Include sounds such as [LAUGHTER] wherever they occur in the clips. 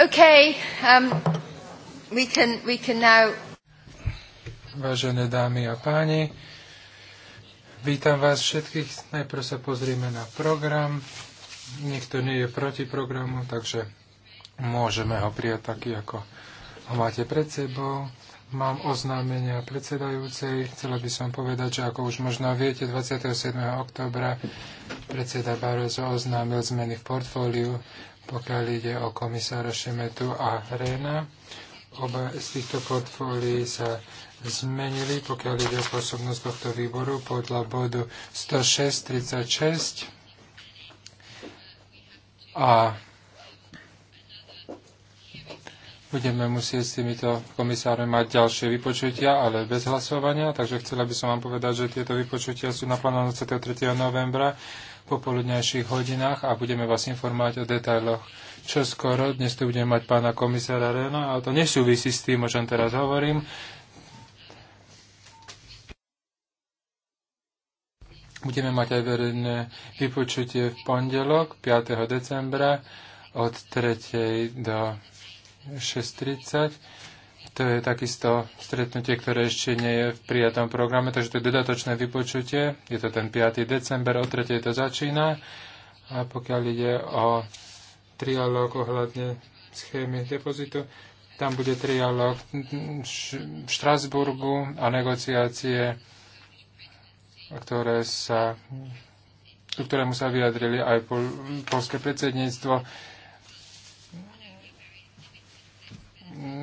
Okay, um, we can, we can now... Vážené dámy a páni, vítam vás všetkých. Najprv sa pozrieme na program. Nikto nie je proti programu, takže môžeme ho prijať taký, ako ho máte pred sebou. Mám oznámenia predsedajúcej. Chcela by som povedať, že ako už možno viete, 27. oktobra predseda Barroso oznámil zmeny v portfóliu pokiaľ ide o komisára Šemetu a Rena. Oba z týchto portfólií sa zmenili, pokiaľ ide o pôsobnosť tohto výboru podľa bodu 106.36. A budeme musieť s týmito komisármi mať ďalšie vypočutia, ale bez hlasovania. Takže chcela by som vám povedať, že tieto vypočutia sú naplánované 23. novembra popoludnejších hodinách a budeme vás informovať o detailoch. Čo skoro, dnes tu budeme mať pána komisára Rena ale to nesúvisí s tým, o čom teraz hovorím. Budeme mať aj verejné vypočutie v pondelok 5. decembra od 3. do 6.30 to je takisto stretnutie, ktoré ešte nie je v prijatom programe, takže to je dodatočné vypočutie. Je to ten 5. december, o 3. to začína. A pokiaľ ide o trialóg ohľadne schémy depozitu, tam bude trialóg v Štrasburgu a negociácie, ktoré sa, ktorému sa vyjadrili aj polské predsedníctvo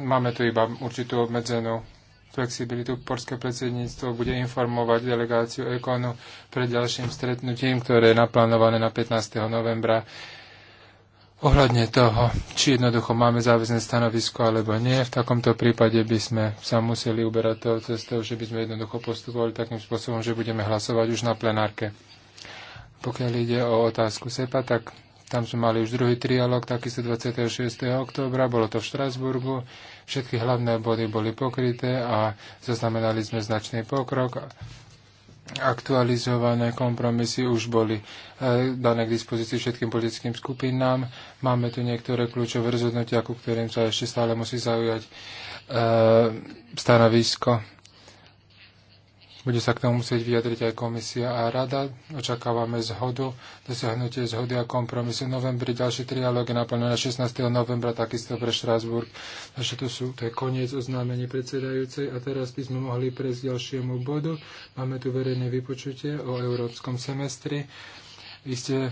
máme tu iba určitú obmedzenú flexibilitu. Polské predsedníctvo bude informovať delegáciu Ekonu pred ďalším stretnutím, ktoré je naplánované na 15. novembra ohľadne toho, či jednoducho máme záväzné stanovisko alebo nie. V takomto prípade by sme sa museli uberať toho cestou, že by sme jednoducho postupovali takým spôsobom, že budeme hlasovať už na plenárke. Pokiaľ ide o otázku SEPA, tak tam sme mali už druhý trialog, takisto 26. októbra, bolo to v Štrasburgu. Všetky hlavné body boli pokryté a zaznamenali sme značný pokrok. Aktualizované kompromisy už boli e, dané k dispozícii všetkým politickým skupinám. Máme tu niektoré kľúčové rozhodnutia, ku ktorým sa ešte stále musí zaujať e, stanovisko bude sa k tomu musieť vyjadriť aj komisia a rada. Očakávame zhodu, dosiahnutie zhody a kompromisu. V novembri ďalší trialóg je na 16. novembra, takisto pre Štrásburg. Takže to, sú, to je koniec oznámení predsedajúcej. A teraz by sme mohli prejsť ďalšiemu bodu. Máme tu verejné vypočutie o európskom semestri. ste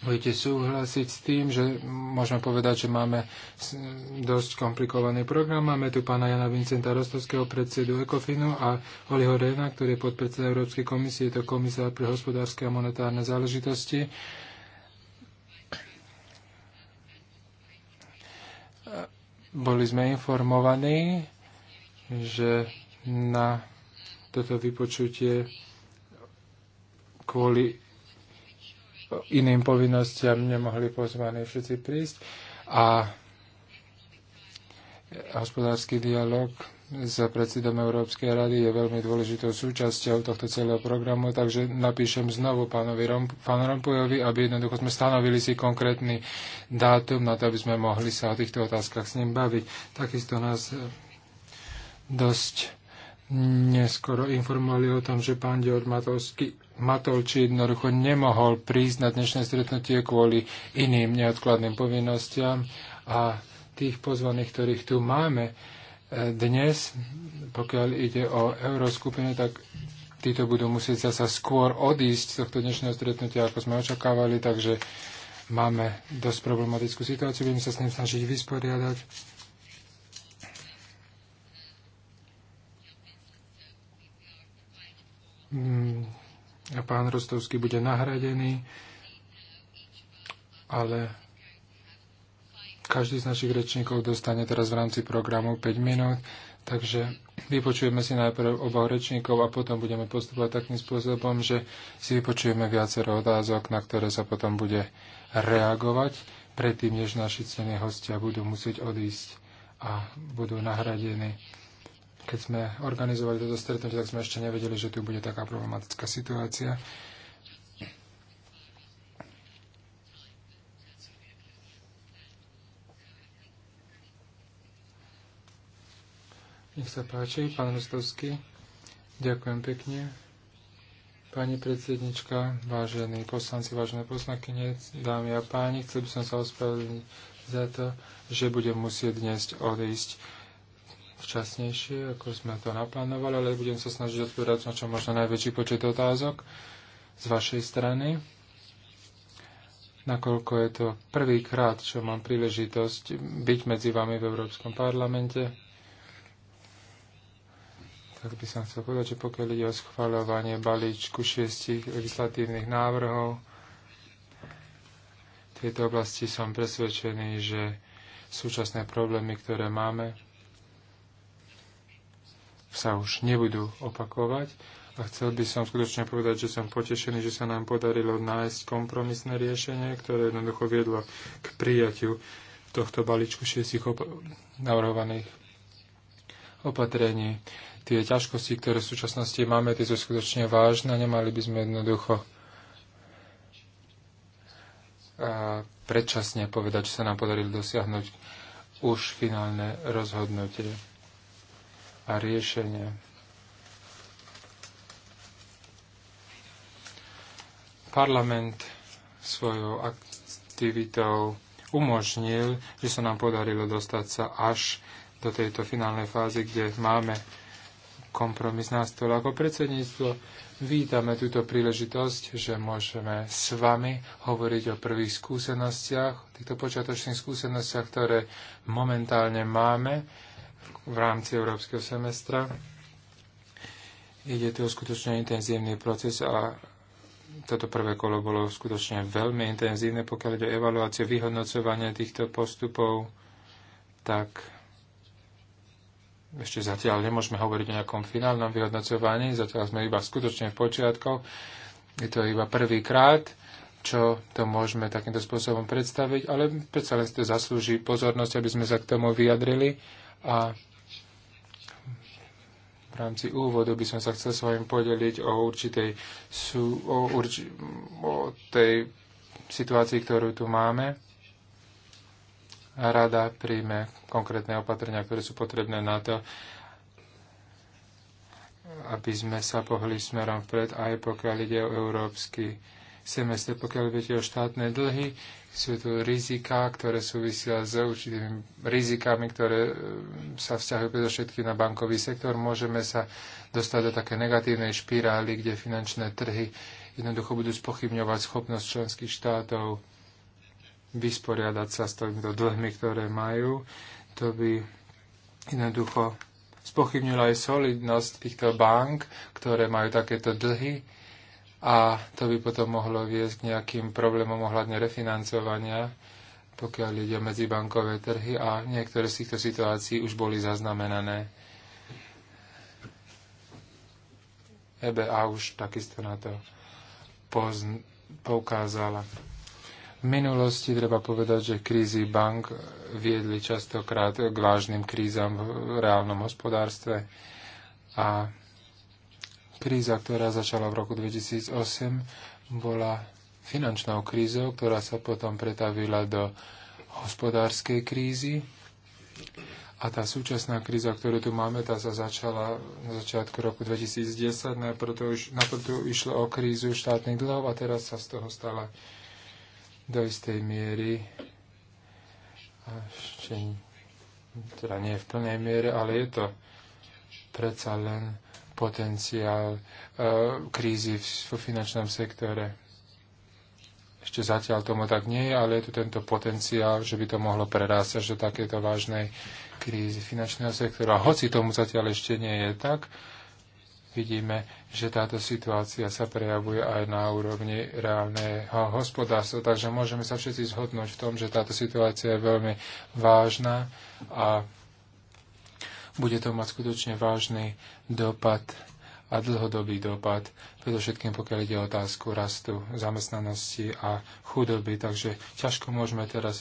Budete súhlasiť s tým, že môžeme povedať, že máme dosť komplikovaný program. Máme tu pána Jana Vincenta Rostovského, predsedu Ekofinu a Oliho Rena, ktorý je podpredseda Európskej komisie, je to komisár pre hospodárske a monetárne záležitosti. Boli sme informovaní, že na toto vypočutie kvôli iným povinnostiam nemohli pozvaní všetci prísť. A hospodársky dialog s predsedom Európskej rady je veľmi dôležitou súčasťou tohto celého programu, takže napíšem znovu pánovi Romp- pánu Rompujovi, aby jednoducho sme stanovili si konkrétny dátum na to, aby sme mohli sa o týchto otázkach s ním baviť. Takisto nás e, dosť neskoro informovali o tom, že pán Dior Matovský Matolči jednoducho nemohol prísť na dnešné stretnutie kvôli iným neodkladným povinnostiam a tých pozvaných, ktorých tu máme e, dnes, pokiaľ ide o euroskupinu, tak títo budú musieť zasa skôr odísť z tohto dnešného stretnutia, ako sme očakávali, takže máme dosť problematickú situáciu, budeme sa s ním snažiť vysporiadať. Mm, a pán Rostovský bude nahradený, ale každý z našich rečníkov dostane teraz v rámci programu 5 minút, takže vypočujeme si najprv oboch rečníkov a potom budeme postupovať takým spôsobom, že si vypočujeme viacero otázok, na ktoré sa potom bude reagovať, predtým, než naši cení hostia budú musieť odísť a budú nahradení keď sme organizovali toto stretnutie, tak sme ešte nevedeli, že tu bude taká problematická situácia. Nech sa páči, pán Rostovský. Ďakujem pekne. Pani predsednička, vážení poslanci, vážené poslankyne, dámy a páni, chcel by som sa ospravedlniť za to, že budem musieť dnes odísť včasnejšie, ako sme to naplánovali, ale budem sa snažiť odpovedať na čo možno najväčší počet otázok z vašej strany. Nakoľko je to prvýkrát, čo mám príležitosť byť medzi vami v Európskom parlamente, tak by som chcel povedať, že pokiaľ ide o schváľovanie balíčku šiestich legislatívnych návrhov, v tejto oblasti som presvedčený, že súčasné problémy, ktoré máme, sa už nebudú opakovať. A chcel by som skutočne povedať, že som potešený, že sa nám podarilo nájsť kompromisné riešenie, ktoré jednoducho viedlo k prijatiu tohto balíčku šiestich op- navrhovaných opatrení. Tie ťažkosti, ktoré v súčasnosti máme, tie sú skutočne vážne. Nemali by sme jednoducho predčasne povedať, že sa nám podarilo dosiahnuť už finálne rozhodnutie a riešenie. Parlament svojou aktivitou umožnil, že sa nám podarilo dostať sa až do tejto finálnej fázy, kde máme kompromis na stole. Ako predsedníctvo vítame túto príležitosť, že môžeme s vami hovoriť o prvých skúsenostiach, týchto počiatočných skúsenostiach, ktoré momentálne máme v rámci európskeho semestra. Ide tu o skutočne intenzívny proces a toto prvé kolo bolo skutočne veľmi intenzívne, pokiaľ ide o evaluáciu, vyhodnocovanie týchto postupov, tak ešte zatiaľ nemôžeme hovoriť o nejakom finálnom vyhodnocovaní, zatiaľ sme iba skutočne v počiatku. Je to iba prvý krát, čo to môžeme takýmto spôsobom predstaviť, ale predsa len si to zaslúži pozornosť, aby sme sa k tomu vyjadrili a v rámci úvodu by som sa chcel s vami podeliť o určitej sú, o, urč, o tej situácii, ktorú tu máme. Rada príjme konkrétne opatrenia, ktoré sú potrebné na to, aby sme sa pohli smerom vpred, aj pokiaľ ide o európsky semestre, pokiaľ viete o štátne dlhy, sú tu riziká, ktoré súvisia s určitými rizikami, ktoré e, sa vzťahujú predovšetkým na bankový sektor. Môžeme sa dostať do také negatívnej špirály, kde finančné trhy jednoducho budú spochybňovať schopnosť členských štátov vysporiadať sa s týmito dlhmi, ktoré majú. To by jednoducho spochybnila aj solidnosť týchto bank, ktoré majú takéto dlhy a to by potom mohlo viesť k nejakým problémom ohľadne refinancovania, pokiaľ ide o medzibankové trhy a niektoré z týchto situácií už boli zaznamenané. EBA už takisto na to pozn- poukázala. V minulosti treba povedať, že krízy bank viedli častokrát k vážnym krízam v reálnom hospodárstve a Kríza, ktorá začala v roku 2008, bola finančnou krízou, ktorá sa potom pretavila do hospodárskej krízy. A tá súčasná kríza, ktorú tu máme, tá sa začala na začiatku roku 2010. Najprv to, najprv to išlo o krízu štátnych dlhov a teraz sa z toho stala do istej miery a ešte teda nie v plnej miere, ale je to predsa len potenciál e, krízy vo finančnom sektore. Ešte zatiaľ tomu tak nie je, ale je tu tento potenciál, že by to mohlo prerásť až do takéto vážnej krízy finančného sektora. A hoci tomu zatiaľ ešte nie je tak, vidíme, že táto situácia sa prejavuje aj na úrovni reálneho hospodárstva. Takže môžeme sa všetci zhodnúť v tom, že táto situácia je veľmi vážna a bude to mať skutočne vážny dopad a dlhodobý dopad, predovšetkým pokiaľ ide o otázku rastu zamestnanosti a chudoby. Takže ťažko môžeme teraz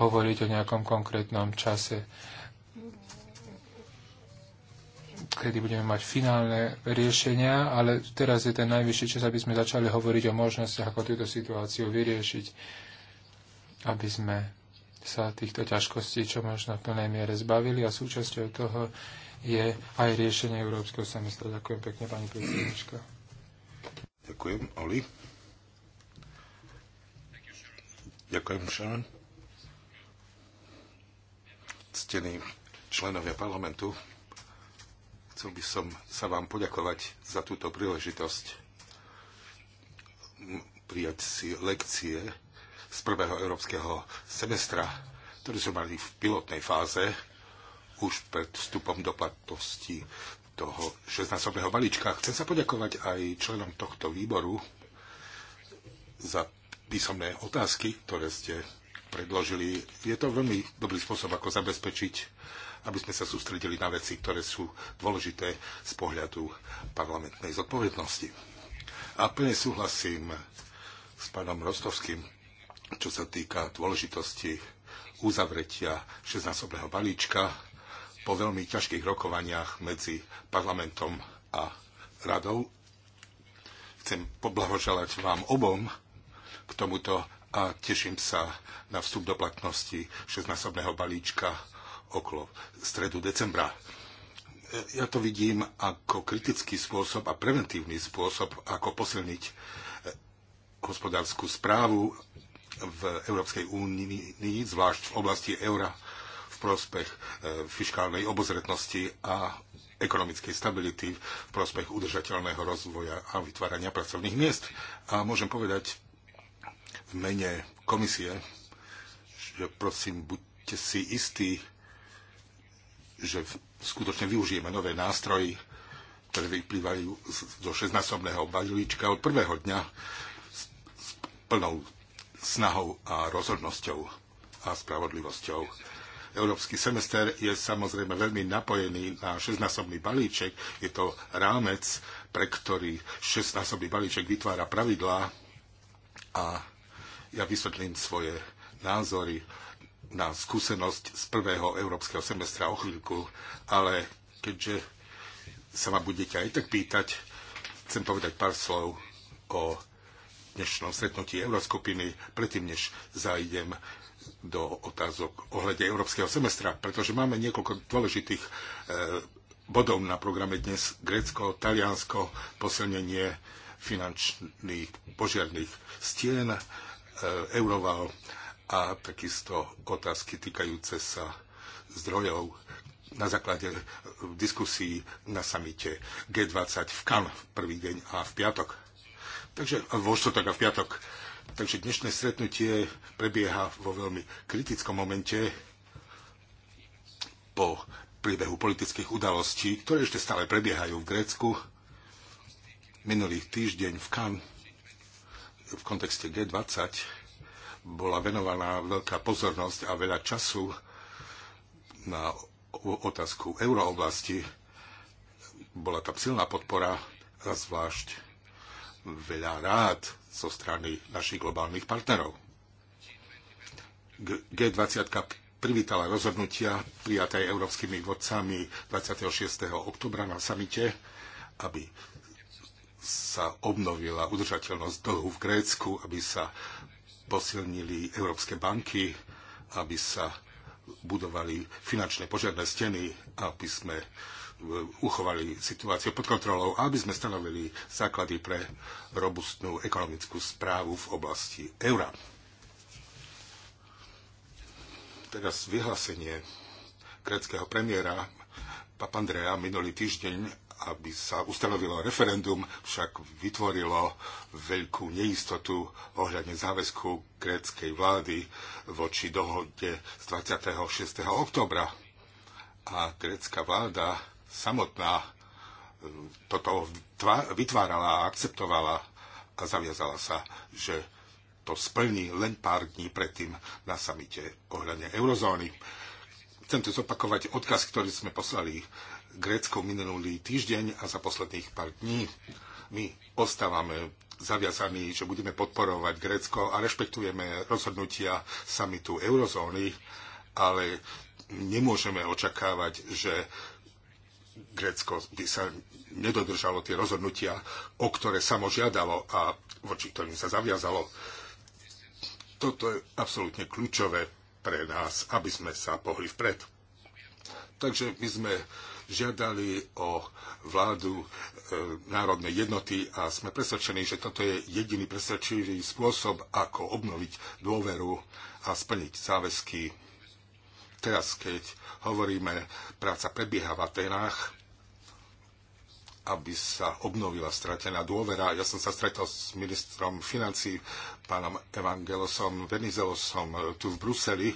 hovoriť o nejakom konkrétnom čase, kedy budeme mať finálne riešenia, ale teraz je ten najvyšší čas, aby sme začali hovoriť o možnostiach, ako túto situáciu vyriešiť, aby sme sa týchto ťažkostí čo máš na plnej miere zbavili a súčasťou toho je aj riešenie európskeho semestra. Ďakujem pekne, pani predsednička. Ďakujem, Oli. Ďakujem, Sharon. Ctení členovia parlamentu, chcel by som sa vám poďakovať za túto príležitosť prijať si lekcie z prvého európskeho semestra, ktorý sme mali v pilotnej fáze už pred vstupom do platnosti toho 16 balíčka. Chcem sa poďakovať aj členom tohto výboru za písomné otázky, ktoré ste predložili. Je to veľmi dobrý spôsob, ako zabezpečiť, aby sme sa sústredili na veci, ktoré sú dôležité z pohľadu parlamentnej zodpovednosti. A plne súhlasím s pánom Rostovským, čo sa týka dôležitosti uzavretia 16 balíčka po veľmi ťažkých rokovaniach medzi parlamentom a radou. Chcem poblahoželať vám obom k tomuto a teším sa na vstup do platnosti 16-osobného balíčka okolo stredu decembra. Ja to vidím ako kritický spôsob a preventívny spôsob, ako posilniť hospodárskú správu v Európskej únii, zvlášť v oblasti eura, v prospech e, fiskálnej obozretnosti a ekonomickej stability, v prospech udržateľného rozvoja a vytvárania pracovných miest. A môžem povedať v mene komisie, že prosím, buďte si istí, že skutočne využijeme nové nástroje, ktoré vyplývajú zo šestnásobného balíčka od prvého dňa s plnou snahou a rozhodnosťou a spravodlivosťou. Európsky semester je samozrejme veľmi napojený na šestnásobný balíček. Je to rámec, pre ktorý šestnásobný balíček vytvára pravidlá a ja vysvetlím svoje názory na skúsenosť z prvého európskeho semestra o chvíľku, ale keďže sa ma budete aj tak pýtať, chcem povedať pár slov o dnešnom stretnutí Euroskupiny, predtým než zájdem do otázok ohľade európskeho semestra, pretože máme niekoľko dôležitých eh, bodov na programe dnes. Grécko, Taliansko, posilnenie finančných požiarných stien, eh, euroval a takisto otázky týkajúce sa zdrojov na základe eh, diskusí na samite G20 v Cannes v prvý deň a v piatok. Takže, vo štvrtok a v piatok. Takže dnešné stretnutie prebieha vo veľmi kritickom momente po príbehu politických udalostí, ktoré ešte stále prebiehajú v Grécku. Minulý týždeň v Cannes v kontexte G20 bola venovaná veľká pozornosť a veľa času na otázku eurooblasti. Bola tam silná podpora, zvlášť veľa rád zo strany našich globálnych partnerov. G20 privítala rozhodnutia prijaté európskymi vodcami 26. oktobra na samite, aby sa obnovila udržateľnosť dlhu v Grécku, aby sa posilnili európske banky, aby sa budovali finančné požiadne steny, aby sme Eh, uchovali situáciu pod kontrolou a aby sme stanovili základy pre robustnú ekonomickú správu v oblasti eura. Teraz vyhlásenie greckého premiéra Papandrea minulý týždeň aby sa ustanovilo referendum, však vytvorilo veľkú neistotu ohľadne záväzku gréckej vlády voči dohode z 26. oktobra. A grécka vláda samotná e, toto vytvárala a akceptovala a zaviazala sa, že to splní len pár dní predtým na samite ohľadne eurozóny. Chcem tu zopakovať odkaz, ktorý sme poslali Grécku minulý týždeň a za posledných pár dní. My ostávame zaviazaní, že budeme podporovať Grécko a rešpektujeme rozhodnutia samitu eurozóny, ale nemôžeme očakávať, že Grécko by sa nedodržalo tie rozhodnutia, o ktoré samo žiadalo a voči ktorým sa zaviazalo. Toto je absolútne kľúčové pre nás, aby sme sa pohli vpred. Takže my sme žiadali o vládu e, národnej jednoty a sme presvedčení, že toto je jediný presvedčivý spôsob, ako obnoviť dôveru a splniť záväzky teraz, keď hovoríme, práca prebieha v Atenách, aby sa obnovila stratená dôvera. Ja som sa stretol s ministrom financí, pánom Evangelosom Venizelosom e, tu v Bruseli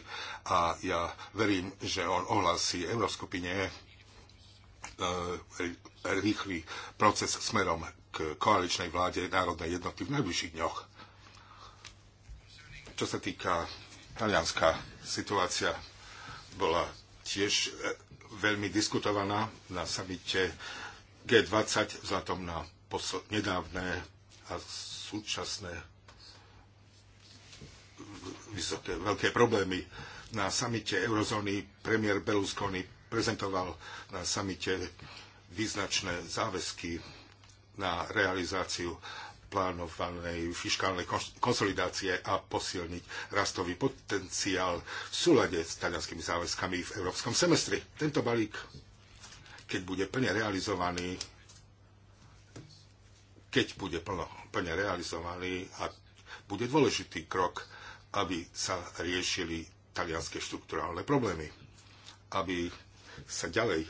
a ja verím, že on ohlasí Euroskupine e, rýchly proces smerom k koaličnej vláde národnej jednoty v najbližších dňoch. Čo sa týka talianská situácia bola tiež e, veľmi diskutovaná na samite G20 vzhľadom na nedávne a súčasné vysoké, veľké problémy. Na samite eurozóny premiér Berlusconi prezentoval na samite význačné záväzky na realizáciu plánovanej fiskálnej konsolidácie a posilniť rastový potenciál v súlade s talianskými záväzkami v európskom semestri. Tento balík, keď bude plne realizovaný, keď bude plno, plne realizovaný a bude dôležitý krok, aby sa riešili talianské štruktúrálne problémy, aby sa ďalej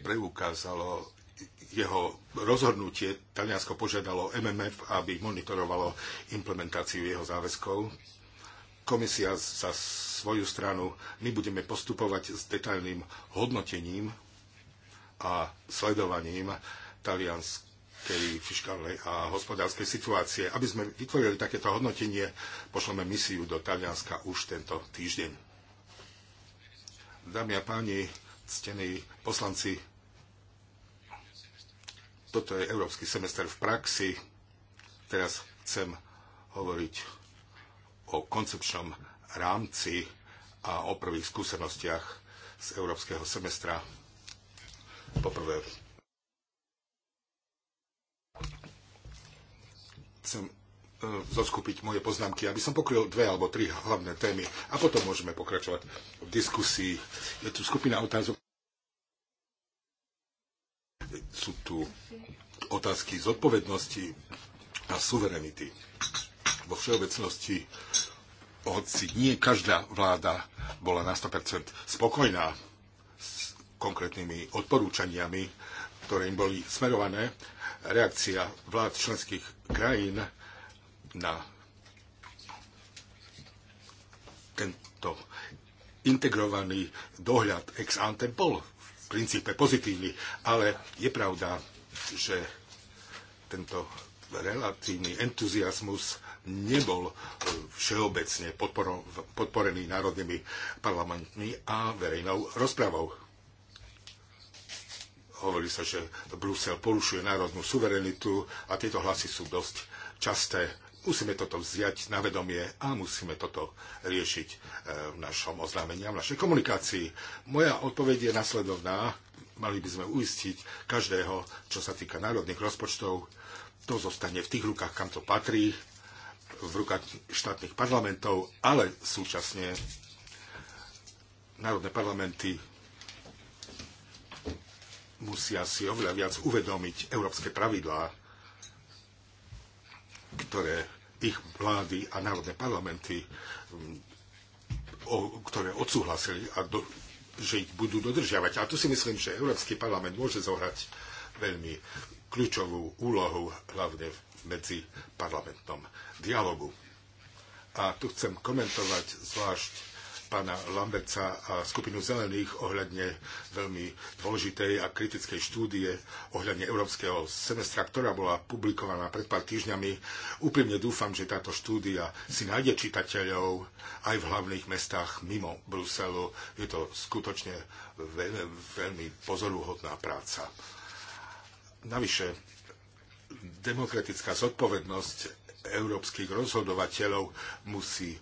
preukázalo jeho rozhodnutie Taliansko požiadalo MMF, aby monitorovalo implementáciu jeho záväzkov. Komisia za svoju stranu, my budeme postupovať s detailným hodnotením a sledovaním talianskej fiskálnej a hospodárskej situácie. Aby sme vytvorili takéto hodnotenie, pošleme misiu do Talianska už tento týždeň. Dámy a páni, ctení poslanci toto je európsky semester v praxi. Teraz chcem hovoriť o koncepčnom rámci a o prvých skúsenostiach z európskeho semestra. Poprvé, chcem e, zoskupiť moje poznámky, aby som pokryl dve alebo tri hlavné témy a potom môžeme pokračovať v diskusii. Je tu skupina otázok, sú tu otázky zodpovednosti a suverenity. Vo všeobecnosti, hoci nie každá vláda bola na 100% spokojná s konkrétnymi odporúčaniami, ktoré im boli smerované, reakcia vlád členských krajín na tento integrovaný dohľad ex ante bol princípe pozitívny, ale je pravda, že tento relatívny entuziasmus nebol e, všeobecne podporený národnými parlamentmi a verejnou rozpravou. Hovorí sa, že Brusel porušuje národnú suverenitu a tieto hlasy sú dosť časté Musíme toto vziať na vedomie a musíme toto riešiť e, v našom oznámení a v našej komunikácii. Moja odpoveď je nasledovná. Mali by sme uistiť každého, čo sa týka národných rozpočtov. To zostane v tých rukách, kam to patrí, v rukách štátnych parlamentov, ale súčasne národné parlamenty musia si oveľa viac uvedomiť európske pravidlá, ktoré ich vlády a národné parlamenty, mm, ktoré odsúhlasili a do, že ich budú dodržiavať. A tu si myslím, že Európsky parlament môže zohrať veľmi kľúčovú úlohu, hlavne v parlamentom dialogu. A tu chcem komentovať zvlášť pána Lamberca a skupinu zelených ohľadne veľmi dôležitej a kritickej štúdie ohľadne európskeho semestra, ktorá bola publikovaná pred pár týždňami. Úprimne dúfam, že táto štúdia si nájde čitateľov aj v hlavných mestách mimo Bruselu. Je to skutočne veľmi, veľmi pozoruhodná práca. Navyše, demokratická zodpovednosť európskych rozhodovateľov musí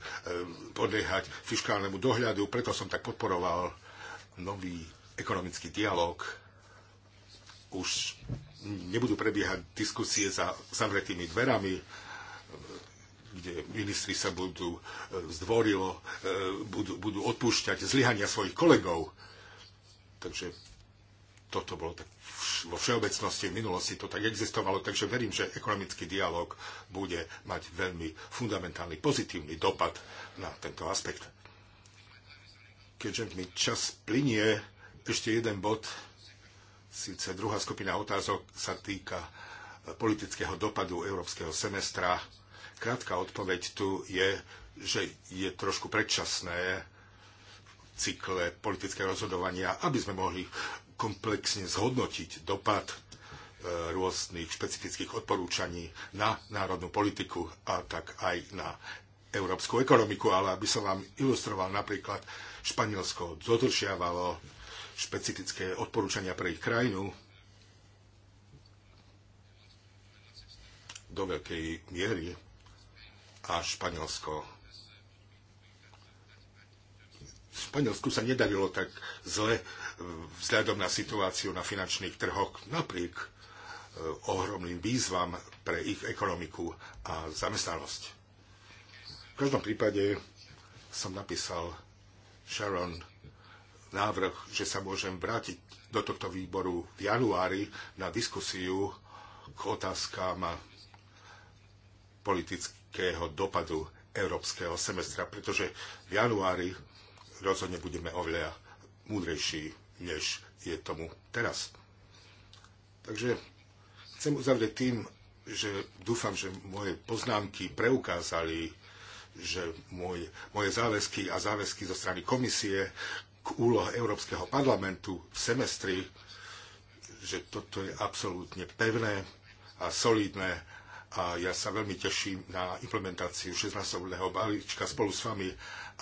podliehať fiskálnemu dohľadu. Preto som tak podporoval nový ekonomický dialog. Už nebudú prebiehať diskusie za zavretými dverami, kde ministri sa budú e, zdvorilo, e, budú, budú odpúšťať zlyhania svojich kolegov. Takže toto bolo tak vo všeobecnosti v minulosti to tak existovalo, takže verím, že ekonomický dialog bude mať veľmi fundamentálny pozitívny dopad na tento aspekt. Keďže mi čas plinie, ešte jeden bod, síce druhá skupina otázok sa týka e, politického dopadu európskeho semestra. Krátka odpoveď tu je, že je trošku predčasné cykle politického rozhodovania, aby sme mohli komplexne zhodnotiť dopad e, rôznych špecifických odporúčaní na národnú politiku a tak aj na európsku ekonomiku, ale aby som vám ilustroval napríklad Španielsko dodržiavalo špecifické odporúčania pre ich krajinu do veľkej miery a Španielsko v Španielsku sa nedarilo tak zle vzhľadom na situáciu na finančných trhoch napriek e, ohromným výzvam pre ich ekonomiku a zamestnanosť. V každom prípade som napísal Sharon návrh, že sa môžem vrátiť do tohto výboru v januári na diskusiu k otázkám politického dopadu európskeho semestra, pretože v januári rozhodne budeme oveľa múdrejší než je tomu teraz. Takže chcem uzavrieť tým, že dúfam, že moje poznámky preukázali, že môj, moje záväzky a záväzky zo strany komisie k úlohe Európskeho parlamentu v semestri, že toto je absolútne pevné a solidné a ja sa veľmi teším na implementáciu 16-obného balíčka spolu s vami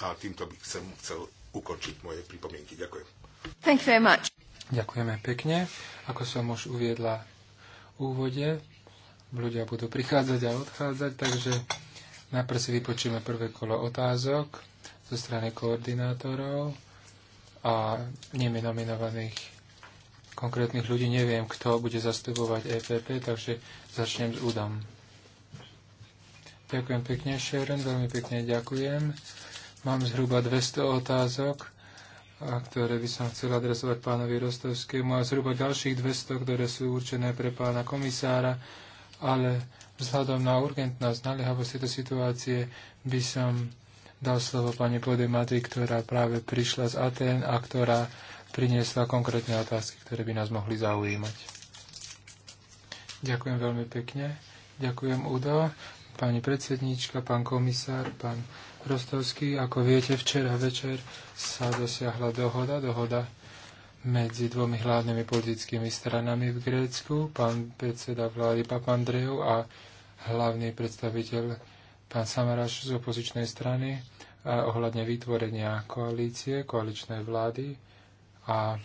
a týmto by som chcel ukončiť moje pripomienky. Ďakujem. Thank you very much. Ďakujeme pekne. Ako som už uviedla v úvode, ľudia budú prichádzať a odchádzať, takže najprv si vypočíme prvé kolo otázok zo strany koordinátorov a nimi nominovaných konkrétnych ľudí. Neviem, kto bude zastupovať EPP, takže začnem s údom. Ďakujem pekne, Sharon, veľmi pekne ďakujem. Mám zhruba 200 otázok a ktoré by som chcel adresovať pánovi Rostovskému a zhruba ďalších 200, ktoré sú určené pre pána komisára, ale vzhľadom na urgentnosť, naliehavosť tejto situácie by som dal slovo pani Podematy, ktorá práve prišla z Aten a ktorá priniesla konkrétne otázky, ktoré by nás mohli zaujímať. Ďakujem veľmi pekne. Ďakujem Udo, pani predsedníčka, pán komisár, pán Rostovský. Ako viete, včera večer sa dosiahla dohoda, dohoda medzi dvomi hlavnými politickými stranami v Grécku, pán predseda vlády Papandreou a hlavný predstaviteľ pán Samaraš z opozičnej strany a ohľadne vytvorenia koalície, koaličnej vlády a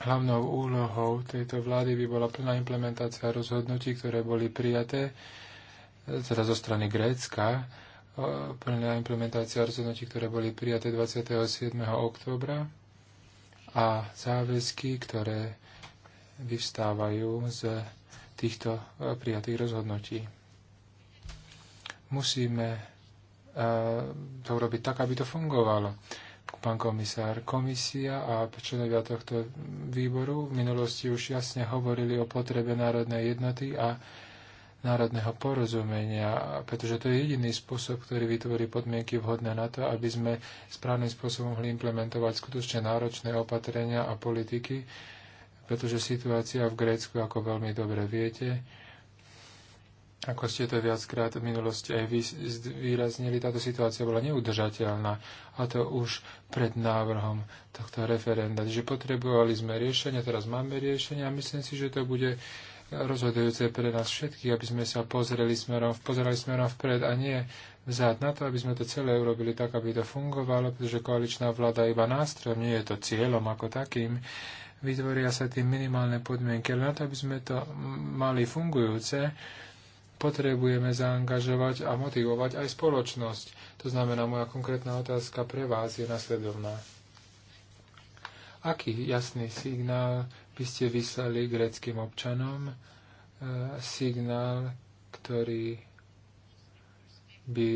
Hlavnou úlohou tejto vlády by bola plná implementácia rozhodnutí, ktoré boli prijaté e, teda zo strany Grécka plná implementácia rozhodnutí, ktoré boli prijaté 27. oktobra a záväzky, ktoré vyvstávajú z týchto e, prijatých rozhodnutí. Musíme e, to urobiť tak, aby to fungovalo. Pán komisár, komisia a členovia tohto výboru v minulosti už jasne hovorili o potrebe národnej jednoty a národného porozumenia, pretože to je jediný spôsob, ktorý vytvorí podmienky vhodné na to, aby sme správnym spôsobom mohli implementovať skutočne náročné opatrenia a politiky, pretože situácia v Grécku, ako veľmi dobre viete, ako ste to viackrát v minulosti aj výraznili, táto situácia bola neudržateľná a to už pred návrhom tohto referenda. Takže potrebovali sme riešenie, teraz máme riešenie a myslím si, že to bude rozhodujúce pre nás všetkých, aby sme sa pozreli smerom, pozerali smerom vpred a nie vzad na to, aby sme to celé urobili tak, aby to fungovalo, pretože koaličná vláda iba nástrojom, nie je to cieľom ako takým. Vytvoria sa tie minimálne podmienky, ale na to, aby sme to mali fungujúce, potrebujeme zaangažovať a motivovať aj spoločnosť. To znamená, moja konkrétna otázka pre vás je nasledovná. Aký jasný signál by ste vyslali greckým občanom e, signál, ktorý by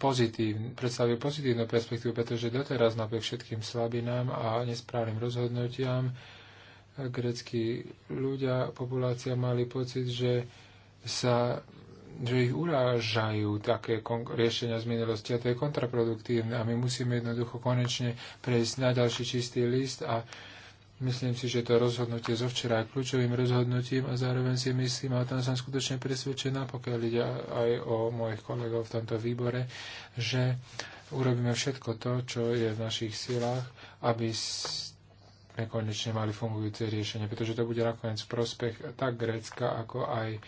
pozitív, predstavil pozitívnu perspektívu, pretože doteraz napriek všetkým slabinám a nesprávnym rozhodnutiam e, greckí ľudia, populácia mali pocit, že sa že ich urážajú také riešenia z minulosti a to je kontraproduktívne a my musíme jednoducho konečne prejsť na ďalší čistý list a uh, Myslím si, že to rozhodnutie zo včera je kľúčovým rozhodnutím a zároveň si myslím, a tam som skutočne presvedčená, pokiaľ ide aj o mojich kolegov v tomto výbore, že urobíme všetko to, čo je v našich silách, aby sme konečne mali fungujúce riešenie, pretože to bude nakoniec prospech tak Grécka, ako aj e,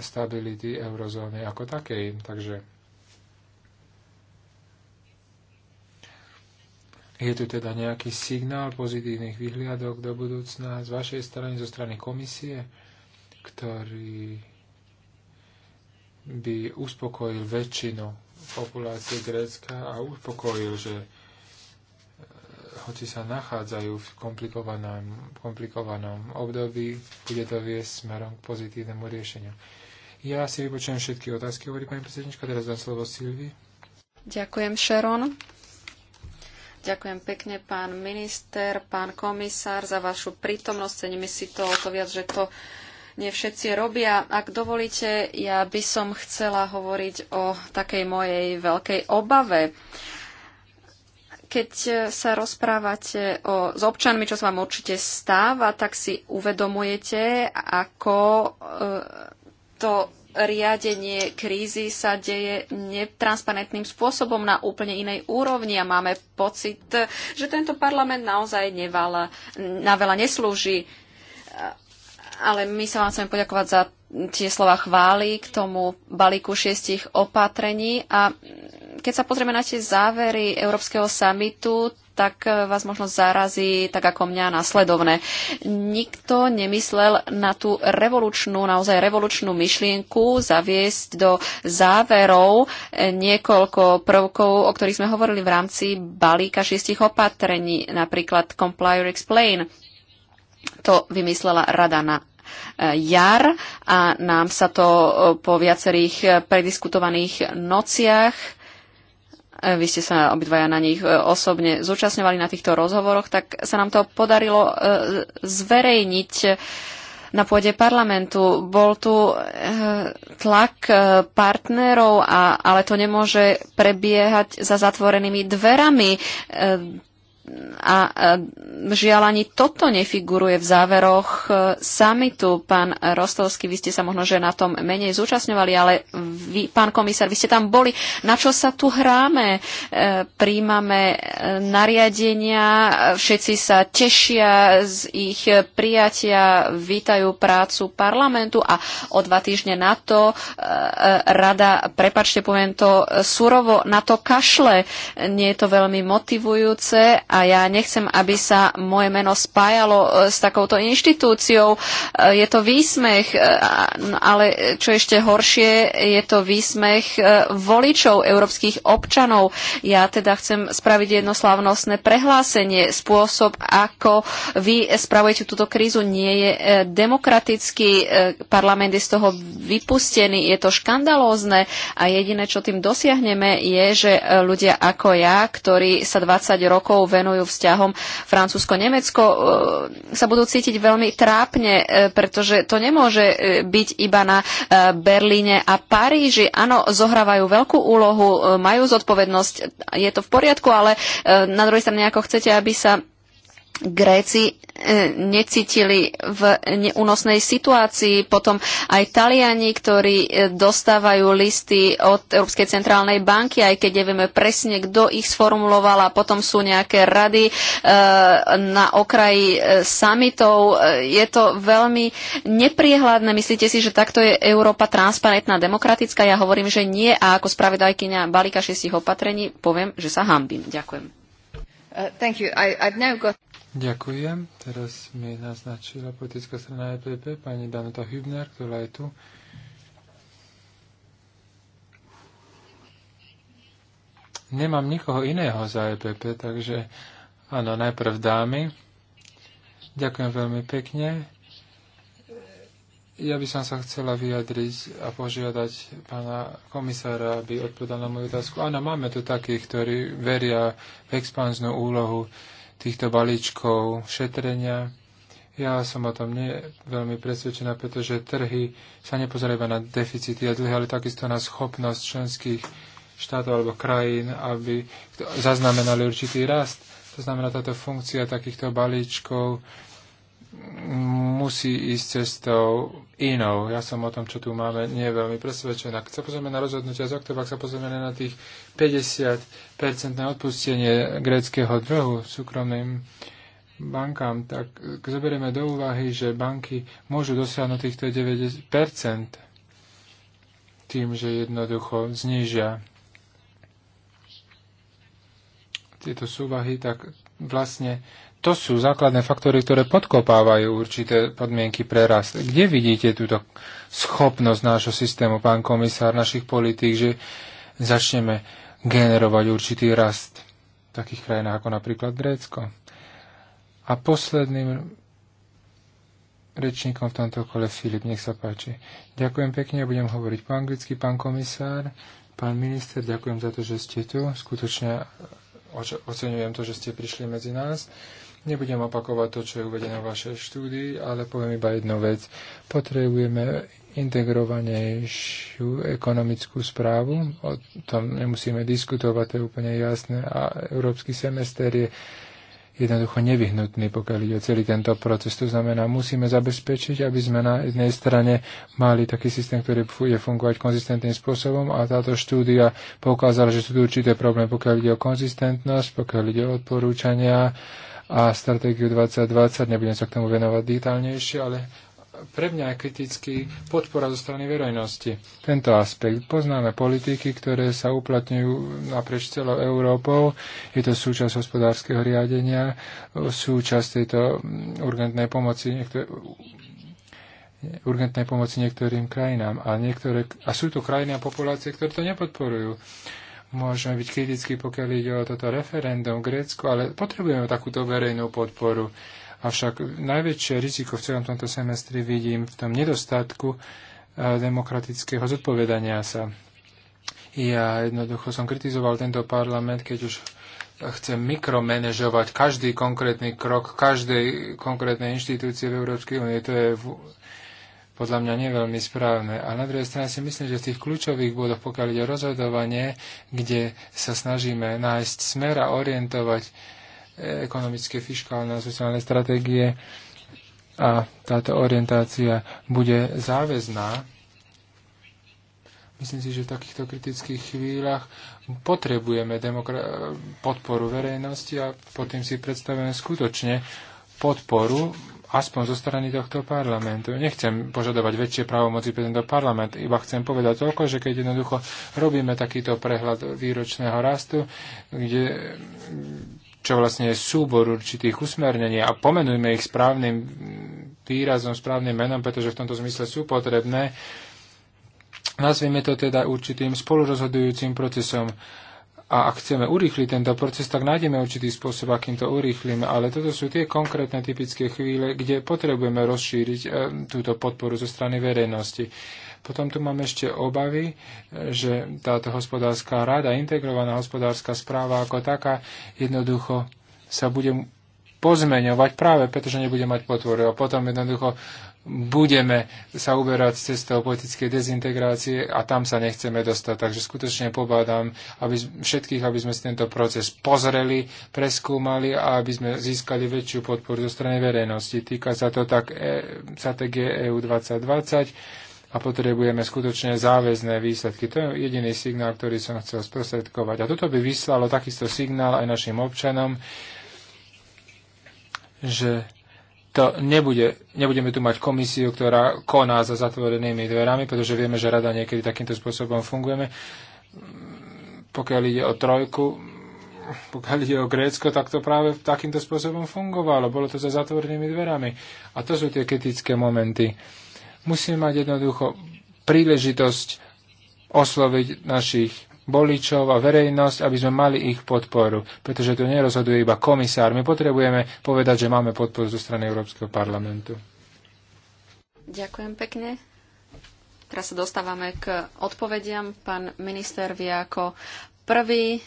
stability eurozóny ako takej. Takže Je tu teda nejaký signál pozitívnych vyhliadok do budúcna z vašej strany, zo strany komisie, ktorý by uspokojil väčšinu populácie Grécka a uspokojil, že eh, hoci sa nachádzajú v komplikovanom, komplikovanom období, bude to viesť smerom k pozitívnemu riešeniu. Ja si vypočujem všetky otázky, hovorí pani predsednička, teraz dám slovo Silvi. Ďakujem, Sharon. Ďakujem pekne, pán minister, pán komisár, za vašu prítomnosť. Ceníme si to o to viac, že to nie všetci robia. Ak dovolíte, ja by som chcela hovoriť o takej mojej veľkej obave keď sa rozprávate o, s občanmi, čo sa vám určite stáva, tak si uvedomujete, ako e, to riadenie krízy sa deje netransparentným spôsobom na úplne inej úrovni a máme pocit, že tento parlament naozaj nevala, na veľa neslúži. Ale my sa vám chceme poďakovať za tie slova chvály k tomu balíku šiestich opatrení. A keď sa pozrieme na tie závery Európskeho samitu, tak eh, vás možno zarazí, tak ako mňa, následovné. Nikto nemyslel na tú revolučnú, naozaj revolučnú myšlienku zaviesť do záverov eh, niekoľko prvkov, o ktorých sme hovorili v rámci balíka šiestich opatrení, napríklad Comply or Explain. To vymyslela Rada na eh, jar a nám sa to po viacerých prediskutovaných nociach vy ste sa obidvaja na nich e, osobne zúčastňovali na týchto rozhovoroch, tak sa nám to podarilo e, zverejniť e, na pôde parlamentu. Bol tu tlak partnerov, a, ale to nemôže prebiehať za zatvorenými dverami a, žiaľ ani toto nefiguruje v záveroch e, samitu. Pán Rostovský, vy ste sa možno, že na tom menej zúčastňovali, ale vy, pán komisár, vy ste tam boli. Na čo sa tu hráme? E, príjmame e, nariadenia, všetci sa tešia z ich prijatia, vítajú prácu parlamentu a o dva týždne na to rada, prepačte, poviem to surovo, na to kašle. Nie je to veľmi motivujúce a ja nechcem, aby sa moje meno spájalo e, s takouto inštitúciou. E, je to výsmech, e, ale čo ešte horšie, je to výsmech voličov, európskych občanov. Ja teda chcem spraviť jednoslavnostné prehlásenie. Spôsob, ako vy spravujete túto krízu, nie je demokratický. Parlament je z toho vypustený. Je to škandalózne a jediné, čo tým dosiahneme, je, že ľudia ako ja, ktorí sa 20 rokov venujú venujú vzťahom Francúzsko-Nemecko, e, sa budú cítiť veľmi trápne, e, pretože to nemôže e, byť iba na Berlíne a Paríži. Áno, zohrávajú veľkú úlohu, majú zodpovednosť, je to v poriadku, ale na druhej strane, ako chcete, aby sa Gréci e, necítili v neúnosnej situácii. Potom aj Taliani, ktorí e, dostávajú listy od Európskej centrálnej banky, aj keď nevieme presne, kto ich sformuloval a potom sú nejaké rady e, na okraji samitov. Je to veľmi nepriehľadné. Myslíte si, že takto je Európa transparentná, demokratická? Ja hovorím, že nie a ako spravedajkyňa balíka šestich opatrení poviem, že sa hambím. Ďakujem. Uh, thank you. I, I've now got... Ďakujem. Teraz mi naznačila politická strana EPP pani Danuta Hübner, ktorá je tu. Nemám nikoho iného za EPP, takže áno, najprv dámy. Ďakujem veľmi pekne. Ja by som sa chcela vyjadriť a požiadať pána komisára, aby odpovedal na moju otázku. Áno, máme tu takých, ktorí veria v expanznú úlohu týchto balíčkov šetrenia. Ja som o tom nie veľmi presvedčená, pretože trhy sa nepozerajú iba na deficity a dlhy, ale takisto na schopnosť členských štátov alebo krajín, aby zaznamenali určitý rast. To znamená, táto funkcia takýchto balíčkov musí ísť cestou inou. Ja som o tom, čo tu máme, nie veľmi presvedčená. Keď sa pozrieme na rozhodnutia z oktobra, ak sa pozrieme na tých 50-percentné odpustenie gréckého dlhu súkromným bankám, tak zoberieme do úvahy, že banky môžu dosiahnuť týchto 90% tým, že jednoducho znižia tieto súvahy, tak vlastne to sú základné faktory, ktoré podkopávajú určité podmienky pre rast. Kde vidíte túto schopnosť nášho systému, pán komisár, našich politík, že začneme generovať určitý rast v takých krajinách ako napríklad Grécko? A posledným rečníkom v tomto kole Filip, nech sa páči. Ďakujem pekne, budem hovoriť po anglicky, pán komisár, pán minister, ďakujem za to, že ste tu. Skutočne oceňujem to, že ste prišli medzi nás. Nebudem opakovať to, čo je uvedené v vašej štúdii, ale poviem iba jednu vec. Potrebujeme integrovanejšiu ekonomickú správu. O tom nemusíme diskutovať, to je úplne jasné. A európsky semester je jednoducho nevyhnutný, pokiaľ ide o celý tento proces. To znamená, musíme zabezpečiť, aby sme na jednej strane mali taký systém, ktorý bude fungovať konzistentným spôsobom a táto štúdia poukázala, že sú tu určité problémy, pokiaľ ide o konzistentnosť, pokiaľ ide o odporúčania a stratégiu 2020, nebudem sa k tomu venovať digitálnejšie, ale pre mňa je kritický podpora zo strany verejnosti. Tento aspekt. Poznáme politiky, ktoré sa uplatňujú naprieč celou Európou. Je to súčasť hospodárskeho riadenia, súčasť tejto urgentnej pomoci, niektoré, urgentnej pomoci niektorým krajinám. A, niektoré, a sú to krajiny a populácie, ktoré to nepodporujú môžeme byť kritickí, pokiaľ ide o toto referendum v Grécku, ale potrebujeme takúto verejnú podporu. Avšak najväčšie riziko v celom tomto semestri vidím v tom nedostatku eh, demokratického zodpovedania sa. Ja jednoducho som kritizoval tento parlament, keď už chce mikromanežovať každý konkrétny krok každej konkrétnej inštitúcie v Európskej únie. To je v podľa mňa nie veľmi správne. A na druhej strane si myslím, že v tých kľúčových bodoch, pokiaľ ide o rozhodovanie, kde sa snažíme nájsť smer a orientovať eh, ekonomické, fiskálne a sociálne stratégie a táto orientácia bude záväzná, myslím si, že v takýchto kritických chvíľach potrebujeme podporu verejnosti a potom si predstavujeme skutočne podporu aspoň zo strany tohto parlamentu. Nechcem požadovať väčšie právomoci pre tento parlament, iba chcem povedať toľko, že keď jednoducho robíme takýto prehľad výročného rastu, kde čo vlastne je súbor určitých usmernení a pomenujme ich správnym výrazom, správnym menom, pretože v tomto zmysle sú potrebné. Nazvime to teda určitým spolurozhodujúcim procesom a ak chceme urýchliť tento proces, tak nájdeme určitý spôsob, akým to urýchlime. Ale toto sú tie konkrétne typické chvíle, kde potrebujeme rozšíriť e, túto podporu zo strany verejnosti. Potom tu máme ešte obavy, e, že táto hospodárska rada, integrovaná hospodárska správa ako taká, jednoducho sa bude pozmeňovať práve pretože nebude mať potvoru. A potom jednoducho budeme sa uberať cestou politickej dezintegrácie a tam sa nechceme dostať. Takže skutočne pobádam aby všetkých, aby sme si tento proces pozreli, preskúmali a aby sme získali väčšiu podporu zo strany verejnosti. Týka sa to tak e, strategie EU 2020 a potrebujeme skutočne záväzné výsledky. To je jediný signál, ktorý som chcel sprostredkovať. A toto by vyslalo takisto signál aj našim občanom, že to nebude, nebudeme tu mať komisiu, ktorá koná za zatvorenými dverami, pretože vieme, že rada niekedy takýmto spôsobom fungujeme. Pokiaľ ide o trojku, pokiaľ ide o Grécko, tak to práve takýmto spôsobom fungovalo. Bolo to za zatvorenými dverami. A to sú tie kritické momenty. Musíme mať jednoducho príležitosť osloviť našich voličov a verejnosť, aby sme mali ich podporu, pretože to nerozhoduje iba komisár. My potrebujeme povedať, že máme podporu zo strany Európskeho parlamentu. Ďakujem pekne. Teraz sa dostávame k odpovediam. Pán minister vie ako prvý.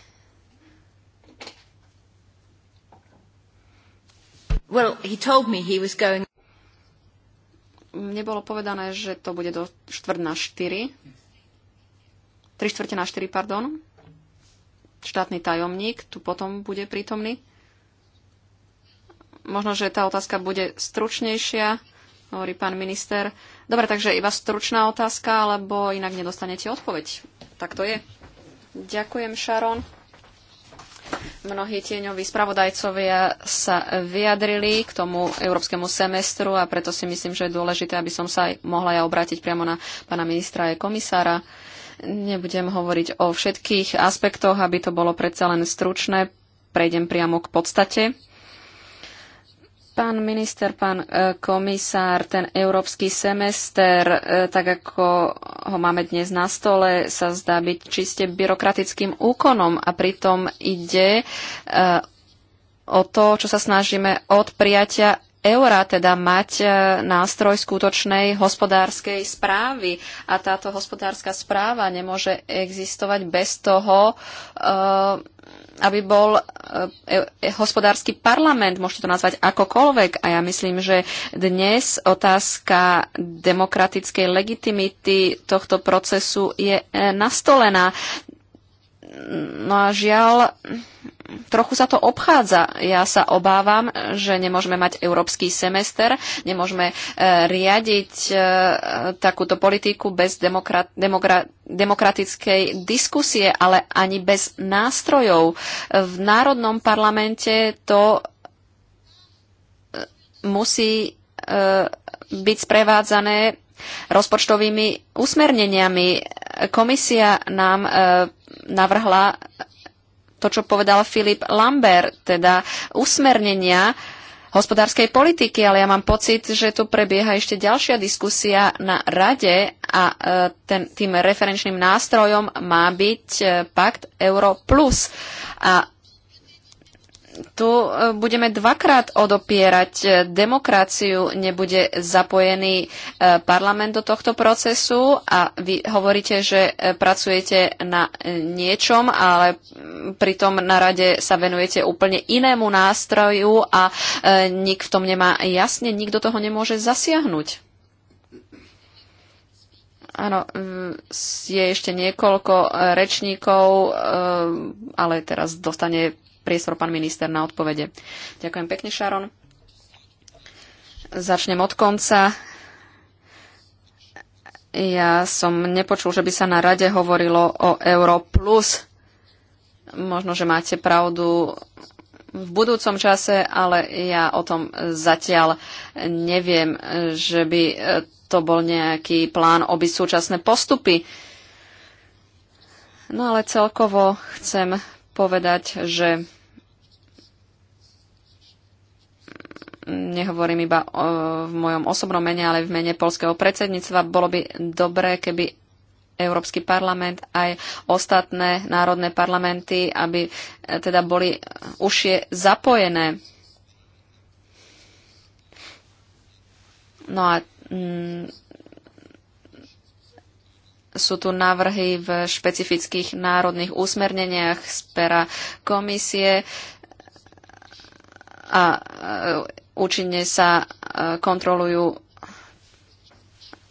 Well, he told me he was going... Mne bolo povedané, že to bude do štvrt na štyri. 3 štvrte na 4, pardon. Štátny tajomník tu potom bude prítomný. Možno, že tá otázka bude stručnejšia, hovorí pán minister. Dobre, takže iba stručná otázka, alebo inak nedostanete odpoveď. Tak to je. Ďakujem, Sharon. Mnohí tieňoví spravodajcovia sa vyjadrili k tomu európskemu semestru a preto si myslím, že je dôležité, aby som sa aj, mohla ja obrátiť priamo na pána ministra aj komisára. Nebudem hovoriť o všetkých aspektoch, aby to bolo predsa len stručné. Prejdem priamo k podstate. Pán minister, pán e, komisár, ten európsky semester, e, tak ako ho máme dnes na stole, sa zdá byť čiste byrokratickým úkonom a pritom ide e, o to, čo sa snažíme od prijatia eura, teda mať e, nástroj skutočnej hospodárskej správy. A táto hospodárska správa nemôže existovať bez toho, e, aby bol e, hospodársky parlament, môžete to nazvať akokoľvek. A ja myslím, že dnes otázka demokratickej legitimity tohto procesu je nastolená. No a žiaľ, trochu sa to obchádza. Ja sa obávam, že nemôžeme mať európsky semester, nemôžeme e, riadiť e, takúto politiku bez demokrat, demokra, demokratickej diskusie, ale ani bez nástrojov. V Národnom parlamente to e, musí byť sprevádzané rozpočtovými usmerneniami. Komisia nám navrhla to, čo povedal Filip Lambert, teda usmernenia hospodárskej politiky, ale ja mám pocit, že tu prebieha ešte ďalšia diskusia na rade a e, ten, tým referenčným nástrojom má byť e, pakt Euro plus. A tu e, budeme dvakrát odopierať e, demokraciu, nebude zapojený e, parlament do tohto procesu a vy hovoríte, že pracujete na niečom, ale mm, pritom na rade sa venujete úplne inému nástroju a nik v tom nemá jasne, nikto toho nemôže zasiahnuť. Áno, je ešte niekoľko rečníkov, ale teraz dostane priestor, pán minister, na odpovede. Ďakujem pekne, Šaron. Začnem od konca. Ja som nepočul, že by sa na rade hovorilo o Euro+. Plus. Možno, že máte pravdu v budúcom čase, ale ja o tom zatiaľ neviem, že by to bol nejaký plán obi súčasné postupy. No ale celkovo chcem povedať, že nehovorím iba o, v mojom osobnom mene, ale v mene polského predsedníctva. Bolo by dobré, keby Európsky parlament aj ostatné národné parlamenty, aby e, teda boli užšie zapojené. No a mm, sú tu návrhy v špecifických národných úsmerneniach z pera komisie a e, účinne sa e, kontrolujú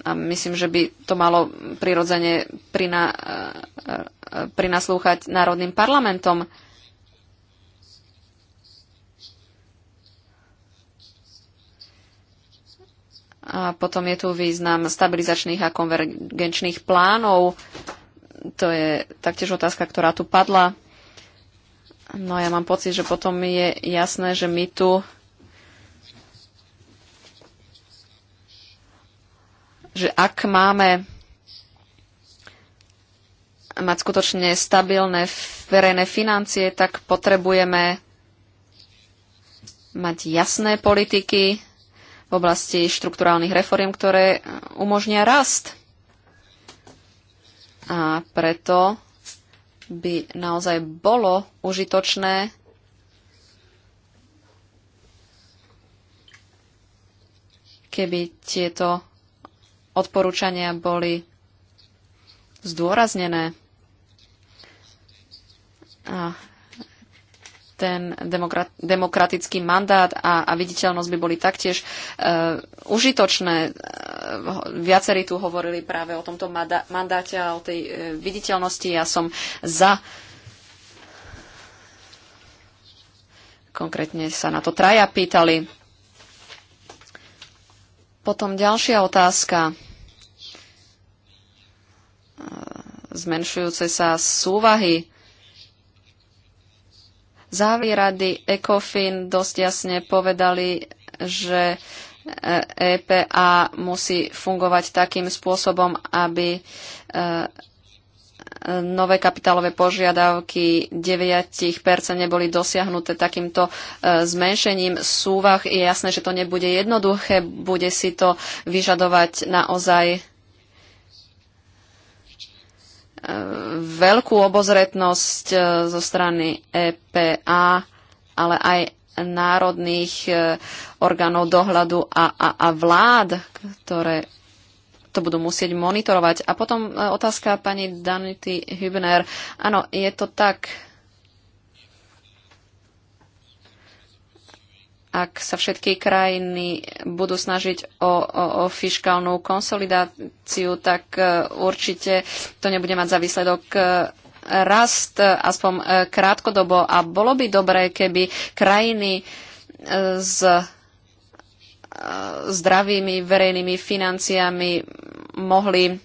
a myslím, že by to malo prirodzene prina, e, e, prinaslúchať národným parlamentom. A potom je tu význam stabilizačných a konvergenčných plánov. To je taktiež otázka, ktorá tu padla. No ja mám pocit, že potom je jasné, že my tu že ak máme mať skutočne stabilné verejné financie, tak potrebujeme mať jasné politiky v oblasti štrukturálnych reforiem, ktoré eh, umožnia rast. A preto by naozaj bolo užitočné keby tieto odporúčania boli zdôraznené. A ten demokrat, demokratický mandát a, a viditeľnosť by boli taktiež e, užitočné. E, viacerí tu hovorili práve o tomto mandáte a o tej e, viditeľnosti. Ja som za. Konkrétne sa na to traja pýtali. Potom ďalšia otázka. E, zmenšujúce sa súvahy. Závery rady ECOFIN dosť jasne povedali, že EPA e musí fungovať takým spôsobom, aby e, nové kapitálové požiadavky 9% neboli dosiahnuté takýmto e, zmenšením súvah. Je jasné, že to nebude jednoduché, bude si to vyžadovať naozaj e, veľkú obozretnosť e, zo strany EPA, ale aj národných orgánov dohľadu a, a, a vlád, ktoré to budú musieť monitorovať. A potom e, otázka pani Danity Hübner. Áno, je to tak. Ak sa všetky krajiny budú snažiť o, o, o fiskálnu konsolidáciu, tak e, určite to nebude mať za výsledok e, rast, aspoň krátkodobo. A bolo by dobré, keby krajiny z zdravými verejnými financiami mohli eh,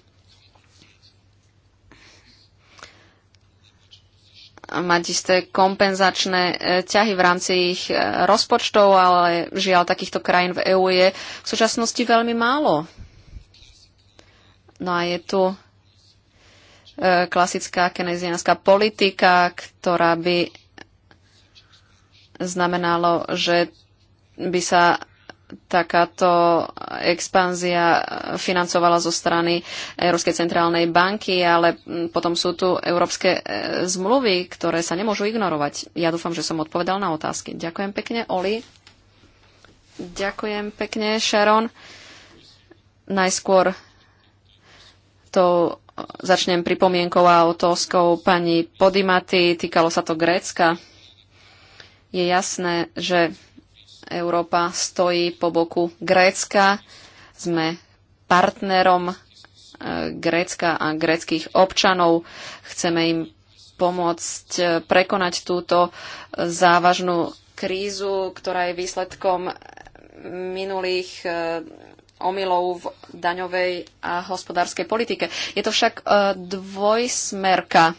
mať isté kompenzačné eh, ťahy v rámci ich eh, rozpočtov, ale žiaľ takýchto krajín v EÚ je v súčasnosti veľmi málo. No a je tu klasická keneziánska politika, ktorá by znamenalo, že by sa takáto expanzia financovala zo strany Európskej centrálnej banky, ale potom sú tu európske e, zmluvy, ktoré sa nemôžu ignorovať. Ja dúfam, že som odpovedal na otázky. Ďakujem pekne, Oli. Ďakujem pekne, Sharon. Najskôr to začnem pripomienkou a otázkou pani Podimaty. Týkalo sa to Grécka. Je jasné, že Európa stojí po boku Grécka. Sme partnerom e, Grécka a gréckých občanov. Chceme im pomôcť e, prekonať túto závažnú krízu, ktorá je výsledkom minulých e, omylov v daňovej a hospodárskej politike. Je to však dvojsmerka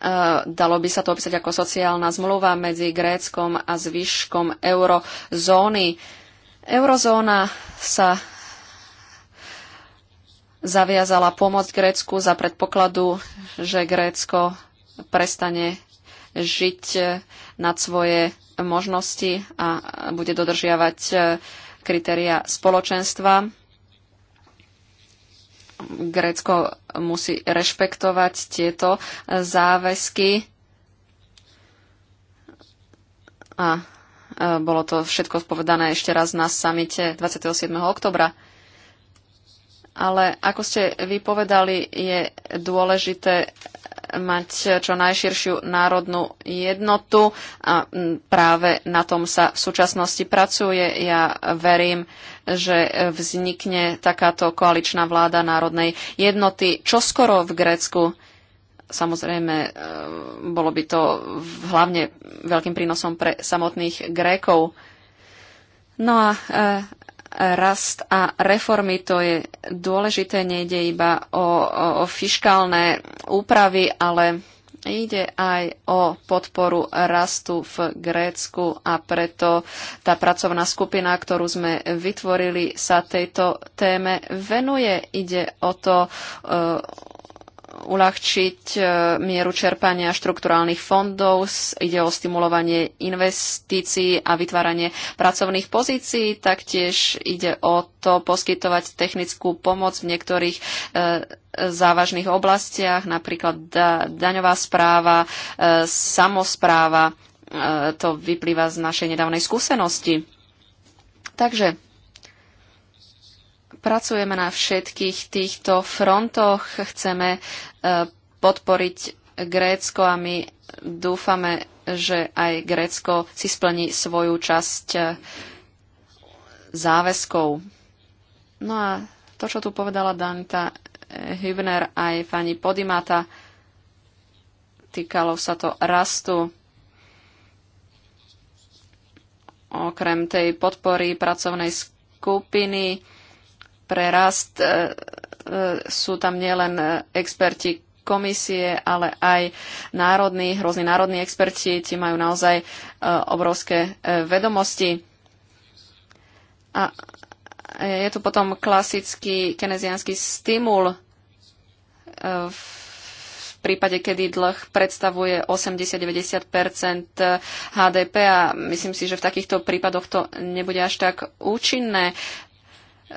Eh, dalo by sa to opísať ako sociálna zmluva medzi Gréckom a zvyškom eurozóny. Eurozóna sa zaviazala pomôcť Grécku za predpokladu, že Grécko prestane žiť eh, nad svoje možnosti a bude dodržiavať eh, kritéria spoločenstva. Grécko musí rešpektovať tieto e, záväzky. A e, bolo to všetko spovedané ešte raz na samite 27. oktobra. Ale ako ste vy povedali, je dôležité mať čo najširšiu národnú jednotu a práve na tom sa v súčasnosti pracuje. Ja verím, že vznikne takáto koaličná vláda národnej jednoty čoskoro v Grécku. Samozrejme, e, bolo by to hlavne veľkým prínosom pre samotných Grékov. No a e, rast a reformy, to je dôležité, nejde iba o, o, o fiškálne úpravy, ale Ide aj o podporu rastu v Grécku a preto tá pracovná skupina, ktorú sme vytvorili, sa tejto téme venuje. Ide o to e, uľahčiť e, mieru čerpania štrukturálnych fondov. Ide o stimulovanie investícií a vytváranie pracovných pozícií. Taktiež ide o to poskytovať technickú pomoc v niektorých e, závažných oblastiach, napríklad daňová správa, e, samozpráva. To vyplýva z našej nedávnej skúsenosti. Takže pracujeme na všetkých týchto frontoch, chceme podporiť Grécko a my dúfame, že aj Grécko si splní svoju časť eh, záväzkov. No a to, čo tu povedala Danita eh, Hübner aj pani Podimata, týkalo sa to rastu. Okrem tej podpory pracovnej skupiny pre rast eh, E, sú tam nielen e, experti komisie, ale aj národní, rôzni národní experti, tí majú naozaj e, obrovské vedomosti. A je tu potom klasický keneziánsky stimul v prípade, kedy dlh predstavuje 80-90 HDP a myslím si, že v takýchto prípadoch to nebude až tak účinné. E,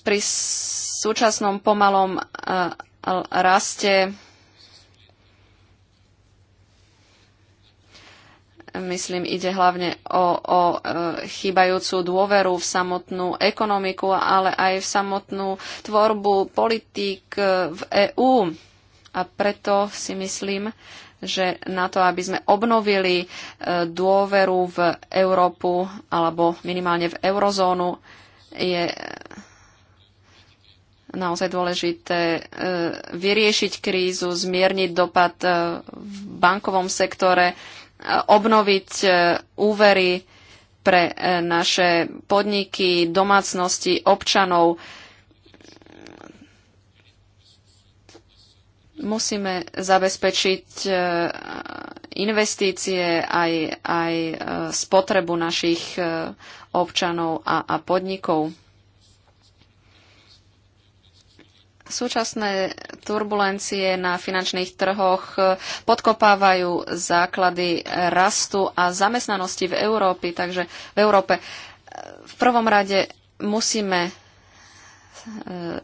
pri súčasnom pomalom e, raste myslím, ide hlavne o, o e, chýbajúcu dôveru v samotnú ekonomiku, ale aj v samotnú tvorbu politík v EÚ. A preto si myslím, že na to, aby sme obnovili dôveru v Európu alebo minimálne v eurozónu, je naozaj dôležité e, vyriešiť krízu, zmierniť dopad e, v bankovom sektore, e, obnoviť úvery pre naše podniky, domácnosti, občanov. Musíme zabezpečiť investície aj, aj spotrebu našich občanov a, a podnikov. Súčasné turbulencie na finančných trhoch eh, podkopávajú základy rastu a zamestnanosti v Európe, takže v Európe eh, v prvom rade musíme eh,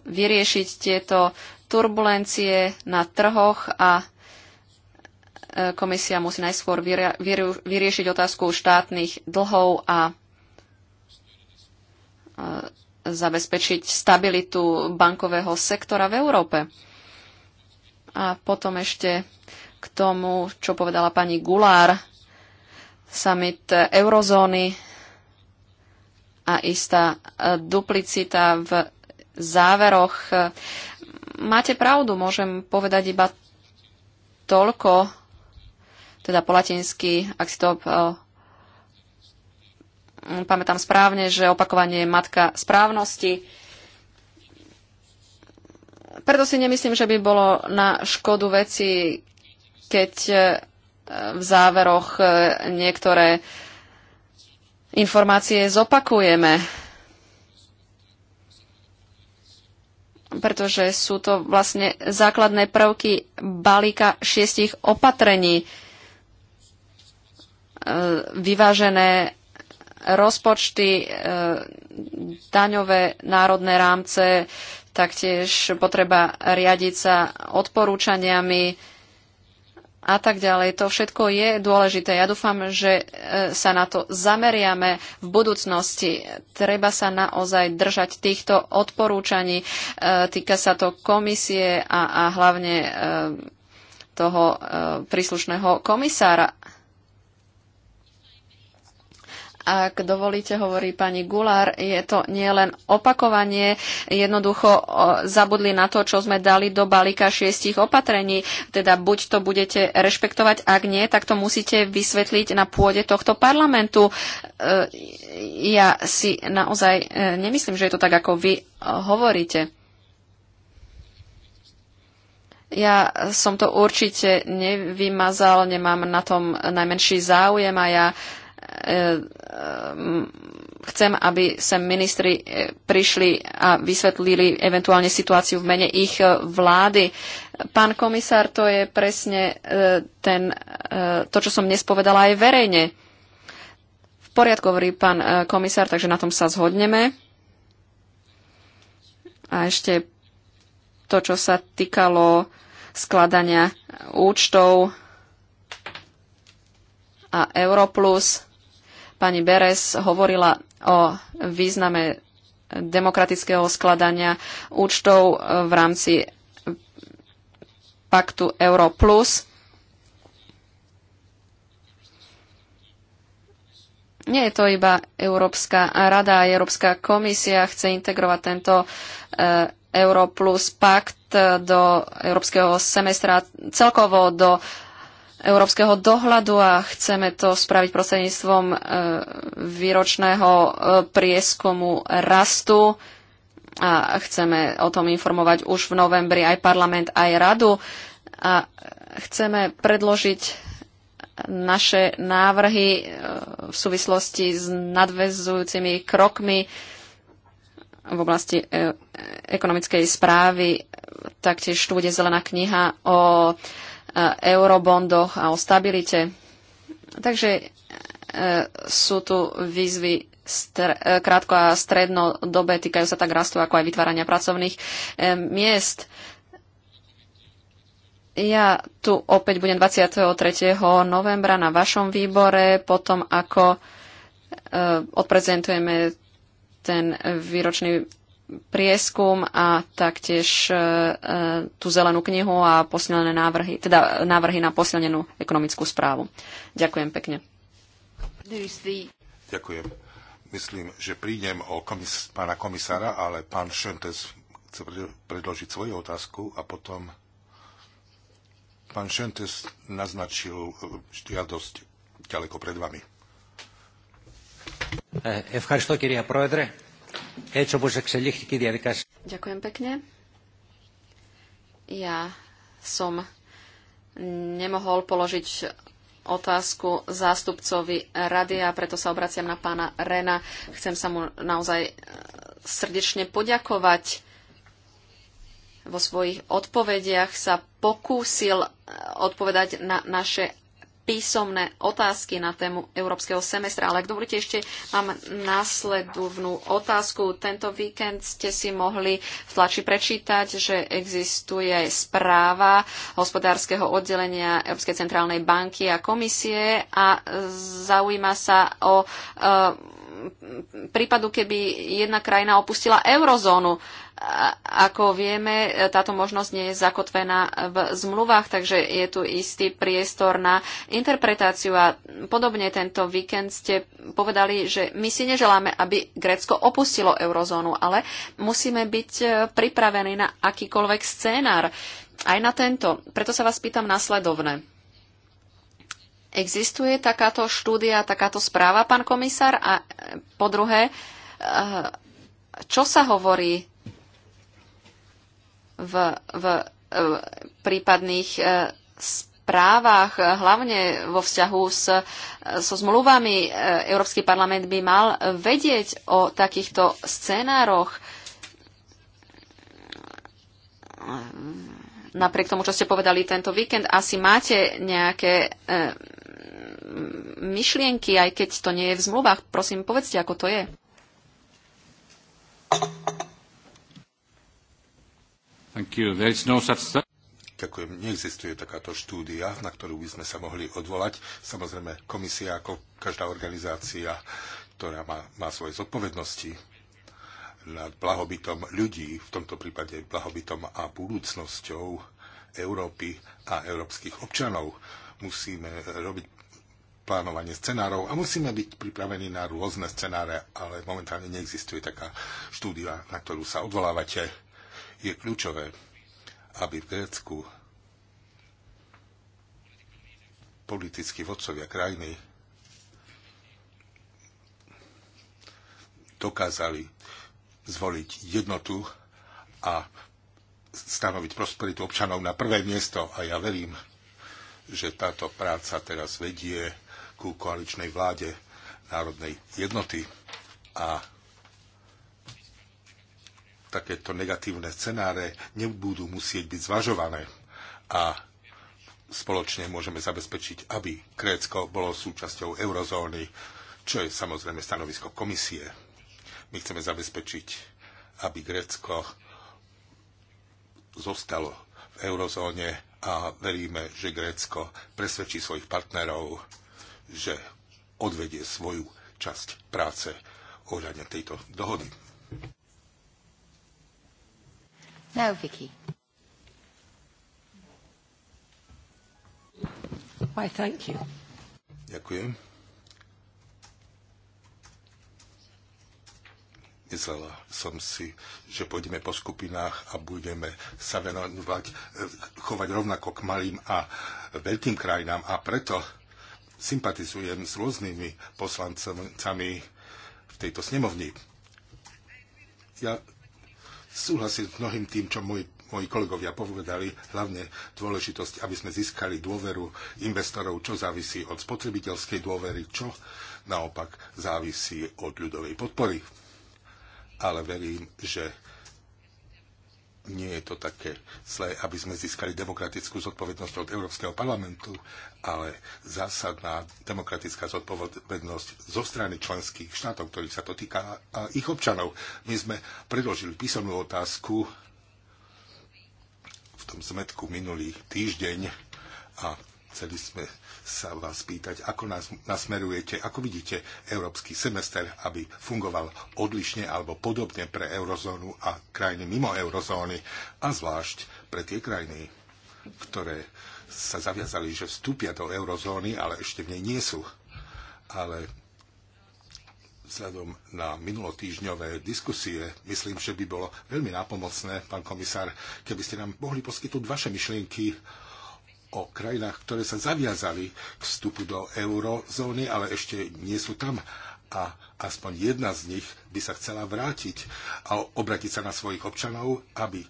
vyriešiť tieto turbulencie na trhoch a komisia musí najskôr vyriešiť otázku štátnych dlhov a zabezpečiť stabilitu bankového sektora v Európe. A potom ešte k tomu, čo povedala pani Gulár, summit eurozóny a istá duplicita v záveroch. Máte pravdu, môžem povedať iba toľko, teda po latinsky, ak si to eh, Mm, pamätám správne, že opakovanie je matka správnosti. Preto si nemyslím, že by bolo na škodu veci, keď e, v záveroch e, niektoré informácie zopakujeme, pretože sú to vlastne základné prvky balíka šiestich opatrení e, vyvážené rozpočty, e, daňové národné rámce, taktiež potreba riadiť sa odporúčaniami a tak ďalej. To všetko je dôležité. Ja dúfam, že e, sa na to zameriame v budúcnosti. Treba sa naozaj držať týchto odporúčaní. E, týka sa to komisie a, a hlavne toho príslušného komisára ak dovolíte, hovorí pani Gulár, je to nielen opakovanie, jednoducho zabudli na to, čo sme dali do balíka šiestich opatrení. Teda buď to budete rešpektovať, ak nie, tak to musíte vysvetliť na pôde tohto parlamentu. E, ja si naozaj e, nemyslím, že je to tak, ako vy e, hovoríte. Ja som to určite nevymazal, nemám na tom najmenší záujem a ja uh, E, e, chcem, aby sem ministri e, prišli a vysvetlili eventuálne situáciu v mene ich vlády. Pán komisár, to je presne ten, to, čo som dnes povedala aj verejne. V poriadku hovorí pán komisár, takže na tom sa zhodneme. A ešte to, čo sa týkalo skladania účtov a Europlus Pani Beres hovorila o význame demokratického skladania účtov v rámci paktu Euro+. Plus. Nie je to iba Európska rada a Európska komisia chce integrovať tento eh, Euro plus pakt do európskeho semestra celkovo do európskeho dohľadu a chceme to spraviť prostredníctvom e, výročného e, prieskumu rastu a chceme o tom informovať už v novembri aj parlament, aj radu a chceme predložiť naše návrhy e, v súvislosti s nadvezujúcimi krokmi v oblasti ekonomickej správy, taktiež tu bude zelená kniha o E, eurobondoch a o stabilite. Takže e, sú tu výzvy e, krátko a stredno dobe týkajú sa tak rastu, ako aj vytvárania pracovných miest. Ja tu opäť budem 23. novembra na vašom výbore, potom ako odprezentujeme ten výročný prieskum a taktiež e, e, tú zelenú knihu a posilnené návrhy, teda návrhy na posilnenú ekonomickú správu. Ďakujem pekne. Ďakujem. Myslím, že prídem o komis- pána komisára, ale pán Šentes chce predložiť svoju otázku a potom pán Šentes naznačil e, žiadosť ďaleko pred vami. Ευχαριστώ Ďakujem pekne. Ja som nemohol položiť otázku zástupcovi rady a preto sa obraciam na pána Rena. Chcem sa mu naozaj e, srdečne poďakovať. Vo svojich odpovediach sa pokúsil e, odpovedať na naše písomné otázky na tému európskeho semestra. Ale ak dovolíte, ešte mám následovnú otázku. Tento víkend ste si mohli v tlači prečítať, že existuje správa hospodárskeho oddelenia Európskej centrálnej banky a komisie a zaujíma sa o prípadu, keby jedna krajina opustila eurozónu. Ako vieme, táto možnosť nie je zakotvená v zmluvách, takže je tu istý priestor na interpretáciu a podobne tento víkend ste povedali, že my si neželáme, aby Grécko opustilo eurozónu, ale musíme byť pripravení na akýkoľvek scénár, aj na tento. Preto sa vás pýtam nasledovne Existuje takáto štúdia, takáto správa, pán komisár? A e, po druhé, e, čo sa hovorí v, v, e, prípadných správach, hlavne vo vzťahu s, so zmluvami, Európsky parlament by mal vedieť o takýchto scenároch. Napriek tomu, čo ste povedali tento víkend, asi máte nejaké myšlienky, aj keď to nie je v zmluvách. Prosím, povedzte, ako to je. No such... Ďakujem. Neexistuje takáto štúdia, na ktorú by sme sa mohli odvolať. Samozrejme, komisia ako každá organizácia, ktorá má, má svoje zodpovednosti nad blahobytom ľudí, v tomto prípade blahobytom a budúcnosťou Európy a európskych občanov, musíme robiť plánovanie scenárov a musíme byť pripravení na rôzne scenáre, ale momentálne neexistuje taká štúdia, na ktorú sa odvolávate. Je kľúčové, aby v Grécku politickí vodcovia krajiny dokázali zvoliť jednotu a stanoviť prosperitu občanov na prvé miesto. A ja verím, že táto práca teraz vedie ku koaličnej vláde národnej jednoty a takéto negatívne scenáre nebudú musieť byť zvažované a spoločne môžeme zabezpečiť, aby Grécko bolo súčasťou eurozóny, čo je samozrejme stanovisko komisie. My chceme zabezpečiť, aby Grécko zostalo v eurozóne a veríme, že Grécko presvedčí svojich partnerov, že odvedie svoju časť práce ohľadne tejto dohody. No, Vicky. Why, thank you. Ďakujem. Myslela som si, že pôjdeme po skupinách a budeme sa venovať, chovať rovnako k malým a veľkým krajinám a preto sympatizujem s rôznymi poslancami v tejto snemovni. Ja súhlasím s mnohým tým, čo môj moji kolegovia povedali, hlavne dôležitosť, aby sme získali dôveru investorov, čo závisí od spotrebiteľskej dôvery, čo naopak závisí od ľudovej podpory. Ale verím, že nie je to také zlé, aby sme získali demokratickú zodpovednosť od Európskeho parlamentu ale zásadná demokratická zodpovednosť zo strany členských štátov, ktorých sa to týka a ich občanov. My sme predložili písomnú otázku v tom zmetku minulý týždeň a chceli sme sa vás pýtať, ako nás nasmerujete, ako vidíte európsky semester, aby fungoval odlišne alebo podobne pre eurozónu a krajiny mimo eurozóny a zvlášť pre tie krajiny, ktoré sa zaviazali, že vstúpia do eurozóny, ale ešte v nej nie sú. Ale vzhľadom na minulotýžňové diskusie, myslím, že by bolo veľmi nápomocné, pán komisár, keby ste nám mohli poskytnúť vaše myšlienky o krajinách, ktoré sa zaviazali k vstupu do eurozóny, ale ešte nie sú tam a aspoň jedna z nich by sa chcela vrátiť a obratiť sa na svojich občanov, aby e,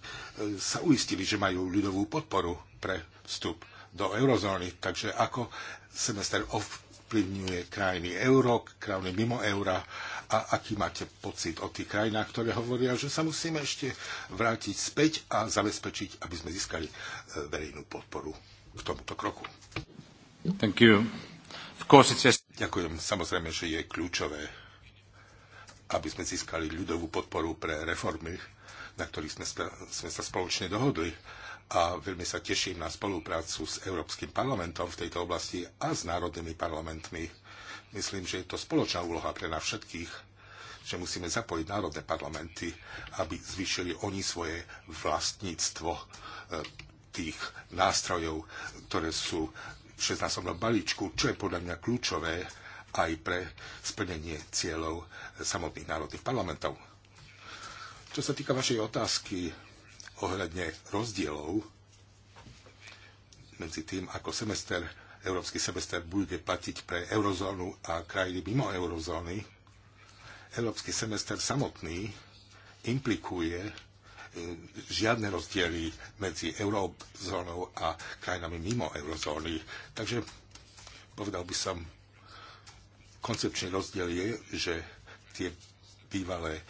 sa uistili, že majú ľudovú podporu pre vstup do eurozóny. Takže ako semester ovplyvňuje krajiny euro, krajiny mimo eura a aký máte pocit o tých krajinách, ktoré hovoria, že sa musíme ešte vrátiť späť a zabezpečiť, aby sme získali e, verejnú podporu k tomuto kroku. Thank you. Of course it's just... Ďakujem. Samozrejme, že je kľúčové, aby sme získali ľudovú podporu pre reformy, na ktorých sme, sme sa spoločne dohodli a veľmi sa teším na spoluprácu s Európskym parlamentom v tejto oblasti a s národnými parlamentmi. Myslím, že je to spoločná úloha pre nás všetkých, že musíme zapojiť národné parlamenty, aby zvýšili oni svoje vlastníctvo e, tých nástrojov, ktoré sú v 16. balíčku, čo je podľa mňa kľúčové aj pre splnenie cieľov samotných národných parlamentov. Čo sa týka vašej otázky, ohľadne rozdielov medzi tým, ako semester, európsky semester bude platiť pre eurozónu a krajiny mimo eurozóny, európsky semester samotný implikuje e, žiadne rozdiely medzi eurozónou a krajinami mimo eurozóny. Takže povedal by som, koncepčný rozdiel je, že tie bývalé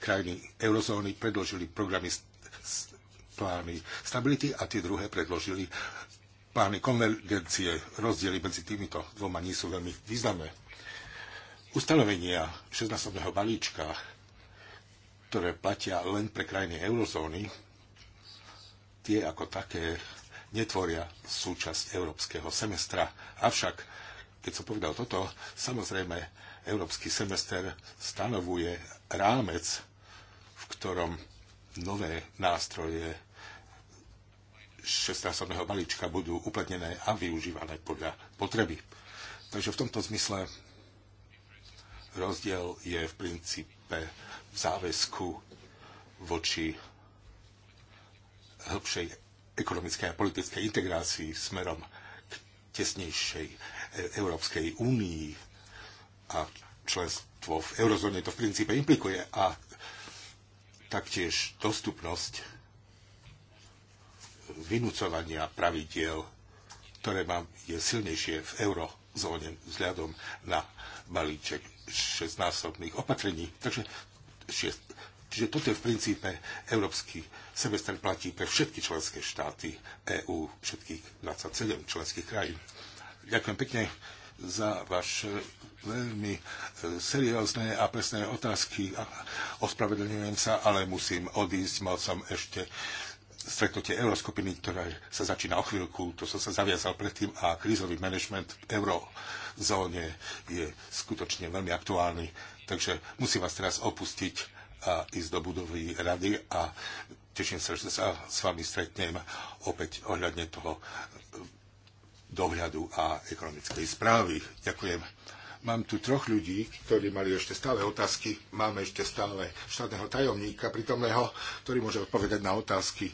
krajiny eurozóny predložili programy plány stability a tie druhé predložili plány konvergencie. Rozdiely medzi týmito dvoma nie sú veľmi významné. Ustanovenia 16 balíčka, ktoré platia len pre krajiny eurozóny, tie ako také netvoria súčasť európskeho semestra. Avšak, keď som povedal toto, samozrejme, európsky semester stanovuje rámec, v ktorom nové nástroje šestnásobného balíčka budú uplatnené a využívané podľa potreby. Takže v tomto zmysle rozdiel je v princípe v záväzku voči hĺbšej ekonomickej a politickej integrácii smerom k tesnejšej e- Európskej únii a členstvo v eurozóne to v princípe implikuje a taktiež dostupnosť vynúcovania pravidiel, ktoré mám, je silnejšie v eurozóne vzhľadom na balíček 16-násobných opatrení. Takže šest, Čiže toto je v princípe európsky semester platí pre všetky členské štáty EÚ, všetkých 27 členských krajín. Ďakujem pekne za vaše veľmi e, seriózne a presné otázky. Ospravedlňujem sa, ale musím odísť. Mal som ešte stretnutie euroskupiny, ktorá sa začína o chvíľku, to som sa zaviazal predtým a krízový manažment v eurozóne je skutočne veľmi aktuálny. Takže musím vás teraz opustiť a ísť do budovy rady a teším sa, že sa s vami stretnem opäť ohľadne toho dohľadu a ekonomickej správy. Ďakujem. Mám tu troch ľudí, ktorí mali ešte stále otázky. Máme ešte stále štátneho tajomníka pritomného, ktorý môže odpovedať na otázky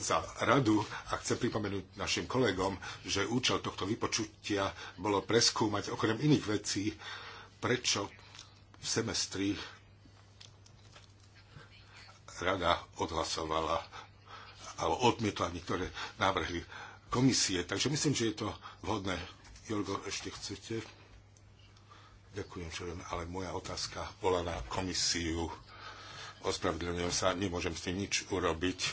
za radu a chcem pripomenúť našim kolegom, že účel tohto vypočutia bolo preskúmať okrem iných vecí, prečo v semestri rada odhlasovala alebo odmietla niektoré návrhy komisie. Takže myslím, že je to vhodné. Jorgo, ešte chcete? Ďakujem, Sharon, ale moja otázka bola na komisiu. Ospravedlňujem sa, nemôžem s tým nič urobiť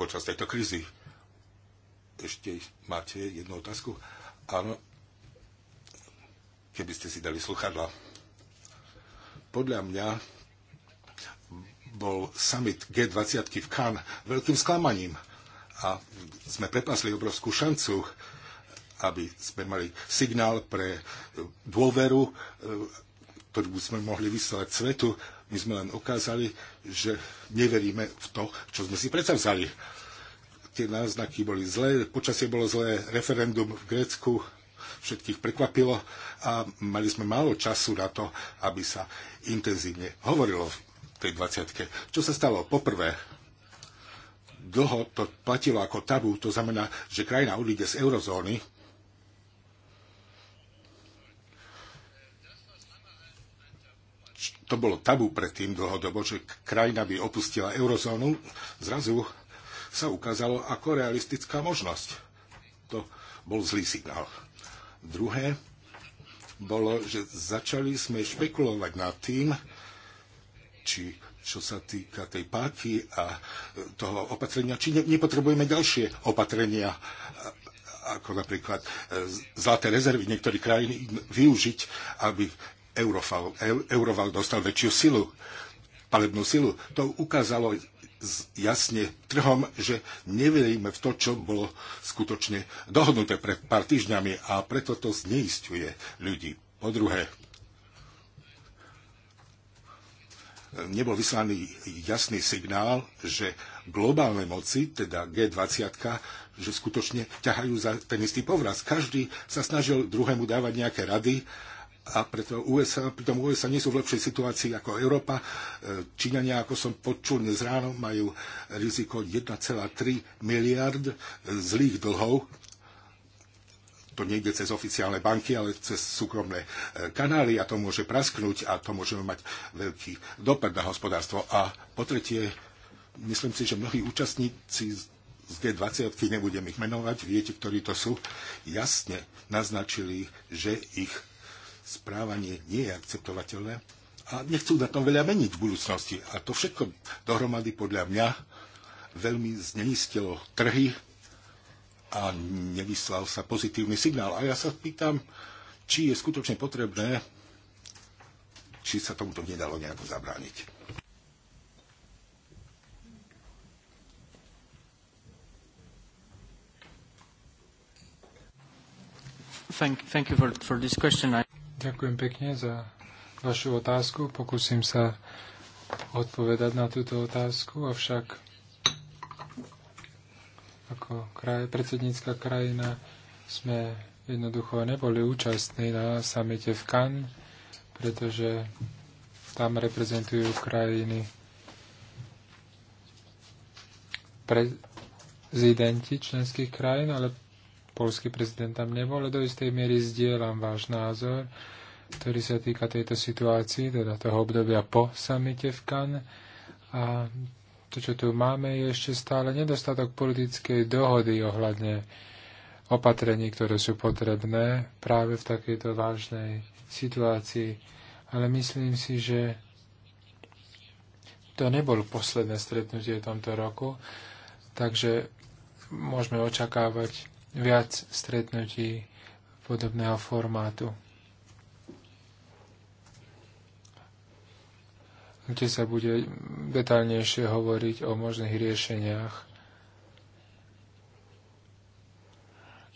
počas tejto krízy. Ešte máte jednu otázku? Áno, keby ste si dali sluchadla. Podľa mňa bol summit G20 v Cannes veľkým sklamaním a sme prepasli obrovskú šancu aby sme mali signál pre dôveru, e, ktorú sme mohli vyslať svetu. My sme len ukázali, že neveríme v to, čo sme si predsa vzali. Tie náznaky boli zlé, počasie bolo zlé, referendum v Grécku všetkých prekvapilo a mali sme málo času na to, aby sa intenzívne hovorilo v tej 20. -tke. Čo sa stalo? Poprvé, dlho to platilo ako tabu, to znamená, že krajina odíde z eurozóny, to bolo tabu predtým dlhodobo, že krajina by opustila eurozónu, zrazu sa ukázalo ako realistická možnosť. To bol zlý signál. Druhé bolo, že začali sme špekulovať nad tým, či čo sa týka tej páky a toho opatrenia, či ne, nepotrebujeme ďalšie opatrenia, ako napríklad e, zlaté rezervy niektorých krajín využiť, aby Eurofal, Euroval dostal väčšiu silu, palebnú silu. To ukázalo jasne trhom, že neveríme v to, čo bolo skutočne dohodnuté pred pár týždňami a preto to zneistuje ľudí. Po druhé, nebol vyslaný jasný signál, že globálne moci, teda G20, že skutočne ťahajú za ten istý povraz. Každý sa snažil druhému dávať nejaké rady a preto USA, pritom USA nie sú v lepšej situácii ako Európa. E, Číňania, ako som počul dnes ráno, majú riziko 1,3 miliard e, zlých dlhov. To nejde cez oficiálne banky, ale cez súkromné e, kanály a to môže prasknúť a to môže mať veľký dopad na hospodárstvo. A po tretie, myslím si, že mnohí účastníci z G20, nebudem ich menovať, viete, ktorí to sú, jasne naznačili, že ich správanie nie je akceptovateľné a nechcú na tom veľa meniť v budúcnosti. A to všetko dohromady podľa mňa veľmi znenistilo trhy a nevyslal sa pozitívny signál. A ja sa pýtam, či je skutočne potrebné, či sa tomuto nedalo nejako zabrániť. Thank, thank you for, for this question. I... Ďakujem pekne za vašu otázku. Pokúsim sa odpovedať na túto otázku, avšak ako kraj, predsednícka krajina sme jednoducho neboli účastní na samite v Cannes, pretože tam reprezentujú krajiny prezidenti členských krajín, ale polský prezident tam nebol, ale do istej miery zdieľam váš názor, ktorý sa týka tejto situácii, teda toho obdobia po samite v Cannes. A to, čo tu máme, je ešte stále nedostatok politickej dohody ohľadne opatrení, ktoré sú potrebné práve v takejto vážnej situácii. Ale myslím si, že to nebolo posledné stretnutie v tomto roku, takže môžeme očakávať viac stretnutí podobného formátu, kde sa bude detálnejšie hovoriť o možných riešeniach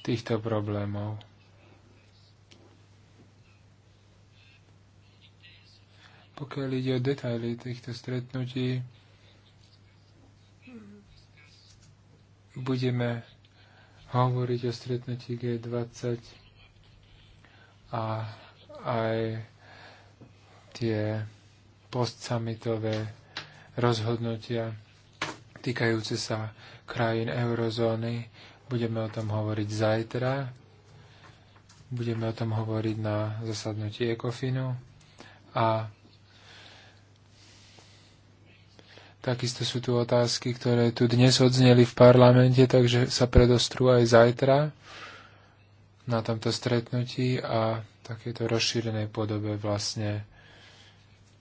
týchto problémov. Pokiaľ ide o detaily týchto stretnutí, budeme hovoriť o stretnutí G20 a aj tie postsamitové rozhodnutia týkajúce sa krajín eurozóny. Budeme o tom hovoriť zajtra. Budeme o tom hovoriť na zasadnutí ECOFINu. A Takisto sú tu otázky, ktoré tu dnes odzneli v parlamente, takže sa predostrú aj zajtra na tomto stretnutí a takéto rozšírenej podobe vlastne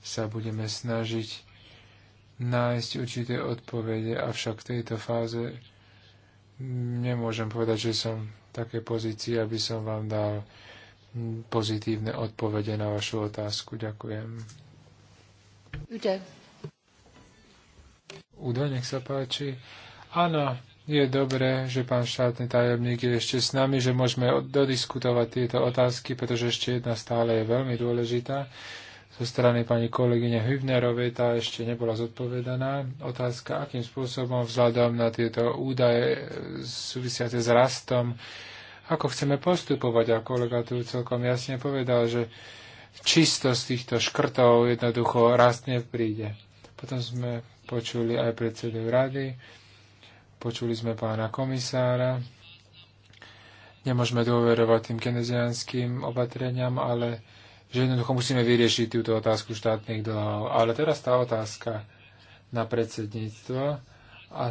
sa budeme snažiť nájsť určité odpovede, avšak v tejto fáze nemôžem povedať, že som v takej pozícii, aby som vám dal pozitívne odpovede na vašu otázku. Ďakujem. Ďakujem. Udo, nech sa páči. Áno, je dobré, že pán štátny tajomník je ešte s nami, že môžeme dodiskutovať tieto otázky, pretože ešte jedna stále je veľmi dôležitá. Zo strany pani kolegyne Hübnerovej tá ešte nebola zodpovedaná. Otázka, akým spôsobom vzhľadom na tieto údaje e, súvisiace s rastom, ako chceme postupovať. A kolega tu celkom jasne povedal, že čisto z týchto škrtov jednoducho rast nepríde. Potom sme počuli aj predsedu rady, počuli sme pána komisára. Nemôžeme dôverovať tým kenezianským opatreniam, ale že jednoducho musíme vyriešiť túto otázku štátnych dlhov. Ale teraz tá otázka na predsedníctvo a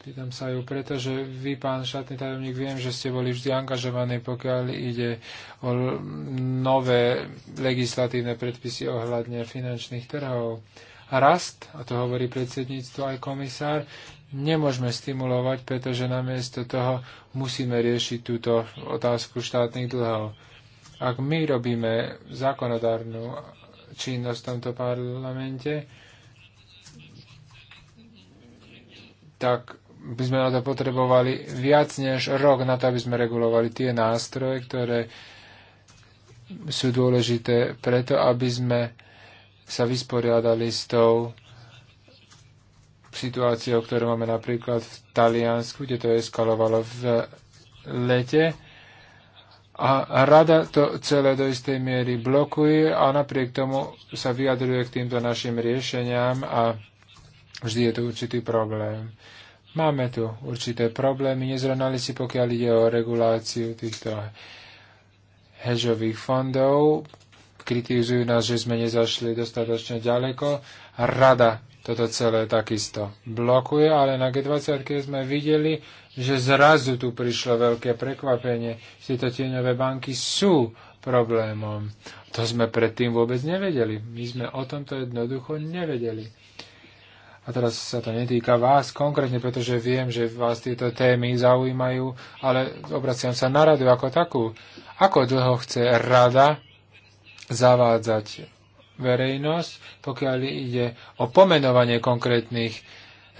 Pýtam sa ju, pretože vy, pán štátny tajomník, viem, že ste boli vždy angažovaní, pokiaľ ide o nové legislatívne predpisy ohľadne finančných trhov rast, a to hovorí predsedníctvo aj komisár, nemôžeme stimulovať, pretože namiesto toho musíme riešiť túto otázku štátnych dlhov. Ak my robíme zákonodárnu činnosť v tomto parlamente, tak by sme na to potrebovali viac než rok na to, aby sme regulovali tie nástroje, ktoré sú dôležité preto, aby sme sa vysporiadali s tou situáciou, ktorú máme napríklad v Taliansku, kde to eskalovalo v lete. A rada to celé do istej miery blokuje a napriek tomu sa vyjadruje k týmto našim riešeniam a vždy je to určitý problém. Máme tu určité problémy, nezrovnali si pokiaľ ide o reguláciu týchto hežových fondov, kritizujú nás, že sme nezašli dostatočne ďaleko. Rada toto celé takisto blokuje, ale na G20 sme videli, že zrazu tu prišlo veľké prekvapenie. Tieto tieňové banky sú problémom. To sme predtým vôbec nevedeli. My sme o tomto jednoducho nevedeli. A teraz sa to netýka vás konkrétne, pretože viem, že vás tieto témy zaujímajú, ale obraciam sa na radu ako takú. Ako dlho chce rada zavádzať verejnosť, pokiaľ ide o pomenovanie konkrétnych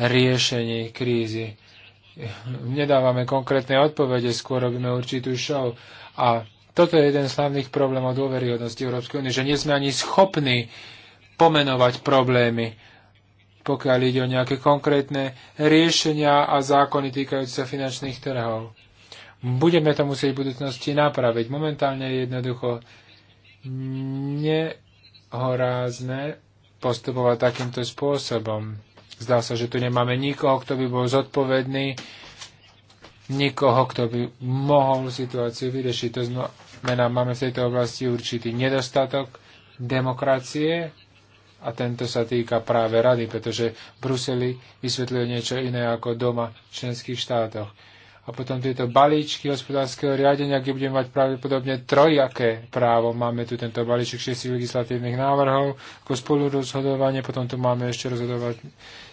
riešení krízy. Nedávame konkrétne odpovede, skôr robíme určitú show. A toto je jeden z hlavných problémov dôveryhodnosti Európskej únie, že nie sme ani schopní pomenovať problémy, pokiaľ ide o nejaké konkrétne riešenia a zákony týkajúce sa finančných trhov. Budeme to musieť v budúcnosti napraviť. Momentálne je jednoducho nehorázne postupovať takýmto spôsobom. Zdá sa, že tu nemáme nikoho, kto by bol zodpovedný, nikoho, kto by mohol situáciu vyriešiť. To znamená, máme v tejto oblasti určitý nedostatok demokracie a tento sa týka práve rady, pretože v Bruseli vysvetľuje niečo iné ako doma v členských štátoch a potom tieto balíčky hospodárskeho riadenia, kde budeme mať pravdepodobne trojaké právo. Máme tu tento balíček šiestich legislatívnych návrhov, ako spolurozhodovanie, potom tu máme ešte rozhodovať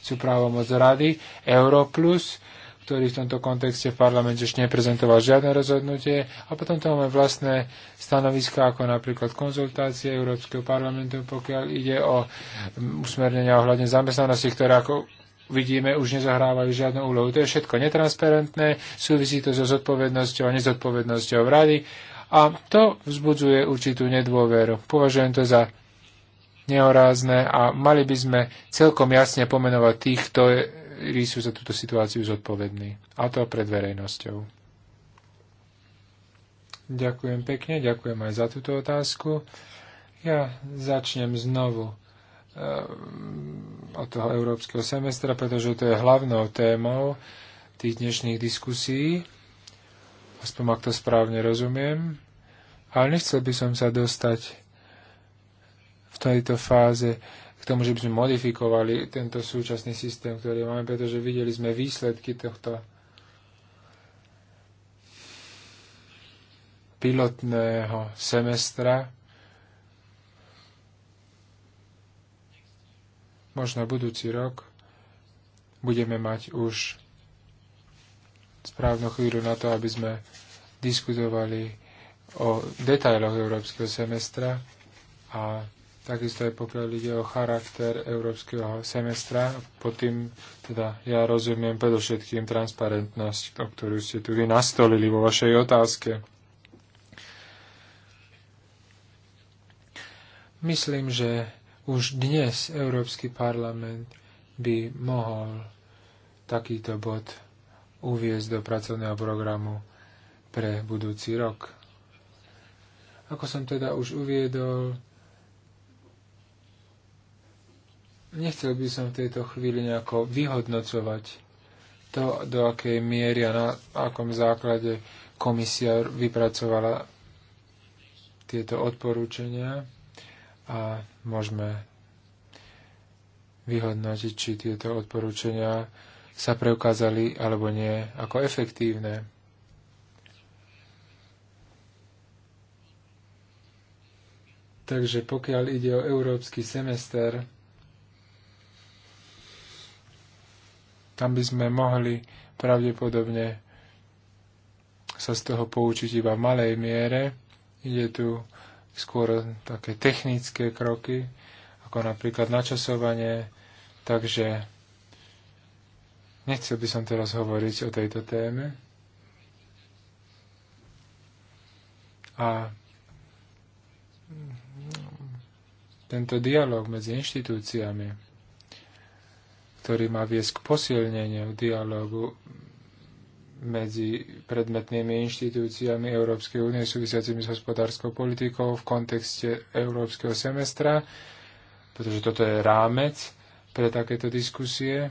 sú právomoc rady, Europlus, ktorý v tomto kontexte v parlamente ešte neprezentoval žiadne rozhodnutie. A potom tu máme vlastné stanoviska, ako napríklad konzultácie Európskeho parlamentu, pokiaľ ide o usmernenia ohľadne zamestnanosti, ktoré ako vidíme, už nezahrávajú žiadnu úlohu. To je všetko netransparentné, súvisí to so zodpovednosťou a nezodpovednosťou v rady a to vzbudzuje určitú nedôveru. Považujem to za nehorázne a mali by sme celkom jasne pomenovať tých, ktorí sú za túto situáciu zodpovední. A to pred verejnosťou. Ďakujem pekne, ďakujem aj za túto otázku. Ja začnem znovu Eh, od toho európskeho semestra, pretože to je hlavnou témou tých dnešných diskusí, aspoň ak to správne rozumiem. Ale nechcel by som sa dostať v tejto fáze k tomu, že by sme modifikovali tento súčasný systém, ktorý máme, pretože videli sme výsledky tohto pilotného semestra, Možno budúci rok budeme mať už správnu chvíľu na to, aby sme diskutovali o detailoch európskeho semestra a takisto aj pokiaľ ide o charakter európskeho semestra. Pod tým teda ja rozumiem predovšetkým transparentnosť, o ktorú ste tu vy nastolili vo vašej otázke. Myslím, že už dnes Európsky parlament by mohol takýto bod uviezť do pracovného programu pre budúci rok. Ako som teda už uviedol, nechcel by som v tejto chvíli nejako vyhodnocovať to, do akej miery a na akom základe komisia vypracovala tieto odporúčania a môžeme vyhodnotiť, či tieto odporúčania sa preukázali alebo nie ako efektívne. Takže pokiaľ ide o európsky semester, tam by sme mohli pravdepodobne sa z toho poučiť iba v malej miere. Ide tu skôr také technické kroky, ako napríklad načasovanie. Takže nechcel by som teraz hovoriť o tejto téme. A tento dialog medzi inštitúciami, ktorý má viesť k posilneniu dialogu medzi predmetnými inštitúciami Európskej únie súvisiacimi s hospodárskou politikou v kontexte európskeho semestra, pretože toto je rámec pre takéto diskusie.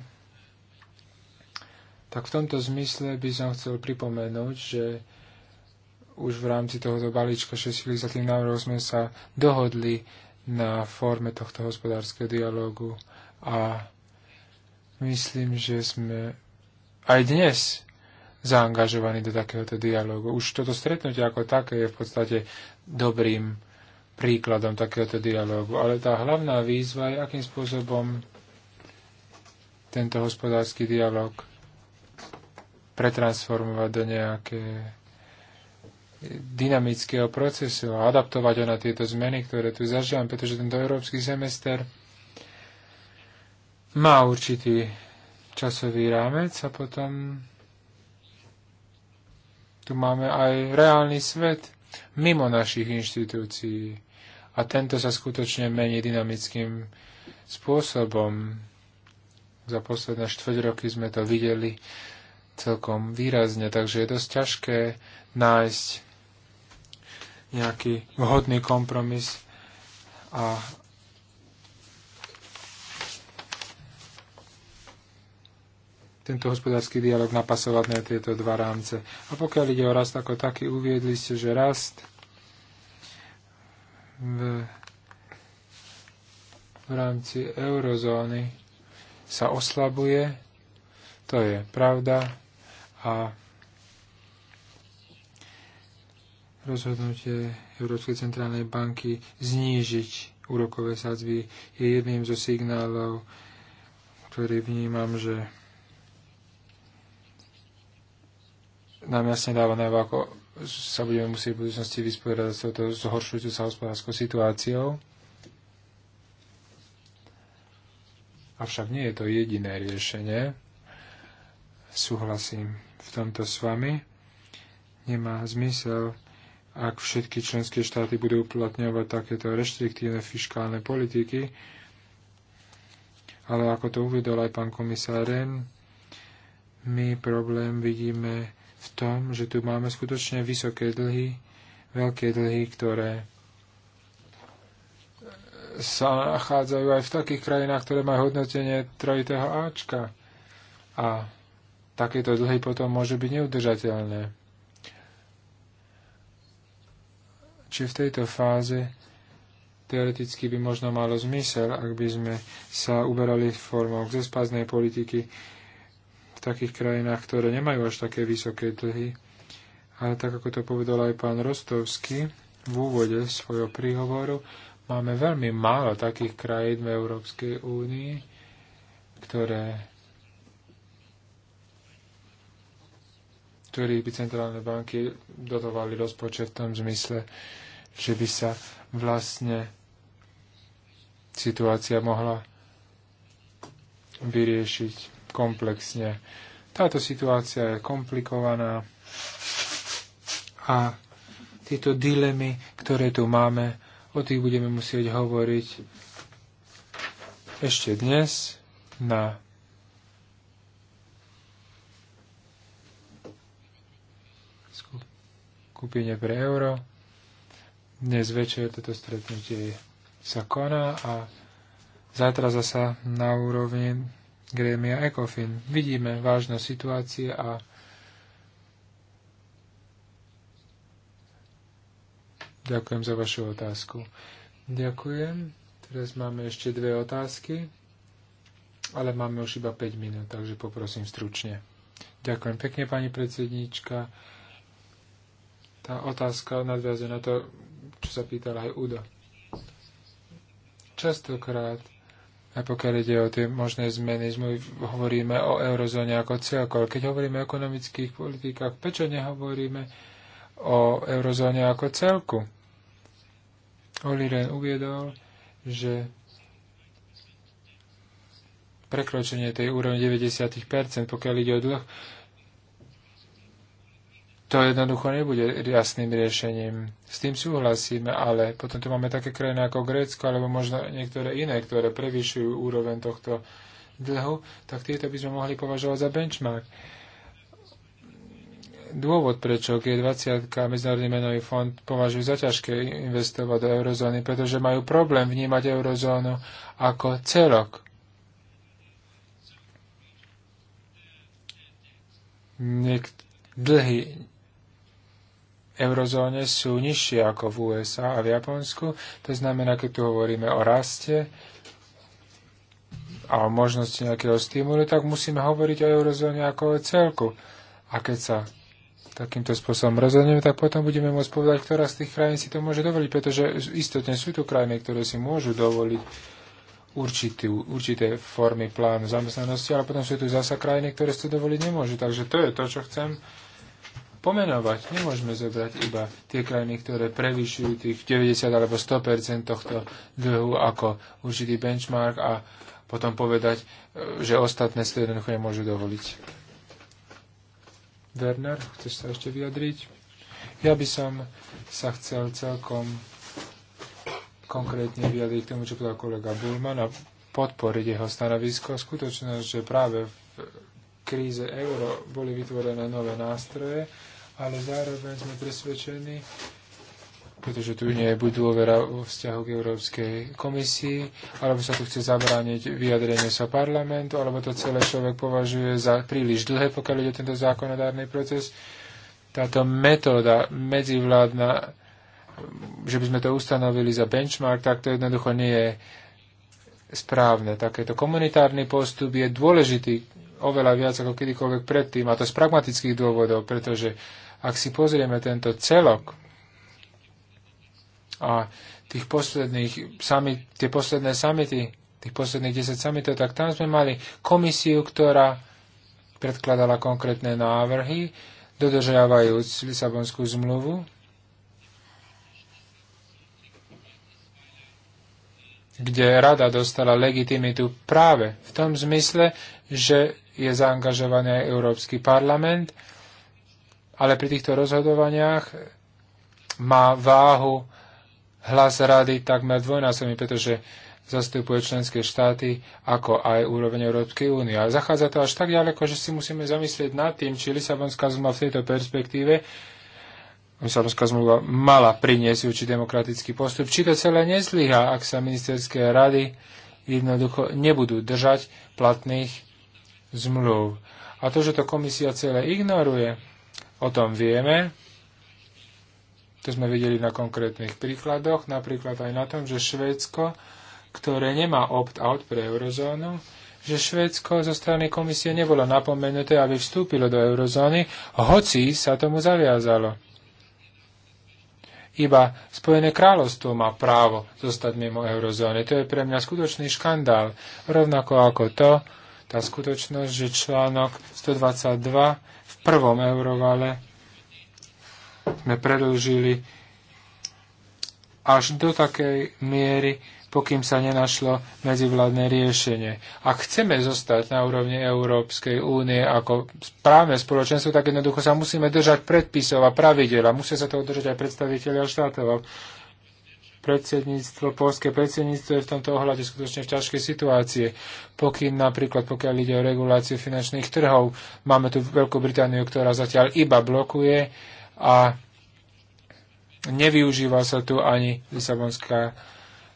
Tak v tomto zmysle by som chcel pripomenúť, že už v rámci tohoto balíčka 6 legislatívnych návrhov sme sa dohodli na forme tohto hospodárskeho dialógu a myslím, že sme aj dnes zaangažovaní do takéhoto dialogu. Už toto stretnutie ako také je v podstate dobrým príkladom takéhoto dialogu. Ale tá hlavná výzva je, akým spôsobom tento hospodársky dialog pretransformovať do nejaké dynamického procesu a adaptovať ho na tieto zmeny, ktoré tu zažívam, pretože tento európsky semester má určitý časový rámec a potom tu máme aj reálny svet mimo našich inštitúcií a tento sa skutočne mení dynamickým spôsobom. Za posledné štvrť roky sme to videli celkom výrazne, takže je dosť ťažké nájsť nejaký vhodný kompromis a tento hospodársky dialog napasovať na tieto dva rámce. A pokiaľ ide o rast ako taký, uviedli ste, že rast v, v rámci eurozóny sa oslabuje. To je pravda. A rozhodnutie Európskej centrálnej banky znížiť úrokové sadzby je jedným zo signálov, ktorý vnímam, že nám jasne dáva najavo, ako sa budeme musieť v budúcnosti vysporiadať s touto zhoršujúcou sa hospodárskou situáciou. Avšak nie je to jediné riešenie. Súhlasím v tomto s vami. Nemá zmysel, ak všetky členské štáty budú uplatňovať takéto reštriktívne fiskálne politiky, ale ako to uvedol aj pán komisár Ren, my problém vidíme v tom, že tu máme skutočne vysoké dlhy, veľké dlhy, ktoré sa nachádzajú aj v takých krajinách, ktoré majú hodnotenie trojitého Ačka. A takéto dlhy potom môžu byť neudržateľné. Či v tejto fáze teoreticky by možno malo zmysel, ak by sme sa uberali formou zespaznej politiky, takých krajinách, ktoré nemajú až také vysoké dlhy. Ale tak, ako to povedal aj pán Rostovský v úvode svojho príhovoru, máme veľmi málo takých krajín v Európskej únii, ktoré ktorých by centrálne banky dotovali rozpočet v tom zmysle, že by sa vlastne situácia mohla vyriešiť komplexne. Táto situácia je komplikovaná a tieto dilemy, ktoré tu máme, o tých budeme musieť hovoriť ešte dnes na skupine pre euro. Dnes večer toto stretnutie sa koná a zajtra zasa na úrovni grémia ECOFIN. Vidíme vážnosť situácie a ďakujem za vašu otázku. Ďakujem. Teraz máme ešte dve otázky, ale máme už iba 5 minút, takže poprosím stručne. Ďakujem pekne, pani predsedníčka. Tá otázka nadviazuje na to, čo sa pýtala aj Udo. Častokrát aj pokiaľ ide o tie možné zmeny, my hovoríme o eurozóne ako celko. ale keď hovoríme o ekonomických politikách, prečo nehovoríme o eurozóne ako celku? Oli Ren uviedol, že prekročenie tej úrovne 90%, pokiaľ ide o dlh, to jednoducho nebude jasným riešením. S tým súhlasíme, ale potom tu máme také krajiny ako Grécko, alebo možno niektoré iné, ktoré prevýšujú úroveň tohto dlhu, tak tieto by sme mohli považovať za benchmark. Dôvod, prečo G20 a Medzinárodný menový fond považujú za ťažké investovať do eurozóny, pretože majú problém vnímať eurozónu ako celok. Niek- dlhy eurozóne sú nižšie ako v USA a v Japonsku. To znamená, keď tu hovoríme o raste a o možnosti nejakého stimulu, tak musíme hovoriť o eurozóne ako o celku. A keď sa takýmto spôsobom rozhodneme, tak potom budeme môcť povedať, ktorá z tých krajín si to môže dovoliť, pretože istotne sú tu krajiny, ktoré si môžu dovoliť určitú, určité formy plánu zamestnanosti, ale potom sú tu zasa krajiny, ktoré si to dovoliť nemôžu. Takže to je to, čo chcem pomenovať. Nemôžeme zobrať iba tie krajiny, ktoré prevyšujú tých 90 alebo 100 tohto dlhu ako určitý benchmark a potom povedať, e, že ostatné si to jednoducho nemôžu dovoliť. Werner, chceš sa ešte vyjadriť? Ja by som sa chcel celkom konkrétne vyjadriť k tomu, čo povedal kolega Bulman a podporiť jeho stanovisko. Skutočnosť, že práve v kríze euro boli vytvorené nové nástroje, ale zároveň sme presvedčení, pretože tu nie je buď dôvera vo vzťahu k Európskej komisii, alebo sa tu chce zabrániť vyjadrenie sa parlamentu, alebo to celé človek považuje za príliš dlhé, pokiaľ ide tento zákonodárny proces. Táto metóda medzivládna, že by sme to ustanovili za benchmark, tak to jednoducho nie je správne. Takéto komunitárny postup je dôležitý oveľa viac ako kedykoľvek predtým, a to z pragmatických dôvodov, pretože ak si pozrieme tento celok a tých posledných summit, tie posledné samity, tých posledných 10 samitov, tak tam sme mali komisiu, ktorá predkladala konkrétne návrhy, dodržiavajúc Lisabonskú zmluvu, kde rada dostala legitimitu práve v tom zmysle, že je zaangažovaný aj Európsky parlament ale pri týchto rozhodovaniach má váhu hlas rady takmer dvojnásobný, pretože zastupuje členské štáty, ako aj úroveň Európskej únie. A zachádza to až tak ďaleko, že si musíme zamyslieť nad tým, či Lisabonská zmluva v tejto perspektíve Lisabonská zmluva mala priniesť určitý demokratický postup. Či to celé nezlyha, ak sa ministerské rady jednoducho nebudú držať platných zmluv. A to, že to komisia celé ignoruje, O tom vieme. To sme videli na konkrétnych príkladoch, napríklad aj na tom, že Švédsko, ktoré nemá opt-out pre eurozónu, že Švédsko zo strany komisie nebolo napomenuté, aby vstúpilo do eurozóny, hoci sa tomu zaviazalo. Iba Spojené kráľovstvo má právo zostať mimo eurozóny. To je pre mňa skutočný škandál. Rovnako ako to, tá skutočnosť, že článok 122 prvom eurovale sme predlžili až do takej miery, pokým sa nenašlo medzivládne riešenie. Ak chceme zostať na úrovni Európskej únie ako správne spoločenstvo, tak jednoducho sa musíme držať predpisov a pravidel a musia sa toho držať aj predstaviteľia štátov predsedníctvo, polské predsedníctvo je v tomto ohľade skutočne v ťažkej situácie. Pokým napríklad, pokiaľ ide o reguláciu finančných trhov, máme tu Veľkú Britániu, ktorá zatiaľ iba blokuje a nevyužíva sa tu ani Lisabonská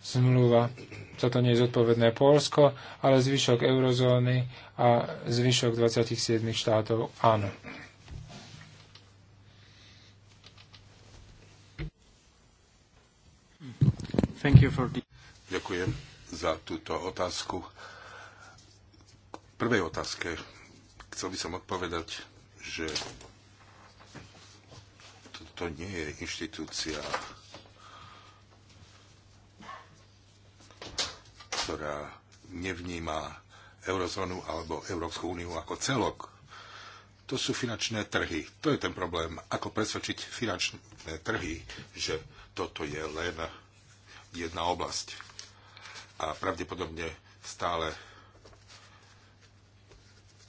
zmluva. Toto nie je zodpovedné Polsko, ale zvyšok eurozóny a zvyšok 27 štátov áno. Ďakujem za túto otázku. K prvej otázke chcel by som odpovedať, že toto nie je inštitúcia, ktorá nevníma eurozónu alebo Európsku úniu ako celok. To sú finančné trhy. To je ten problém. Ako presvedčiť finančné trhy, že toto je len jedna oblasť. A pravdepodobne stále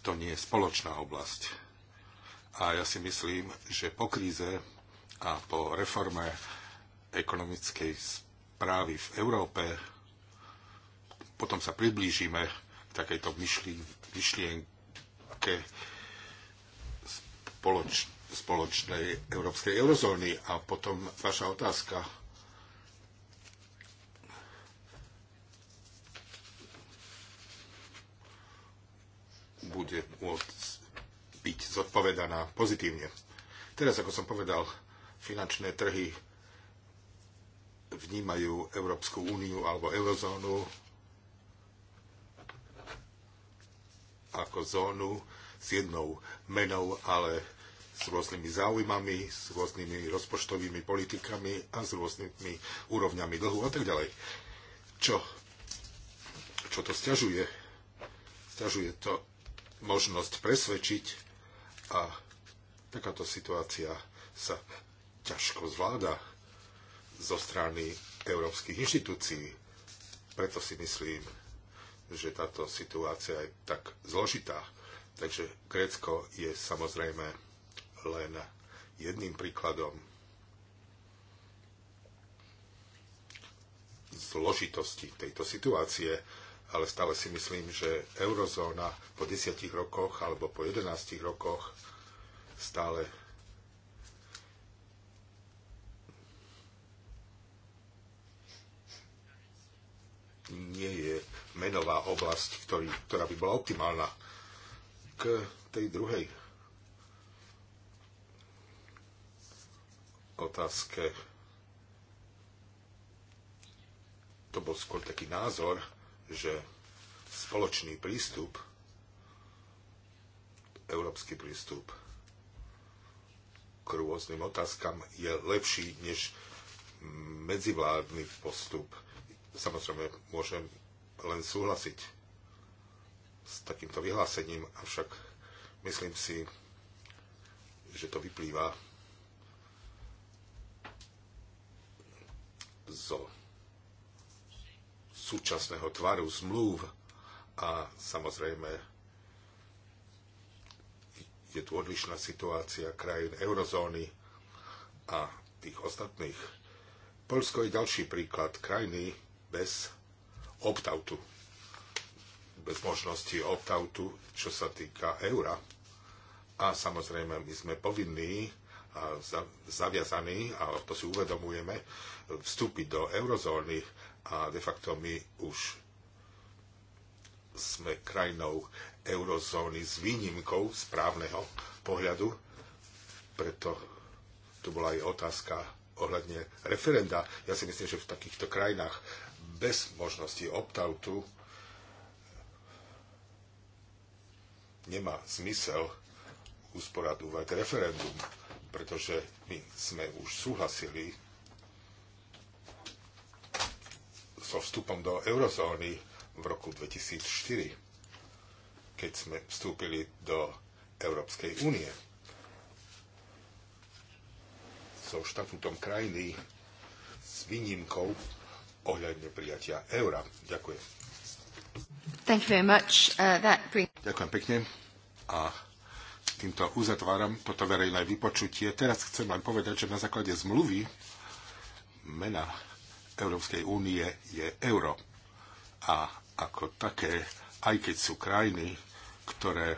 to nie je spoločná oblasť. A ja si myslím, že po kríze a po reforme ekonomickej správy v Európe potom sa priblížime k takejto myšlienke spoloč, spoločnej európskej eurozóny. A potom vaša otázka bude môcť byť zodpovedaná pozitívne. Teraz, ako som povedal, finančné trhy vnímajú Európsku úniu alebo eurozónu ako zónu s jednou menou, ale s rôznymi záujmami, s rôznymi rozpočtovými politikami a s rôznymi úrovňami dlhu a tak ďalej. Čo, čo to stiažuje? Stiažuje to možnosť presvedčiť a takáto situácia sa ťažko zvláda zo strany európskych inštitúcií. Preto si myslím, že táto situácia je tak zložitá. Takže Grécko je samozrejme len jedným príkladom zložitosti tejto situácie ale stále si myslím, že eurozóna po 10 rokoch alebo po 11 rokoch stále nie je menová oblasť, ktorý, ktorá by bola optimálna k tej druhej otázke. To bol skôr taký názor, že spoločný prístup, európsky prístup k rôznym otázkam je lepší než medzivládny postup. Samozrejme, môžem len súhlasiť s takýmto vyhlásením, avšak myslím si, že to vyplýva zo súčasného tvaru zmluv a samozrejme je tu odlišná situácia krajín eurozóny a tých ostatných. Polsko je ďalší príklad krajiny bez opt-outu, bez možnosti opt-outu, čo sa týka eura. A samozrejme, my sme povinní zaviazaní, a to si uvedomujeme, vstúpiť do eurozóny a de facto my už sme krajinou eurozóny s výnimkou správneho pohľadu, preto tu bola aj otázka ohľadne referenda. Ja si myslím, že v takýchto krajinách bez možnosti opt-outu nemá zmysel usporadúvať referendum pretože my sme už súhlasili so vstupom do eurozóny v roku 2004, keď sme vstúpili do Európskej únie. So štatútom krajiny s výnimkou ohľadne prijatia eura. Ďakujem. Thank you very much. Uh, that bring... Ďakujem pekne. A týmto uzatváram toto verejné vypočutie. Teraz chcem len povedať, že na základe zmluvy mena Európskej únie je euro. A ako také, aj keď sú krajiny, ktoré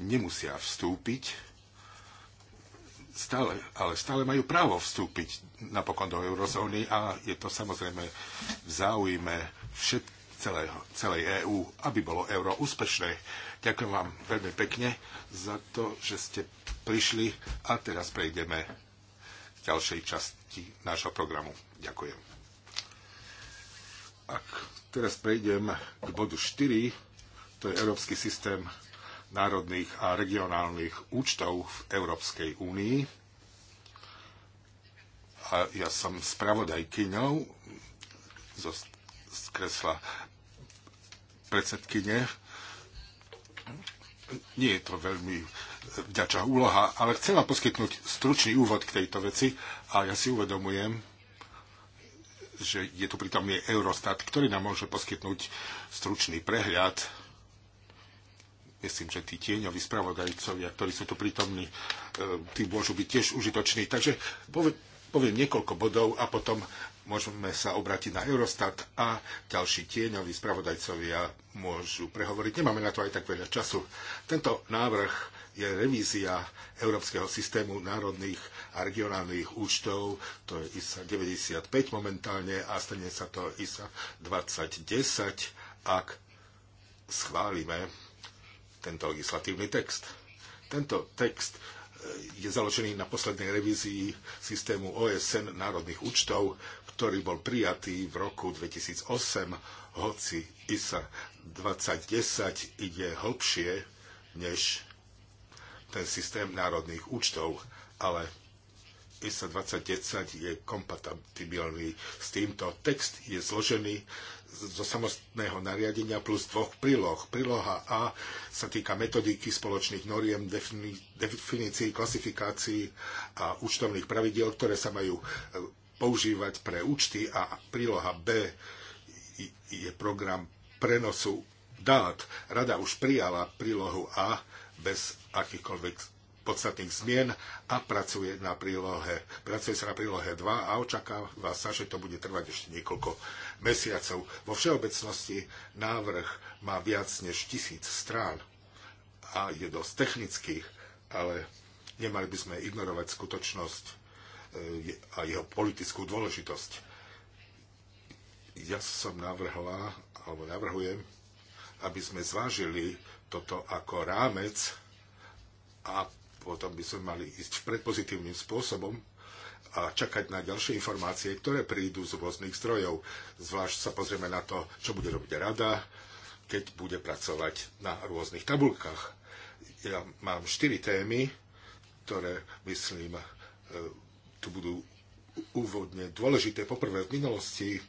nemusia vstúpiť, stále, ale stále majú právo vstúpiť napokon do eurozóny a je to samozrejme v záujme všetkých celého, celej EÚ, aby bolo euro úspešné. Ďakujem vám veľmi pekne za to, že ste prišli a teraz prejdeme k ďalšej časti nášho programu. Ďakujem. Ak teraz prejdem k bodu 4, to je Európsky systém národných a regionálnych účtov v Európskej únii. A ja som spravodajkyňou zo z kresla predsedkyne. Nie je to veľmi vďačná úloha, ale vám poskytnúť stručný úvod k tejto veci a ja si uvedomujem, že je tu prítomný Eurostat, ktorý nám môže poskytnúť stručný prehľad. Myslím, že tí tieňoví spravodajcovia, ktorí sú tu prítomní, e, tí môžu byť tiež užitoční. Takže poviem niekoľko bodov a potom môžeme sa obrátiť na Eurostat a ďalší tieňoví spravodajcovia môžu prehovoriť. Nemáme na to aj tak veľa času. Tento návrh je revízia Európskeho systému národných a regionálnych účtov, to je ISA 95 momentálne a stane sa to ISA 2010, ak schválime tento legislatívny text. Tento text e, je založený na poslednej revízii systému OSN národných účtov, ktorý bol prijatý v roku 2008, hoci ISA 2010 ide hlbšie než ten systém národných účtov, ale ISA 2010 je kompatibilný s týmto. Text je zložený zo samostného nariadenia plus dvoch príloh. Príloha A sa týka metodiky spoločných noriem, definícií, klasifikácií a účtovných pravidiel, ktoré sa majú e, používať pre účty a príloha B je program prenosu dát. Rada už prijala prílohu A bez akýchkoľvek podstatných zmien a pracuje, na prílohe, pracuje sa na prílohe 2 a očakáva sa, že to bude trvať ešte niekoľko mesiacov. Vo všeobecnosti návrh má viac než tisíc strán a je dosť technických, ale nemali by sme ignorovať skutočnosť, E, a jeho politickú dôležitosť. Ja som navrhla, alebo navrhujem, aby sme zvážili toto ako rámec a potom by sme mali ísť predpozitívnym spôsobom a čakať na ďalšie informácie, ktoré prídu z rôznych zdrojov. Zvlášť sa pozrieme na to, čo bude robiť rada, keď bude pracovať na rôznych tabulkách. Ja mám štyri témy, ktoré, myslím, e, tu budú úvodne dôležité. Poprvé, v minulosti e,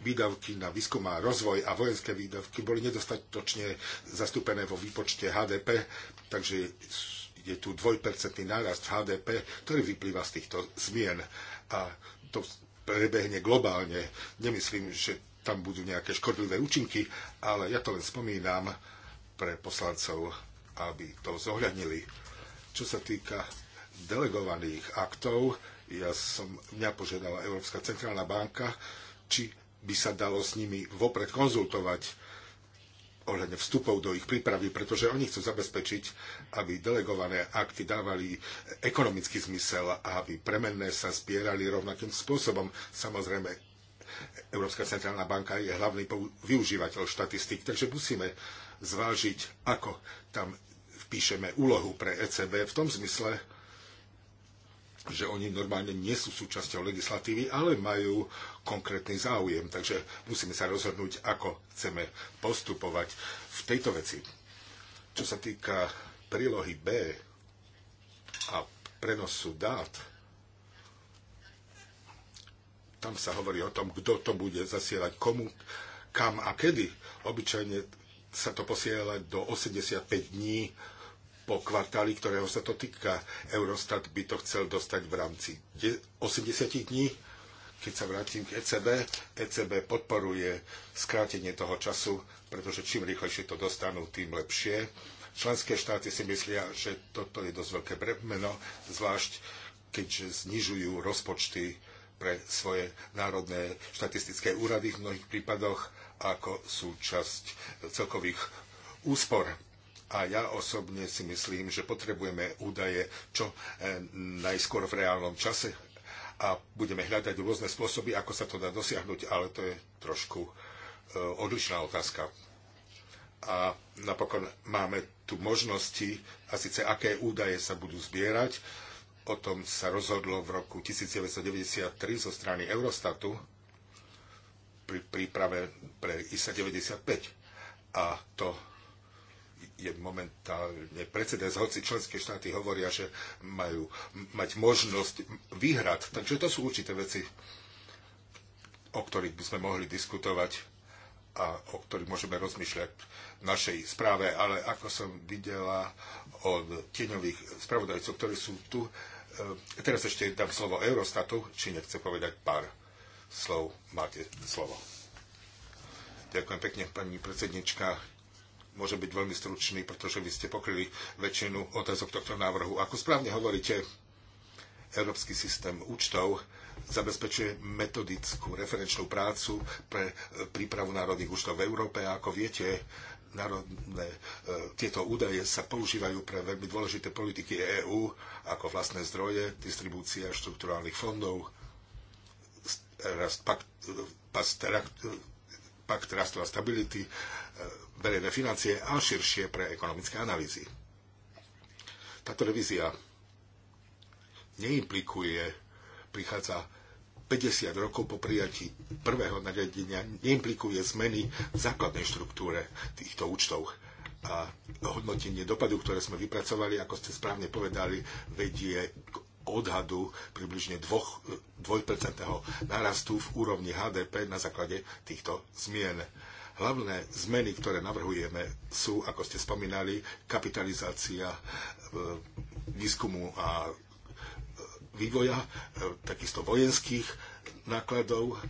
výdavky na výskum a rozvoj a vojenské výdavky boli nedostatočne zastúpené vo výpočte HDP, takže je tu dvojpercentný nárast HDP, ktorý vyplýva z týchto zmien. A to prebehne globálne. Nemyslím, že tam budú nejaké škodlivé účinky, ale ja to len spomínam pre poslancov, aby to zohľadnili. Čo sa týka delegovaných aktov, ja som, mňa požiadala Európska centrálna banka, či by sa dalo s nimi vopred konzultovať ohľadne vstupov do ich prípravy, pretože oni chcú zabezpečiť, aby delegované akty dávali ekonomický zmysel a aby premenné sa spierali rovnakým spôsobom. Samozrejme, Európska centrálna banka je hlavný využívateľ štatistik, takže musíme zvážiť, ako tam vpíšeme úlohu pre ECB v tom zmysle, že oni normálne nie sú súčasťou legislatívy, ale majú konkrétny záujem. Takže musíme sa rozhodnúť, ako chceme postupovať v tejto veci. Čo sa týka prílohy B a prenosu dát, tam sa hovorí o tom, kto to bude zasielať, komu, kam a kedy. Obyčajne sa to posiela do 85 dní po kvartáli, ktorého sa to týka. Eurostat by to chcel dostať v rámci 80 dní. Keď sa vrátim k ECB, ECB podporuje skrátenie toho času, pretože čím rýchlejšie to dostanú, tým lepšie. Členské štáty si myslia, že toto je dosť veľké bremeno, zvlášť keďže znižujú rozpočty pre svoje národné štatistické úrady v mnohých prípadoch ako súčasť celkových úspor a ja osobne si myslím, že potrebujeme údaje čo e, najskôr v reálnom čase a budeme hľadať rôzne spôsoby, ako sa to dá dosiahnuť, ale to je trošku e, odlišná otázka. A napokon máme tu možnosti, a síce aké údaje sa budú zbierať. O tom sa rozhodlo v roku 1993 zo strany Eurostatu pri príprave pre ISA 95. A to je momentálne precedens, hoci členské štáty hovoria, že majú mať možnosť vyhrať, Takže to sú určité veci, o ktorých by sme mohli diskutovať a o ktorých môžeme rozmýšľať v našej správe, ale ako som videla od tieňových spravodajcov, ktorí sú tu, e, teraz ešte dám slovo Eurostatu, či nechce povedať pár slov. Máte slovo. Ďakujem pekne, pani predsednička môžem byť veľmi stručný, pretože vy ste pokryli väčšinu otázok tohto návrhu. Ako správne hovoríte, Európsky systém účtov zabezpečuje metodickú referenčnú prácu pre e, prípravu národných účtov v Európe. A ako viete, národné, e, tieto údaje sa používajú pre veľmi dôležité politiky EÚ, ako vlastné zdroje, distribúcia štruktúrálnych fondov, e, rast pakt, pakt rastu a stability, e, verejné financie a širšie pre ekonomické analýzy. Táto revízia neimplikuje, prichádza 50 rokov po prijatí prvého nariadenia, neimplikuje zmeny v základnej štruktúre týchto účtov a hodnotenie dopadu, ktoré sme vypracovali, ako ste správne povedali, vedie k odhadu približne 2, narastu nárastu v úrovni HDP na základe týchto zmien. Hlavné zmeny, ktoré navrhujeme, sú, ako ste spomínali, kapitalizácia e, výskumu a e, vývoja, e, takisto vojenských nákladov,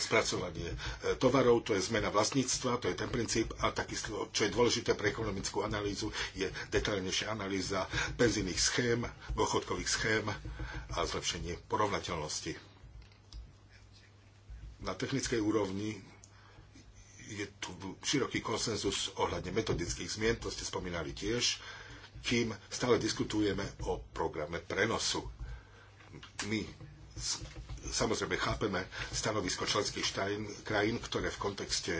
spracovanie e, tovarov, to je zmena vlastníctva, to je ten princíp a takisto, čo je dôležité pre ekonomickú analýzu, je detaľnejšia analýza penzijných schém, dôchodkových schém a zlepšenie porovnateľnosti. Na technickej úrovni je tu široký konsenzus ohľadne metodických zmien, to ste spomínali tiež, kým stále diskutujeme o programe prenosu. My samozrejme chápeme stanovisko členských štajn, krajín, ktoré v kontexte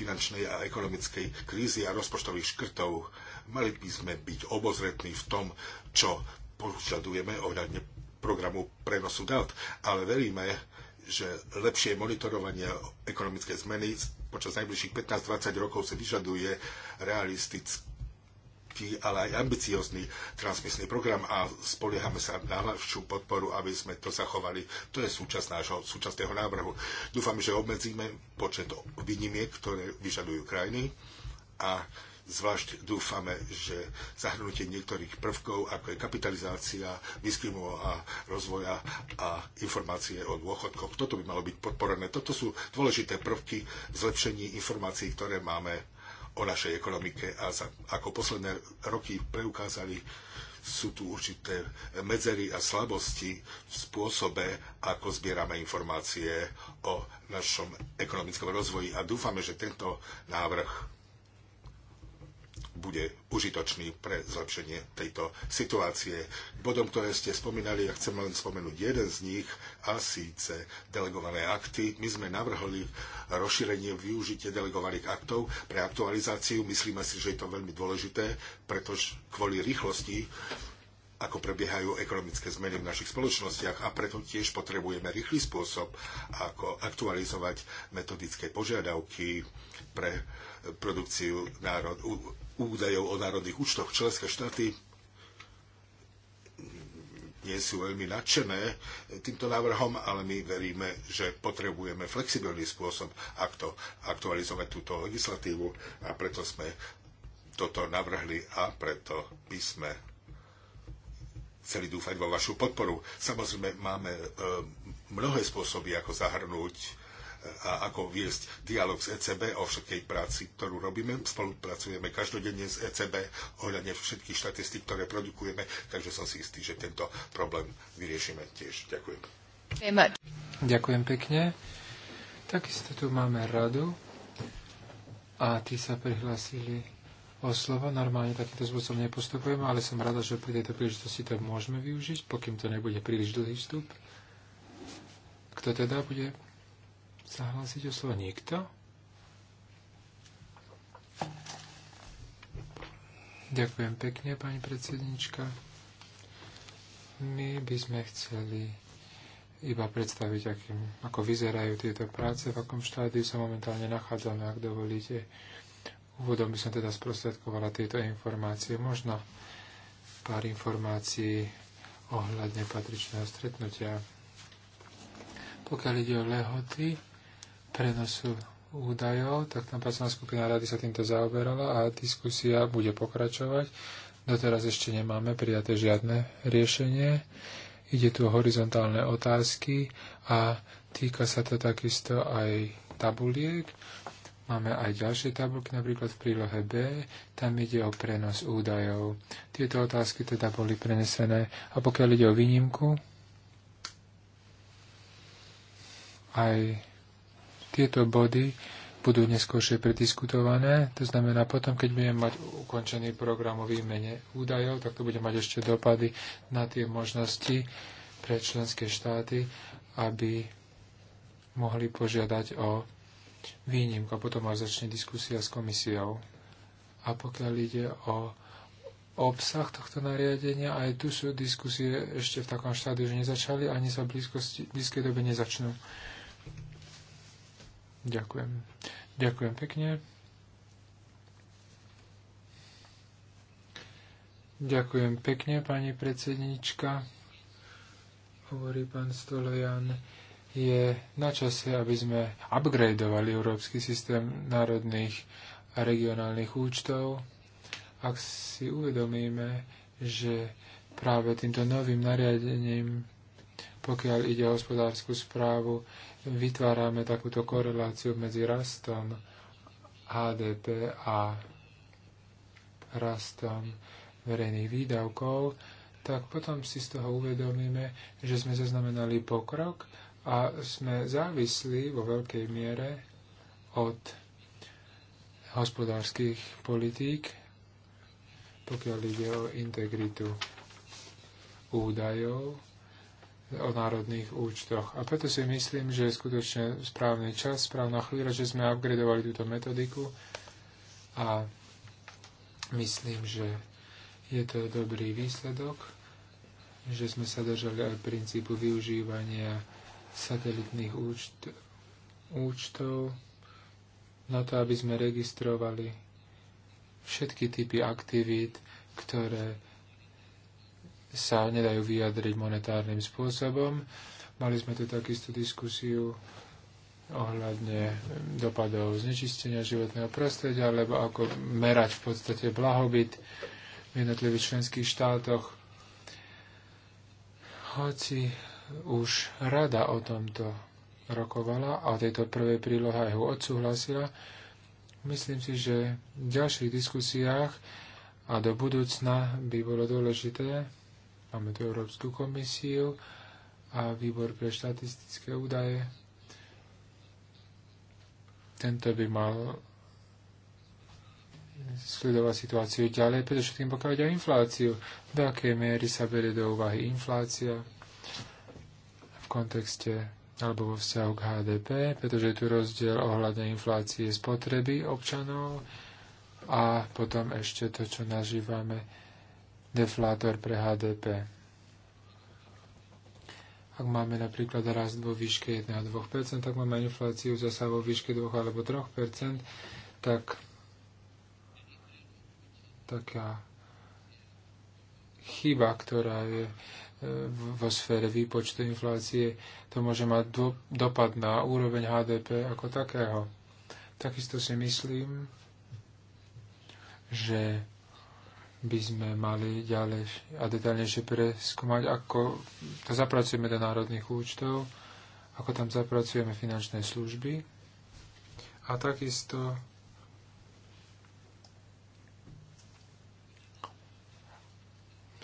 finančnej a ekonomickej krízy a rozpočtových škrtov mali by sme byť obozretní v tom, čo požadujeme ohľadne programu prenosu dát, ale veríme, že lepšie monitorovanie ekonomickej zmeny počas najbližších 15-20 rokov si vyžaduje realistické ťažký, ale aj ambiciózny transmisný program a spoliehame sa na vašu podporu, aby sme to zachovali. To je súčasť nášho súčasného návrhu. Dúfam, že obmedzíme počet výnimiek, ktoré vyžadujú krajiny a Zvlášť dúfame, že zahrnutie niektorých prvkov, ako je kapitalizácia, výskumu a rozvoja a informácie o dôchodkoch, toto by malo byť podporené. Toto sú dôležité prvky v zlepšení informácií, ktoré máme o našej ekonomike a za, ako posledné roky preukázali, sú tu určité medzery a slabosti v spôsobe, ako zbierame informácie o našom ekonomickom rozvoji a dúfame, že tento návrh bude užitočný pre zlepšenie tejto situácie. Bodom, ktoré ste spomínali, ja chcem len spomenúť jeden z nich, a síce delegované akty. My sme navrhli rozšírenie využitie delegovaných aktov pre aktualizáciu. Myslíme si, že je to veľmi dôležité, pretože kvôli rýchlosti ako prebiehajú ekonomické zmeny v našich spoločnostiach a preto tiež potrebujeme rýchly spôsob, ako aktualizovať metodické požiadavky pre produkciu národ, údajov o národných účtoch. Členské štáty nie sú veľmi nadšené týmto návrhom, ale my veríme, že potrebujeme flexibilný spôsob, ako aktualizovať túto legislatívu a preto sme toto navrhli a preto by sme chceli dúfať vo vašu podporu. Samozrejme, máme eh, mnohé spôsoby, ako zahrnúť ako viesť dialog s ECB o všetkej práci, ktorú robíme. Spolupracujeme každodenne s ECB ohľadne všetkých štatistík, ktoré produkujeme, takže som si istý, že tento problém vyriešime tiež. Ďakujem. Ďakujem pekne. Takisto tu máme radu a tí sa prihlásili o slovo. Normálne takýmto spôsobom nepostupujeme, ale som rada, že pri tejto príležitosti to môžeme využiť, pokým to nebude príliš dlhý vstup. Kto teda bude sa o slovo niekto? Ďakujem pekne, pani predsednička. My by sme chceli iba predstaviť, akým, ako vyzerajú tieto práce, v akom štádiu sa momentálne nachádzame, ak dovolíte. Úvodom by som teda sprostredkovala tieto informácie. Možno pár informácií ohľadne patričného stretnutia. Pokiaľ ide o lehoty, prenosu údajov, tak tam pracovná skupina rady sa týmto zaoberala a diskusia bude pokračovať. Doteraz ešte nemáme prijaté žiadne riešenie. Ide tu o horizontálne otázky a týka sa to takisto aj tabuliek. Máme aj ďalšie tabulky, napríklad v prílohe B, tam ide o prenos údajov. Tieto otázky teda boli prenesené. A pokiaľ ide o výnimku, aj tieto body budú neskôršie prediskutované, to znamená potom, keď budeme mať ukončený program o výmene údajov, tak to bude mať ešte dopady na tie možnosti pre členské štáty, aby mohli požiadať o výnimku a potom až začne diskusia s komisiou. A pokiaľ ide o obsah tohto nariadenia, aj tu sú diskusie ešte v takom štádiu, že nezačali, ani sa v blízkej dobe nezačnú. Ďakujem. Ďakujem pekne. Ďakujem pekne, pani predsednička. Hovorí pán Stolojan. Je na čase, aby sme upgradeovali európsky systém národných a regionálnych účtov. Ak si uvedomíme, že práve týmto novým nariadením pokiaľ ide o hospodárskú správu, vytvárame takúto koreláciu medzi rastom HDP a rastom verejných výdavkov, tak potom si z toho uvedomíme, že sme zaznamenali pokrok a sme závislí vo veľkej miere od hospodárskych politík, pokiaľ ide o integritu údajov, o národných účtoch. A preto si myslím, že je skutočne správny čas, správna chvíľa, že sme upgradovali túto metodiku a myslím, že je to dobrý výsledok, že sme sa držali aj princípu využívania satelitných účt- účtov na to, aby sme registrovali všetky typy aktivít, ktoré sa nedajú vyjadriť monetárnym spôsobom. Mali sme tu takisto diskusiu ohľadne dopadov znečistenia životného prostredia, alebo ako merať v podstate blahobyt v jednotlivých členských štátoch. Hoci už rada o tomto rokovala a o tejto prvej prílohe aj ho odsúhlasila, myslím si, že v ďalších diskusiách a do budúcna by bolo dôležité Máme tu Európsku komisiu a výbor pre štatistické údaje. Tento by mal sledovať situáciu ďalej, tým pokiaľ ide o infláciu. Do akej miery sa berie do úvahy inflácia v kontexte alebo vo vzťahu k HDP, pretože je tu rozdiel ohľadne inflácie spotreby občanov a potom ešte to, čo nažívame deflátor pre HDP. Ak máme napríklad rast vo výške 1 a 2 tak máme infláciu zasa vo výške 2 alebo 3 tak taká chyba, ktorá je e, vo sfére výpočtu inflácie, to môže mať do, dopad na úroveň HDP ako takého. Takisto si myslím, že by sme mali ďalej a detaľnejšie preskúmať, ako to zapracujeme do národných účtov, ako tam zapracujeme finančné služby a takisto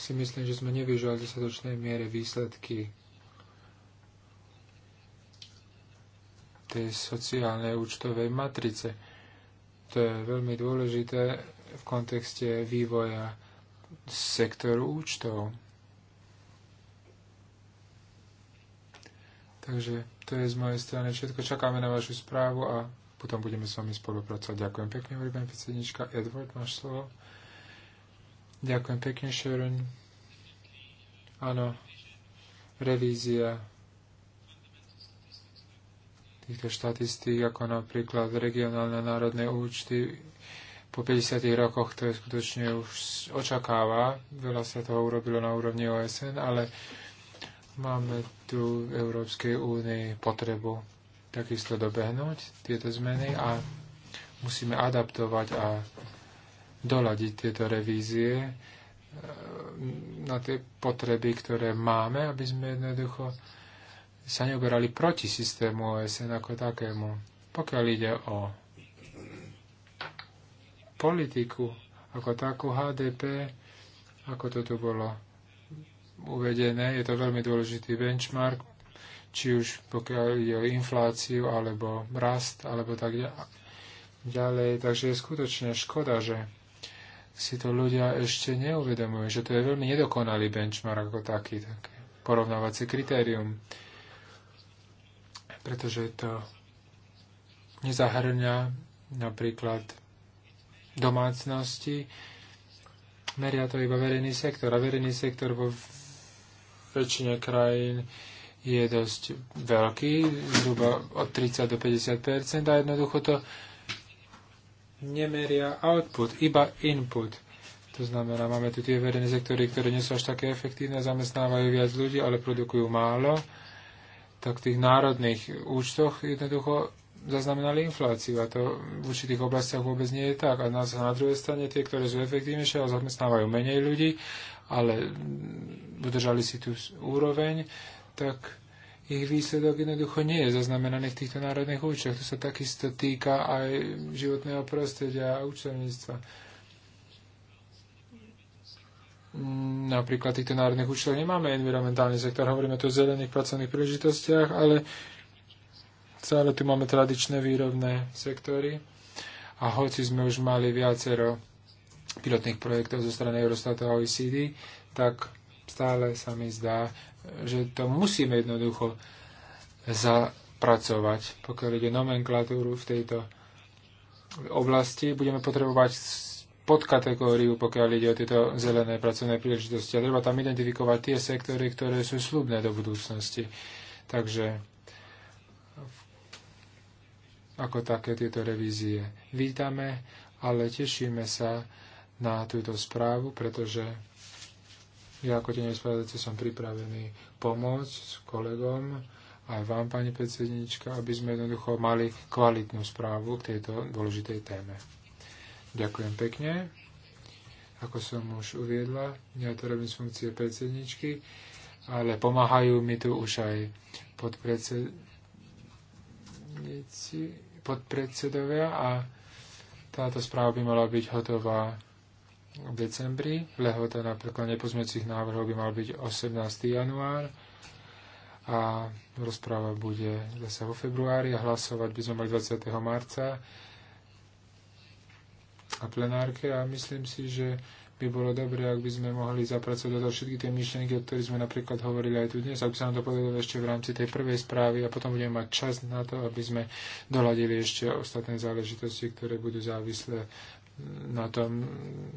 si myslím, že sme nevyužili v dostatočnej miere výsledky tej sociálnej účtovej matrice. To je veľmi dôležité v kontexte vývoja sektoru účtov. Takže to je z mojej strany všetko. Čakáme na vašu správu a potom budeme s vami spolupracovať. Ďakujem pekne, hovorí pani predsednička. Edward, máš slovo. Ďakujem pekne, Sharon. Áno, revízia týchto štatistík, ako napríklad regionálne národné účty, po 50 rokoch to je skutočne už očakáva. Veľa sa toho urobilo na úrovni OSN, ale máme tu v Európskej únii potrebu takisto dobehnúť tieto zmeny a musíme adaptovať a doladiť tieto revízie eh, na tie potreby, ktoré máme, aby sme jednoducho sa neoberali proti systému OSN ako takému. Pokiaľ ide o politiku ako takú HDP, ako to tu bolo uvedené, je to veľmi dôležitý benchmark, či už pokiaľ ide o infláciu, alebo rast, alebo tak ďalej. Takže je skutočne škoda, že si to ľudia ešte neuvedomujú, že to je veľmi nedokonalý benchmark ako taký, také porovnávacie kritérium, pretože to nezahrňa napríklad domácnosti. Meria to iba verejný sektor a verejný sektor vo väčšine krajín je dosť veľký, zhruba od 30 do 50 a jednoducho to nemeria output, iba input. To znamená, máme tu tie verejné sektory, ktoré nie sú až také efektívne, zamestnávajú viac ľudí, ale produkujú málo, tak v tých národných účtoch jednoducho zaznamenali infláciu a to v určitých oblastiach vôbec nie je tak. A na, na druhej strane tie, ktoré sú efektívnejšie a zamestnávajú menej ľudí, ale udržali si tú úroveň, tak ich výsledok jednoducho nie je zaznamenaný v týchto národných účtoch. To sa takisto týka aj životného prostredia a účtovníctva. Napríklad týchto národných účtoch nemáme environmentálny sektor, hovoríme tu o zelených pracovných príležitostiach, ale celé tu máme tradičné výrobné sektory a hoci sme už mali viacero pilotných projektov zo strany Eurostatu a OECD, tak stále sa mi zdá, že to musíme jednoducho zapracovať. Pokiaľ ide nomenklatúru v tejto oblasti, budeme potrebovať podkategóriu, pokiaľ ide o tieto zelené pracovné príležitosti. A treba tam identifikovať tie sektory, ktoré sú slubné do budúcnosti. Takže ako také tieto revízie vítame, ale tešíme sa na túto správu, pretože ja ako tenej spravodajca som pripravený pomôcť s kolegom, aj vám, pani predsednička, aby sme jednoducho mali kvalitnú správu k tejto dôležitej téme. Ďakujem pekne. Ako som už uviedla, ja to robím z funkcie predsedničky, ale pomáhajú mi tu už aj podpredsed, úradníci, podpredsedovia a táto správa by mala byť hotová v decembri. Lehota napríklad nepozmecích návrhov by mal byť 18. január a rozpráva bude zase vo februári a hlasovať by sme mali 20. marca na plenárke a myslím si, že by bolo dobré, ak by sme mohli zapracovať do všetky tie myšlienky, o ktorých sme napríklad hovorili aj tu dnes, ak by sa nám to podarilo ešte v rámci tej prvej správy a potom budeme mať čas na to, aby sme doladili ešte ostatné záležitosti, ktoré budú závislé na tom,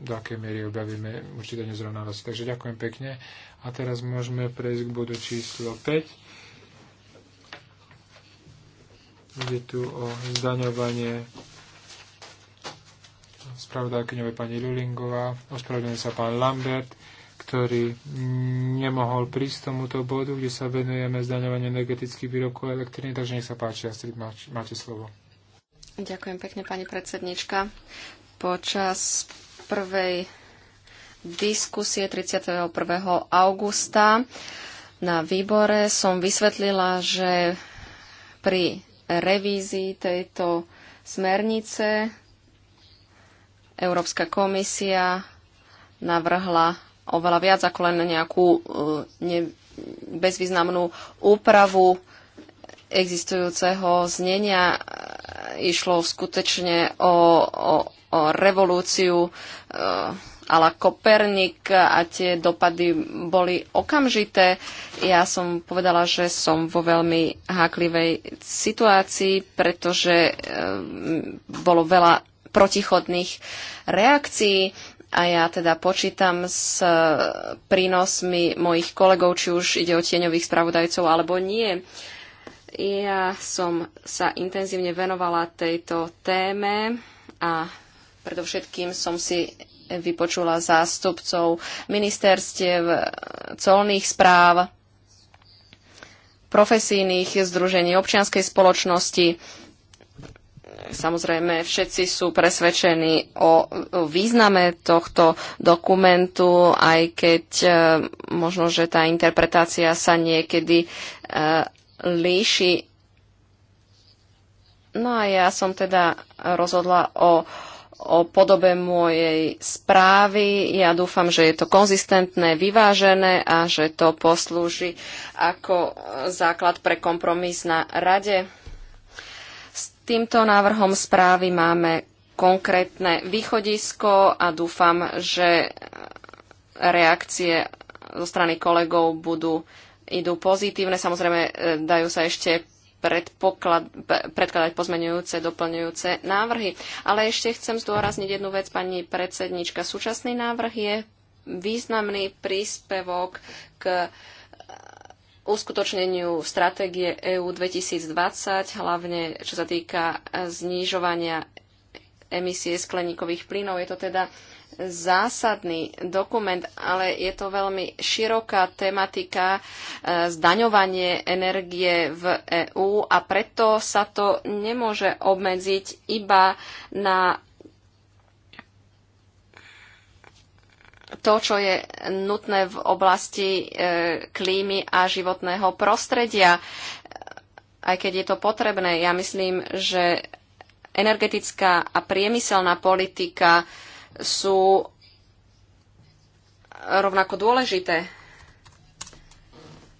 do akej miery objavíme určité nezrovnalosti. Takže ďakujem pekne. A teraz môžeme prejsť k bodu číslo 5. Ide tu o zdaňovanie spravodajkyňové pani Lulingová, ospravedlňuje sa pán Lambert, ktorý nemohol prísť tomuto bodu, kde sa venujeme zdaňovaniu energetických výrobkov elektriny, takže nech sa páči, Astrid, máte slovo. Ďakujem pekne, pani predsednička. Počas prvej diskusie 31. augusta na výbore som vysvetlila, že pri revízii tejto smernice Európska komisia navrhla oveľa viac ako len nejakú e, ne, bezvýznamnú úpravu existujúceho znenia. E, išlo skutočne o, o, o revolúciu e, a ala Kopernik a tie dopady boli okamžité. Ja som povedala, že som vo veľmi háklivej situácii, pretože bolo veľa protichodných reakcií a ja teda počítam s e, prínosmi mojich kolegov, či už ide o tieňových spravodajcov alebo nie. Ja som sa intenzívne venovala tejto téme a predovšetkým som si vypočula zástupcov ministerstiev, e, colných správ, profesijných združení občianskej spoločnosti Samozrejme, všetci sú presvedčení o význame tohto dokumentu, aj keď e, možno, že tá interpretácia sa niekedy e, líši. No a ja som teda rozhodla o o podobe mojej správy. Ja dúfam, že je to konzistentné, vyvážené a že to poslúži ako základ pre kompromis na rade týmto návrhom správy máme konkrétne východisko a dúfam, že reakcie zo strany kolegov budú idú pozitívne. Samozrejme, e, dajú sa ešte predkladať pozmenujúce, doplňujúce návrhy. Ale ešte chcem zdôrazniť jednu vec, pani predsednička. Súčasný návrh je významný príspevok k uskutočneniu stratégie EÚ 2020, hlavne čo sa týka znižovania emisie skleníkových plynov. Je to teda zásadný dokument, ale je to veľmi široká tematika e, zdaňovanie energie v EÚ a preto sa to nemôže obmedziť iba na to, čo je nutné v oblasti e, klímy a životného prostredia, aj keď je to potrebné. Ja myslím, že energetická a priemyselná politika sú rovnako dôležité.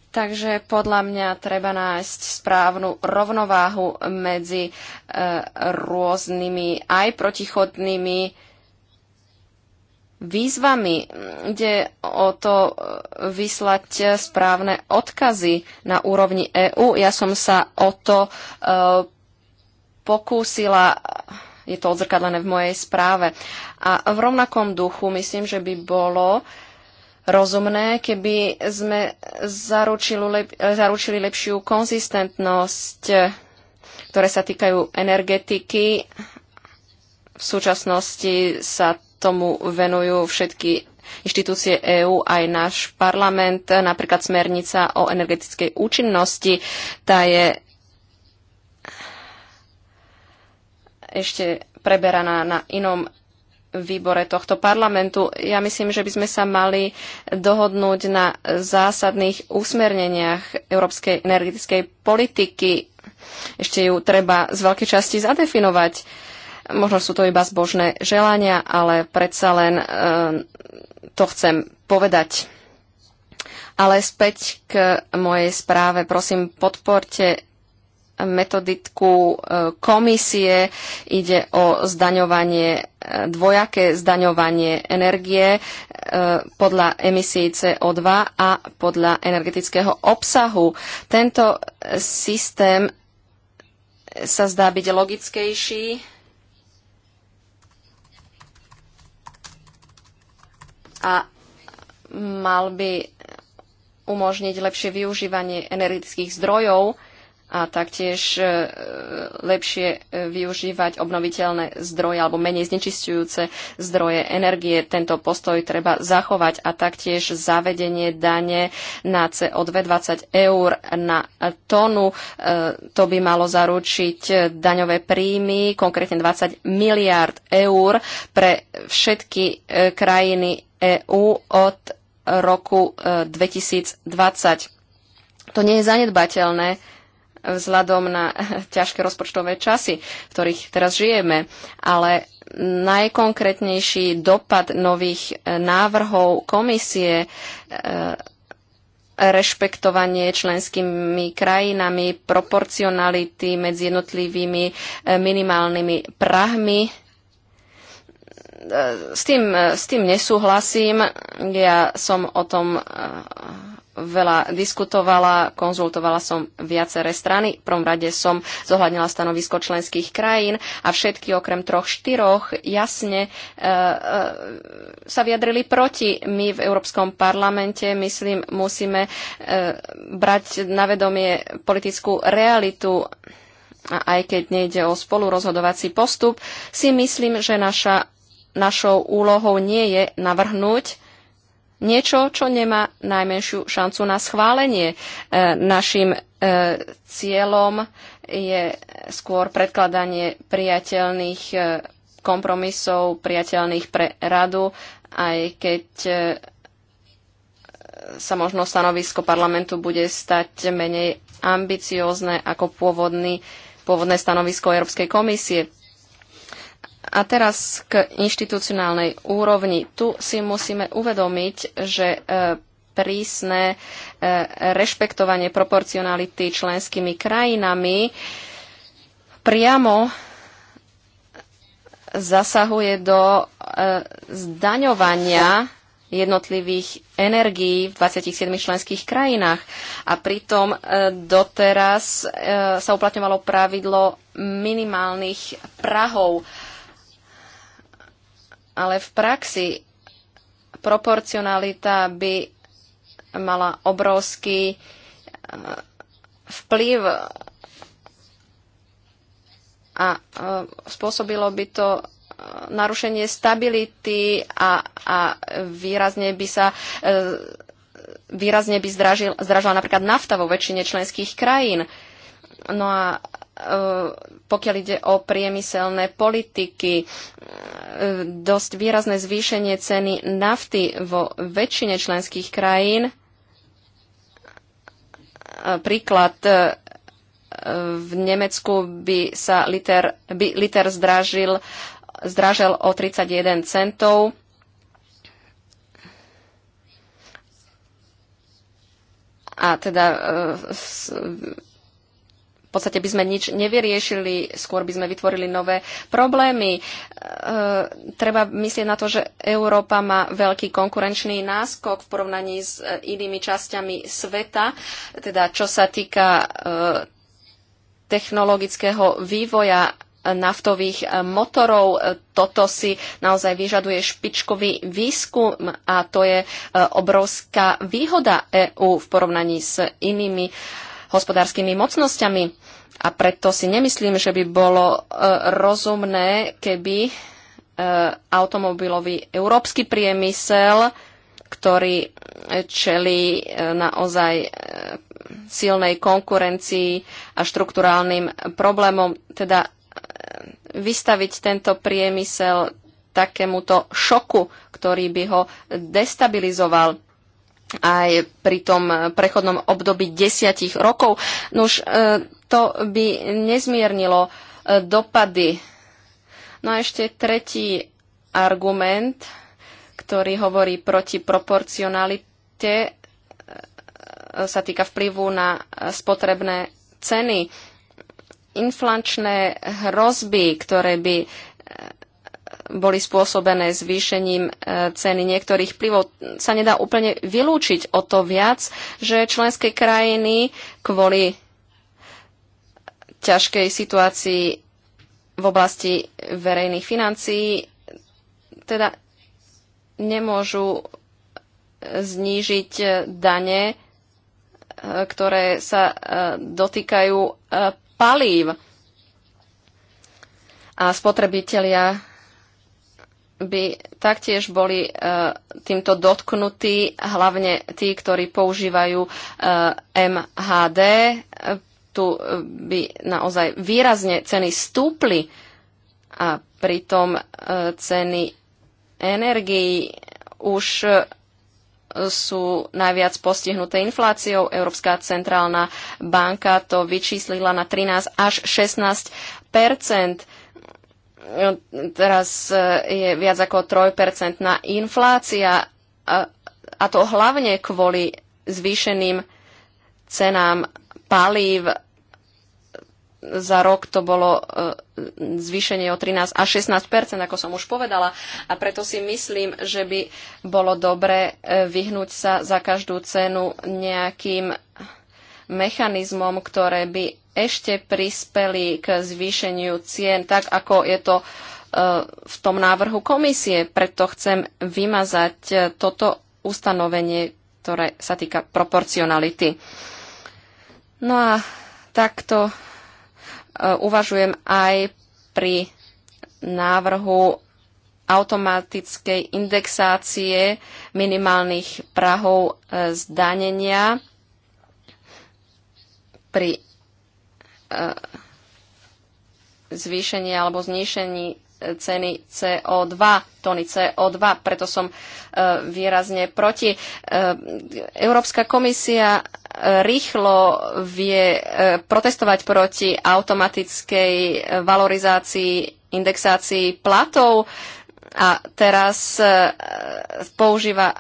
Takže podľa mňa treba nájsť správnu rovnováhu medzi e, rôznymi aj protichodnými výzvami. Ide o to e, vyslať správne odkazy na úrovni EÚ. Ja som sa o to e, pokúsila, je to odzrkadlené v mojej správe. A v rovnakom duchu myslím, že by bolo rozumné, keby sme zaručili, lep, zaručili lepšiu konzistentnosť, ktoré sa týkajú energetiky. V súčasnosti sa tomu venujú všetky inštitúcie EÚ, aj náš parlament, napríklad smernica o energetickej účinnosti, tá je ešte preberaná na inom výbore tohto parlamentu. Ja myslím, že by sme sa mali dohodnúť na zásadných usmerneniach európskej energetickej politiky. Ešte ju treba z veľkej časti zadefinovať Možno sú to iba zbožné želania, ale predsa len e, to chcem povedať. Ale späť k mojej správe. Prosím, podporte metoditku e, komisie. Ide o zdaňovanie, e, dvojaké zdaňovanie energie e, podľa emisí CO2 a podľa energetického obsahu. Tento systém sa zdá byť logickejší a mal by umožniť lepšie využívanie energetických zdrojov a taktiež e, lepšie e, využívať obnoviteľné zdroje alebo menej znečistujúce zdroje energie. Tento postoj treba zachovať a taktiež zavedenie dane na CO2 20 eur na tonu. E, to by malo zaručiť daňové príjmy, konkrétne 20 miliard eur pre všetky krajiny EÚ od roku 2020. To nie je zanedbateľné vzhľadom na [LAUGHS] ťažké rozpočtové časy, v ktorých teraz žijeme. Ale najkonkrétnejší dopad nových e, návrhov komisie e, rešpektovanie členskými krajinami, proporcionality medzi jednotlivými e, minimálnymi prahmi s tým, s tým nesúhlasím. Ja som o tom eh, veľa diskutovala, konzultovala som viaceré strany. V prvom rade som zohľadnila stanovisko členských krajín a všetky okrem troch, štyroch jasne e, e, sa vyjadrili proti. My v Európskom parlamente, myslím, musíme e, brať na vedomie politickú realitu a aj keď nejde o spolurozhodovací postup, si myslím, že naša našou úlohou nie je navrhnúť niečo, čo nemá najmenšiu šancu na schválenie. E, našim e, cieľom je skôr predkladanie priateľných e, kompromisov, priateľných pre radu, aj keď sa možno stanovisko parlamentu bude stať menej ambiciózne ako pôvodný, pôvodné stanovisko Európskej komisie. A teraz k inštitucionálnej úrovni. Tu si musíme uvedomiť, že e, prísne e, rešpektovanie proporcionality členskými krajinami priamo zasahuje do e, zdaňovania jednotlivých energií v 27 členských krajinách. A pritom doteraz sa uplatňovalo pravidlo minimálnych prahov ale v praxi proporcionalita by mala obrovský eh, vplyv a eh, spôsobilo by to eh, narušenie stability a, a výrazne by sa výrazne by zdražil, zdražila napríklad nafta vo väčšine členských krajín. No a E, pokiaľ ide o priemyselné politiky, e, dosť výrazné zvýšenie ceny nafty vo väčšine členských krajín. E, príklad v Nemecku by sa liter, by liter zdražil, zdražil o 31 centov. A teda v podstate by sme nič nevyriešili, skôr by sme vytvorili nové problémy. E, treba myslieť na to, že Európa má veľký konkurenčný náskok v porovnaní s e, inými časťami sveta, teda čo sa týka e, technologického vývoja naftových e, motorov. E, toto si naozaj vyžaduje špičkový výskum a to je obrovská výhoda EÚ v porovnaní s inými uh, hospodárskymi mocnosťami. A preto si nemyslím, že by bolo e, rozumné, keby e, automobilový európsky priemysel, ktorý e, čeli naozaj silnej konkurencii a štruktúrálnym problémom, teda vystaviť tento priemysel takémuto šoku, ktorý by ho destabilizoval aj pri tom prechodnom období desiatich rokov. No už e, to by nezmiernilo e, dopady. No a ešte tretí argument, ktorý hovorí proti proporcionalite, e, sa týka vplyvu na spotrebné ceny. Inflačné hrozby, ktoré by boli spôsobené zvýšením e, ceny niektorých plivov, sa nedá úplne vylúčiť o to viac, že členské krajiny kvôli ťažkej situácii v oblasti verejných financií teda nemôžu e, znížiť e, dane, ktoré sa dotýkajú palív. A spotrebitelia by taktiež boli e, týmto dotknutí, hlavne tí, ktorí používajú e, MHD. Tu e, by naozaj výrazne ceny stúpli a pritom ceny energií už sú najviac postihnuté infláciou. Európska centrálna banka to vyčíslila na 13 až 16 teraz e, je viac ako 3% inflácia a to hlavne kvôli zvýšeným cenám palív. Za rok to bolo e, zvýšenie o 13 až 16 ako som už povedala. A preto si myslím, že by bolo dobre e, vyhnúť sa za každú cenu nejakým mechanizmom, ktoré by ešte prispeli k zvýšeniu cien, tak ako je to e, v tom návrhu komisie. Preto chcem vymazať e, toto ustanovenie, ktoré sa týka proporcionality. No a takto e, uvažujem aj pri návrhu automatickej indexácie minimálnych prahov zdanenia pri E, zvýšení alebo zníšení e, ceny CO2, tony CO2, preto som e, výrazne proti. Európska komisia rýchlo vie protestovať proti automatickej valorizácii, indexácii platov a teraz používa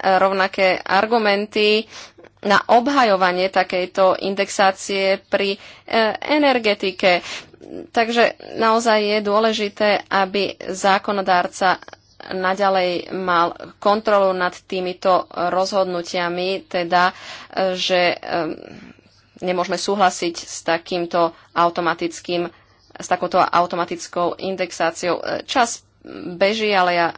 rovnaké argumenty na obhajovanie takejto indexácie pri e, energetike. Takže naozaj je dôležité, aby zákonodárca naďalej mal kontrolu nad týmito rozhodnutiami, teda, e, že e, nemôžeme súhlasiť s takýmto automatickým s takouto automatickou indexáciou. Čas beží, ale ja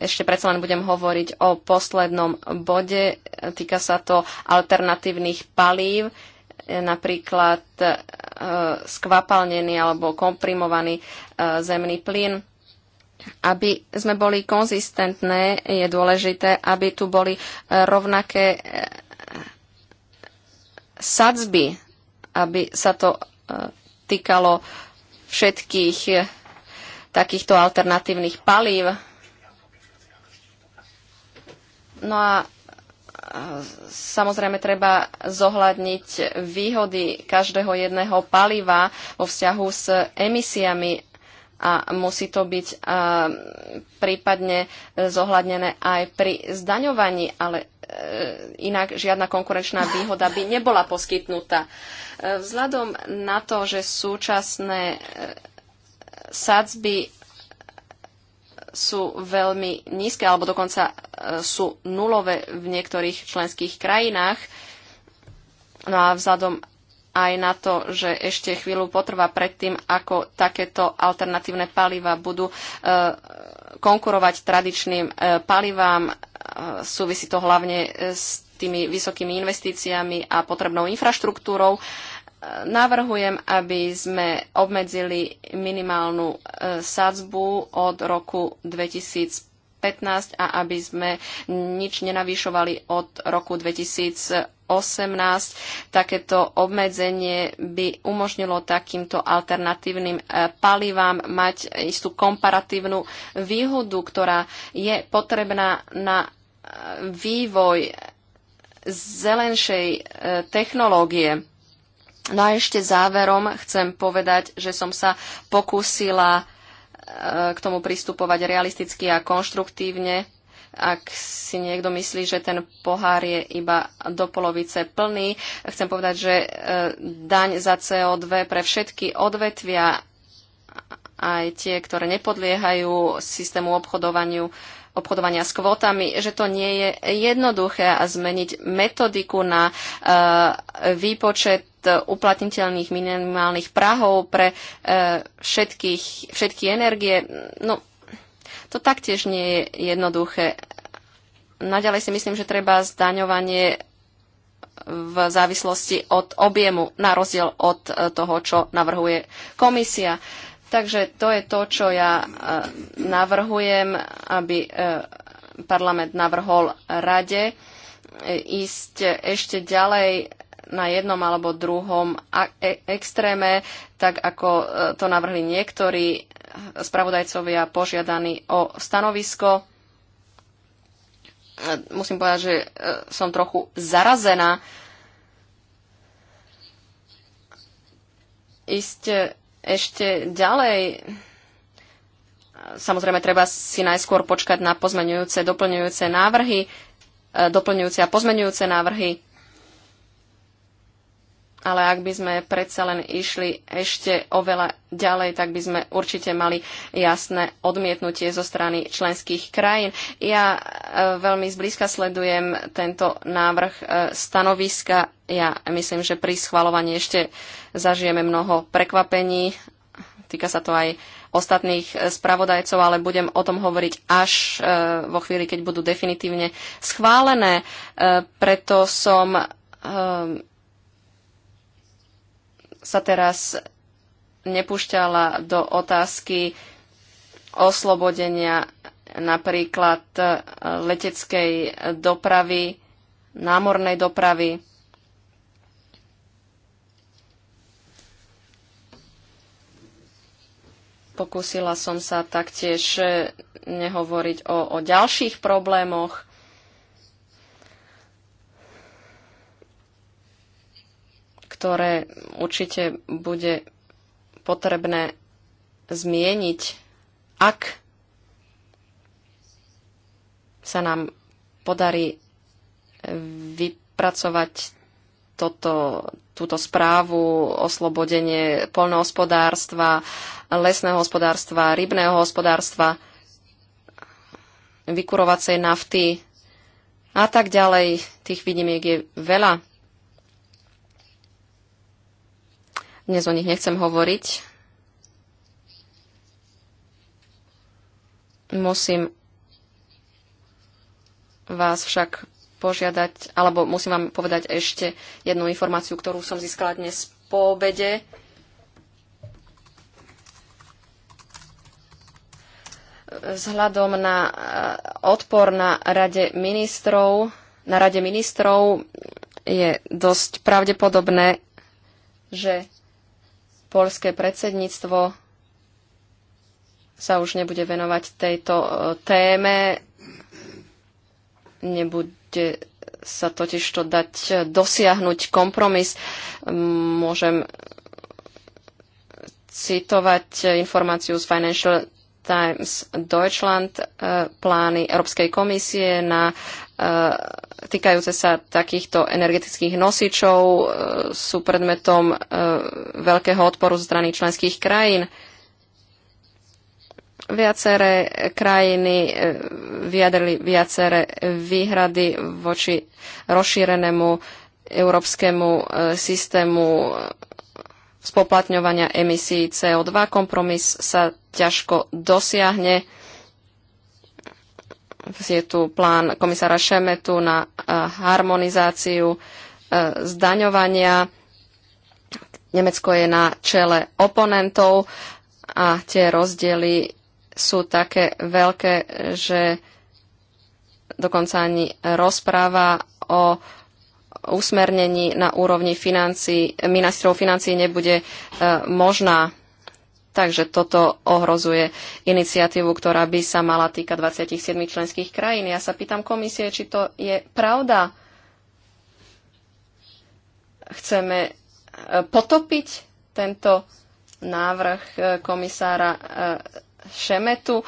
ešte predsa len budem hovoriť o poslednom bode. Týka sa to alternatívnych palív, e, napríklad e, skvapalnený alebo komprimovaný e, zemný plyn. Aby sme boli konzistentné, je dôležité, aby tu boli rovnaké sadzby, aby sa to týkalo všetkých takýchto alternatívnych palív No a samozrejme treba zohľadniť výhody každého jedného paliva vo vzťahu s emisiami a musí to byť prípadne zohľadnené aj pri zdaňovaní, ale e, inak žiadna konkurenčná výhoda by nebola poskytnutá. E, vzhľadom na to, že súčasné e, sadzby sú veľmi nízke, alebo dokonca e, sú nulové v niektorých členských krajinách. No a vzhľadom aj na to, že ešte chvíľu potrvá predtým, ako takéto alternatívne paliva budú e, konkurovať tradičným e, palivám. Súvisí to hlavne s tými vysokými investíciami a potrebnou infraštruktúrou navrhujem, aby sme obmedzili minimálnu e, sadzbu od roku 2015 a aby sme nič nenavýšovali od roku 2018. Takéto obmedzenie by umožnilo takýmto alternatívnym e, palivám mať istú komparatívnu výhodu, ktorá je potrebná na e, vývoj zelenšej technológie No a ešte záverom chcem povedať, že som sa pokúsila e, k tomu pristupovať realisticky a konštruktívne. Ak si niekto myslí, že ten pohár je iba do polovice plný, chcem povedať, že e, daň za CO2 pre všetky odvetvia, aj tie, ktoré nepodliehajú systému obchodovaniu, obchodovania s kvótami, že to nie je jednoduché a zmeniť metodiku na e, výpočet uplatniteľných minimálnych prahov pre e, všetkých, všetky energie. No, to taktiež nie je jednoduché. Naďalej si myslím, že treba zdaňovanie v závislosti od objemu, na rozdiel od e, toho, čo navrhuje komisia. Takže to je to, čo ja e, navrhujem, aby parlament navrhol rade ísť ešte ďalej na jednom alebo druhom e- extréme, tak ako e, to navrhli niektorí spravodajcovia požiadaní o stanovisko. E, musím povedať, že som trochu zarazená. Ísť ešte ďalej samozrejme treba si najskôr počkať na pozmeňujúce, doplňujúce návrhy, doplňujúce a pozmeňujúce návrhy ale ak by sme predsa len išli ešte oveľa ďalej, tak by sme určite mali jasné odmietnutie zo strany členských krajín. Ja e, veľmi zblízka sledujem tento návrh e, stanoviska. Ja myslím, že pri schvalovaní ešte zažijeme mnoho prekvapení. Týka sa to aj ostatných spravodajcov, ale budem o tom hovoriť až e, vo chvíli, keď budú definitívne schválené. Preto som sa teraz nepúšťala do otázky oslobodenia napríklad e, leteckej dopravy, námornej dopravy. Pokúsila som sa taktiež e, nehovoriť o, o ďalších problémoch, ktoré určite bude potrebné zmieniť, ak sa nám podarí vypracovať toto, túto správu, oslobodenie polnohospodárstva, lesného hospodárstva, rybného hospodárstva, vykurovacej nafty a tak ďalej. Tých vidím, je veľa. Dnes o nich nechcem hovoriť. Musím vás však požiadať, alebo musím vám povedať ešte jednu informáciu, ktorú som získala dnes po obede. Vzhľadom na eh, odpor na rade ministrov, na rade ministrov je dosť pravdepodobné, že polské predsedníctvo sa už nebude venovať tejto e, téme. Nebude sa totiž to dať e, dosiahnuť kompromis. Môžem citovať e, informáciu z Financial Times Deutschland e, plány Európskej komisie na e, týkajúce sa takýchto energetických nosičov e, sú predmetom veľkého odporu zo strany členských krajín. Viaceré krajiny vyjadrili viaceré výhrady voči rozšírenému európskemu systému spoplatňovania emisí CO2. Kompromis sa ťažko dosiahne. Je tu plán komisára Šemetu na eh, harmonizáciu eh, zdaňovania. Nemecko je na čele oponentov a tie rozdiely sú také veľké, že dokonca ani rozpráva o usmernení na úrovni financí, ministrov financí nebude e, možná. Takže toto ohrozuje iniciatívu, ktorá by sa mala týka 27 členských krajín. Ja sa pýtam komisie, či to je pravda. Chceme e, potopiť tento návrh e, komisára Šemetu.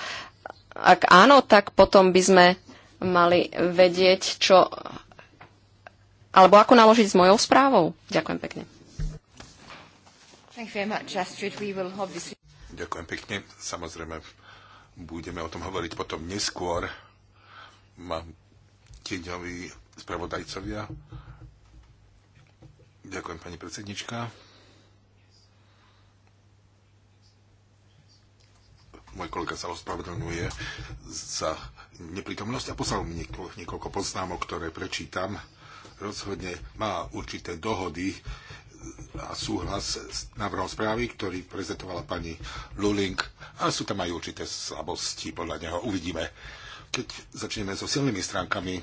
Ak áno, tak potom by sme mali vedieť, čo alebo ako naložiť s mojou správou? Ďakujem pekne. Ďakujem pekne. Samozrejme, budeme o tom hovoriť potom neskôr. Mám tieňoví spravodajcovia. Ďakujem, pani predsednička. Môj kolega sa ospravedlňuje za neprítomnosť a poslal mi niekoľko poznámok, ktoré prečítam rozhodne má určité dohody a súhlas s návrhom správy, ktorý prezentovala pani Luling. A sú tam aj určité slabosti, podľa neho uvidíme. Keď začneme so silnými stránkami,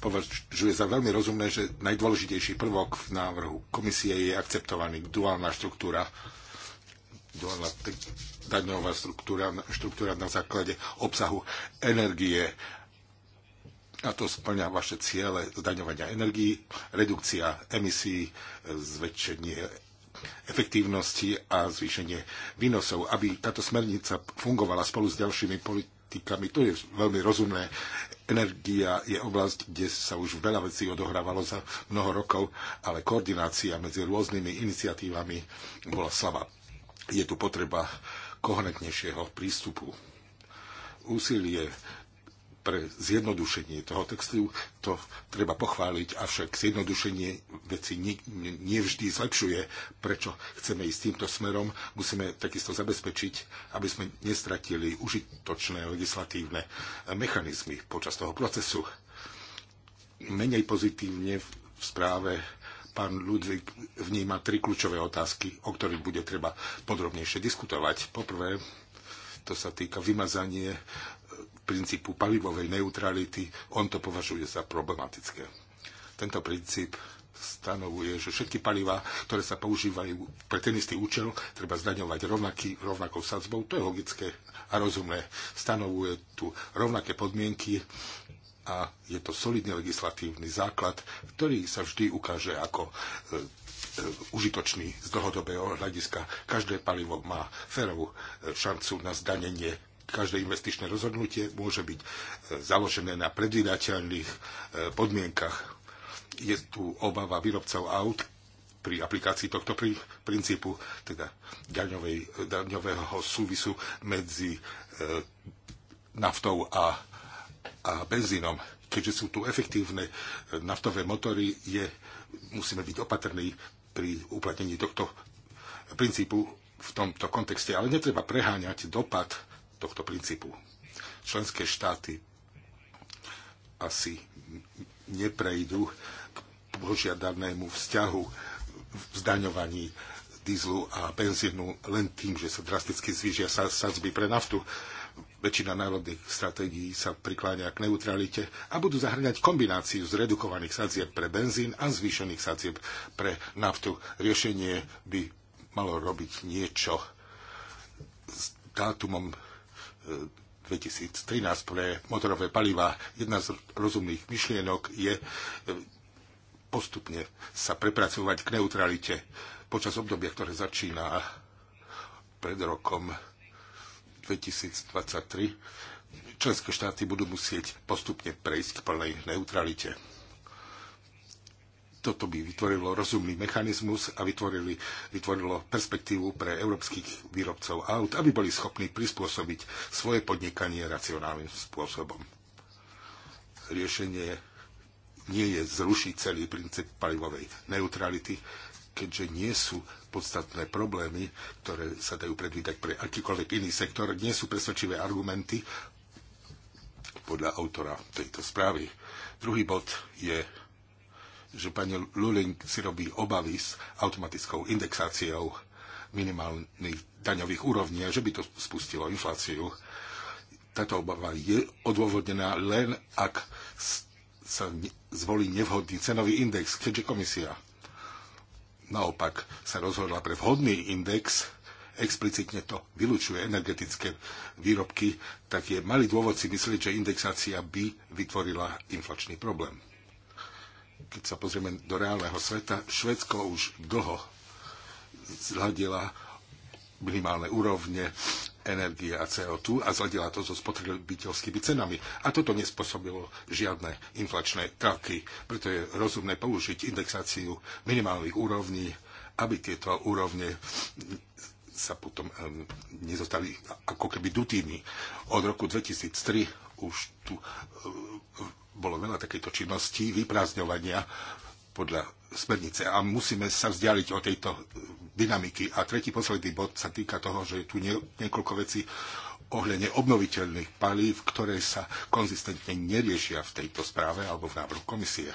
považuje za veľmi rozumné, že najdôležitejší prvok v návrhu komisie je akceptovaný duálna štruktúra, duálna daňová štruktúra, štruktúra na základe obsahu energie a to splňa vaše ciele zdaňovania energií, redukcia emisí, zväčšenie efektívnosti a zvýšenie výnosov. Aby táto smernica fungovala spolu s ďalšími politikami, to je veľmi rozumné. Energia je oblasť, kde sa už veľa vecí odohrávalo za mnoho rokov, ale koordinácia medzi rôznymi iniciatívami bola slabá. Je tu potreba koherentnejšieho prístupu. Úsilie pre zjednodušenie toho textu, to treba pochváliť, avšak zjednodušenie veci nevždy zlepšuje. Prečo chceme ísť týmto smerom, musíme takisto zabezpečiť, aby sme nestratili užitočné legislatívne mechanizmy počas toho procesu. Menej pozitívne v správe pán Ludvík vníma tri kľúčové otázky, o ktorých bude treba podrobnejšie diskutovať. Poprvé, to sa týka vymazanie princípu palivovej neutrality, on to považuje za problematické. Tento princíp stanovuje, že všetky paliva, ktoré sa používajú pre ten istý účel, treba zdaňovať rovnaký, rovnakou sadzbou. To je logické a rozumné. Stanovuje tu rovnaké podmienky a je to solidný legislatívny základ, ktorý sa vždy ukáže ako e, e, užitočný z dlhodobého hľadiska. Každé palivo má férovú e, šancu na zdanenie každé investičné rozhodnutie môže byť e, založené na predvídateľných e, podmienkach. Je tu obava výrobcov aut pri aplikácii tohto princípu, teda daňovej, e, daňového súvisu medzi naftou a, a benzínom. Keďže sú tu efektívne naftové motory, je, musíme byť opatrní pri uplatnení tohto princípu v tomto kontexte. Ale netreba preháňať dopad tohto princípu. Členské štáty asi neprejdú k požiadavnému vzťahu v zdaňovaní dízlu a benzínu len tým, že sa drasticky zvýšia sadzby pre naftu. Väčšina národných stratégií sa prikláňa k neutralite a budú zahrňať kombináciu zredukovaných sadzieb pre benzín a zvýšených sadzieb pre naftu. Riešenie by malo robiť niečo s dátumom 2013 pre motorové paliva. Jedna z rozumných myšlienok je e, postupne sa prepracovať k neutralite počas obdobia, ktoré začína pred rokom 2023. Členské štáty budú musieť postupne prejsť k plnej neutralite toto by vytvorilo rozumný mechanizmus a vytvorili, vytvorilo perspektívu pre európskych výrobcov aut, aby boli schopní prispôsobiť svoje podnikanie racionálnym spôsobom. Riešenie nie je zrušiť celý princíp palivovej neutrality, keďže nie sú podstatné problémy, ktoré sa dajú predvídať pre akýkoľvek iný sektor, nie sú presvedčivé argumenty podľa autora tejto správy. Druhý bod je že pani Luling si robí obavy s automatickou indexáciou minimálnych daňových úrovní a že by to spustilo infláciu. Táto obava je odôvodnená len, ak sa zvolí nevhodný cenový index, keďže komisia naopak sa rozhodla pre vhodný index, explicitne to vylučuje energetické výrobky, tak je malý dôvod si myslieť, že indexácia by vytvorila inflačný problém keď sa pozrieme do reálneho sveta, Švedsko už dlho zladila minimálne úrovne energie a CO2 a zladila to so spotrebiteľskými cenami. A toto nespôsobilo žiadne inflačné tlaky. Preto je rozumné použiť indexáciu minimálnych úrovní, aby tieto úrovne sa potom nezostali ako keby dutými. Od roku 2003 už tu bolo veľa takéto činnosti, vyprázdňovania podľa smernice a musíme sa vzdialiť od tejto dynamiky. A tretí posledný bod sa týka toho, že je tu niekoľko vecí ohľadne obnoviteľných palív, ktoré sa konzistentne neriešia v tejto správe alebo v návrhu komisie.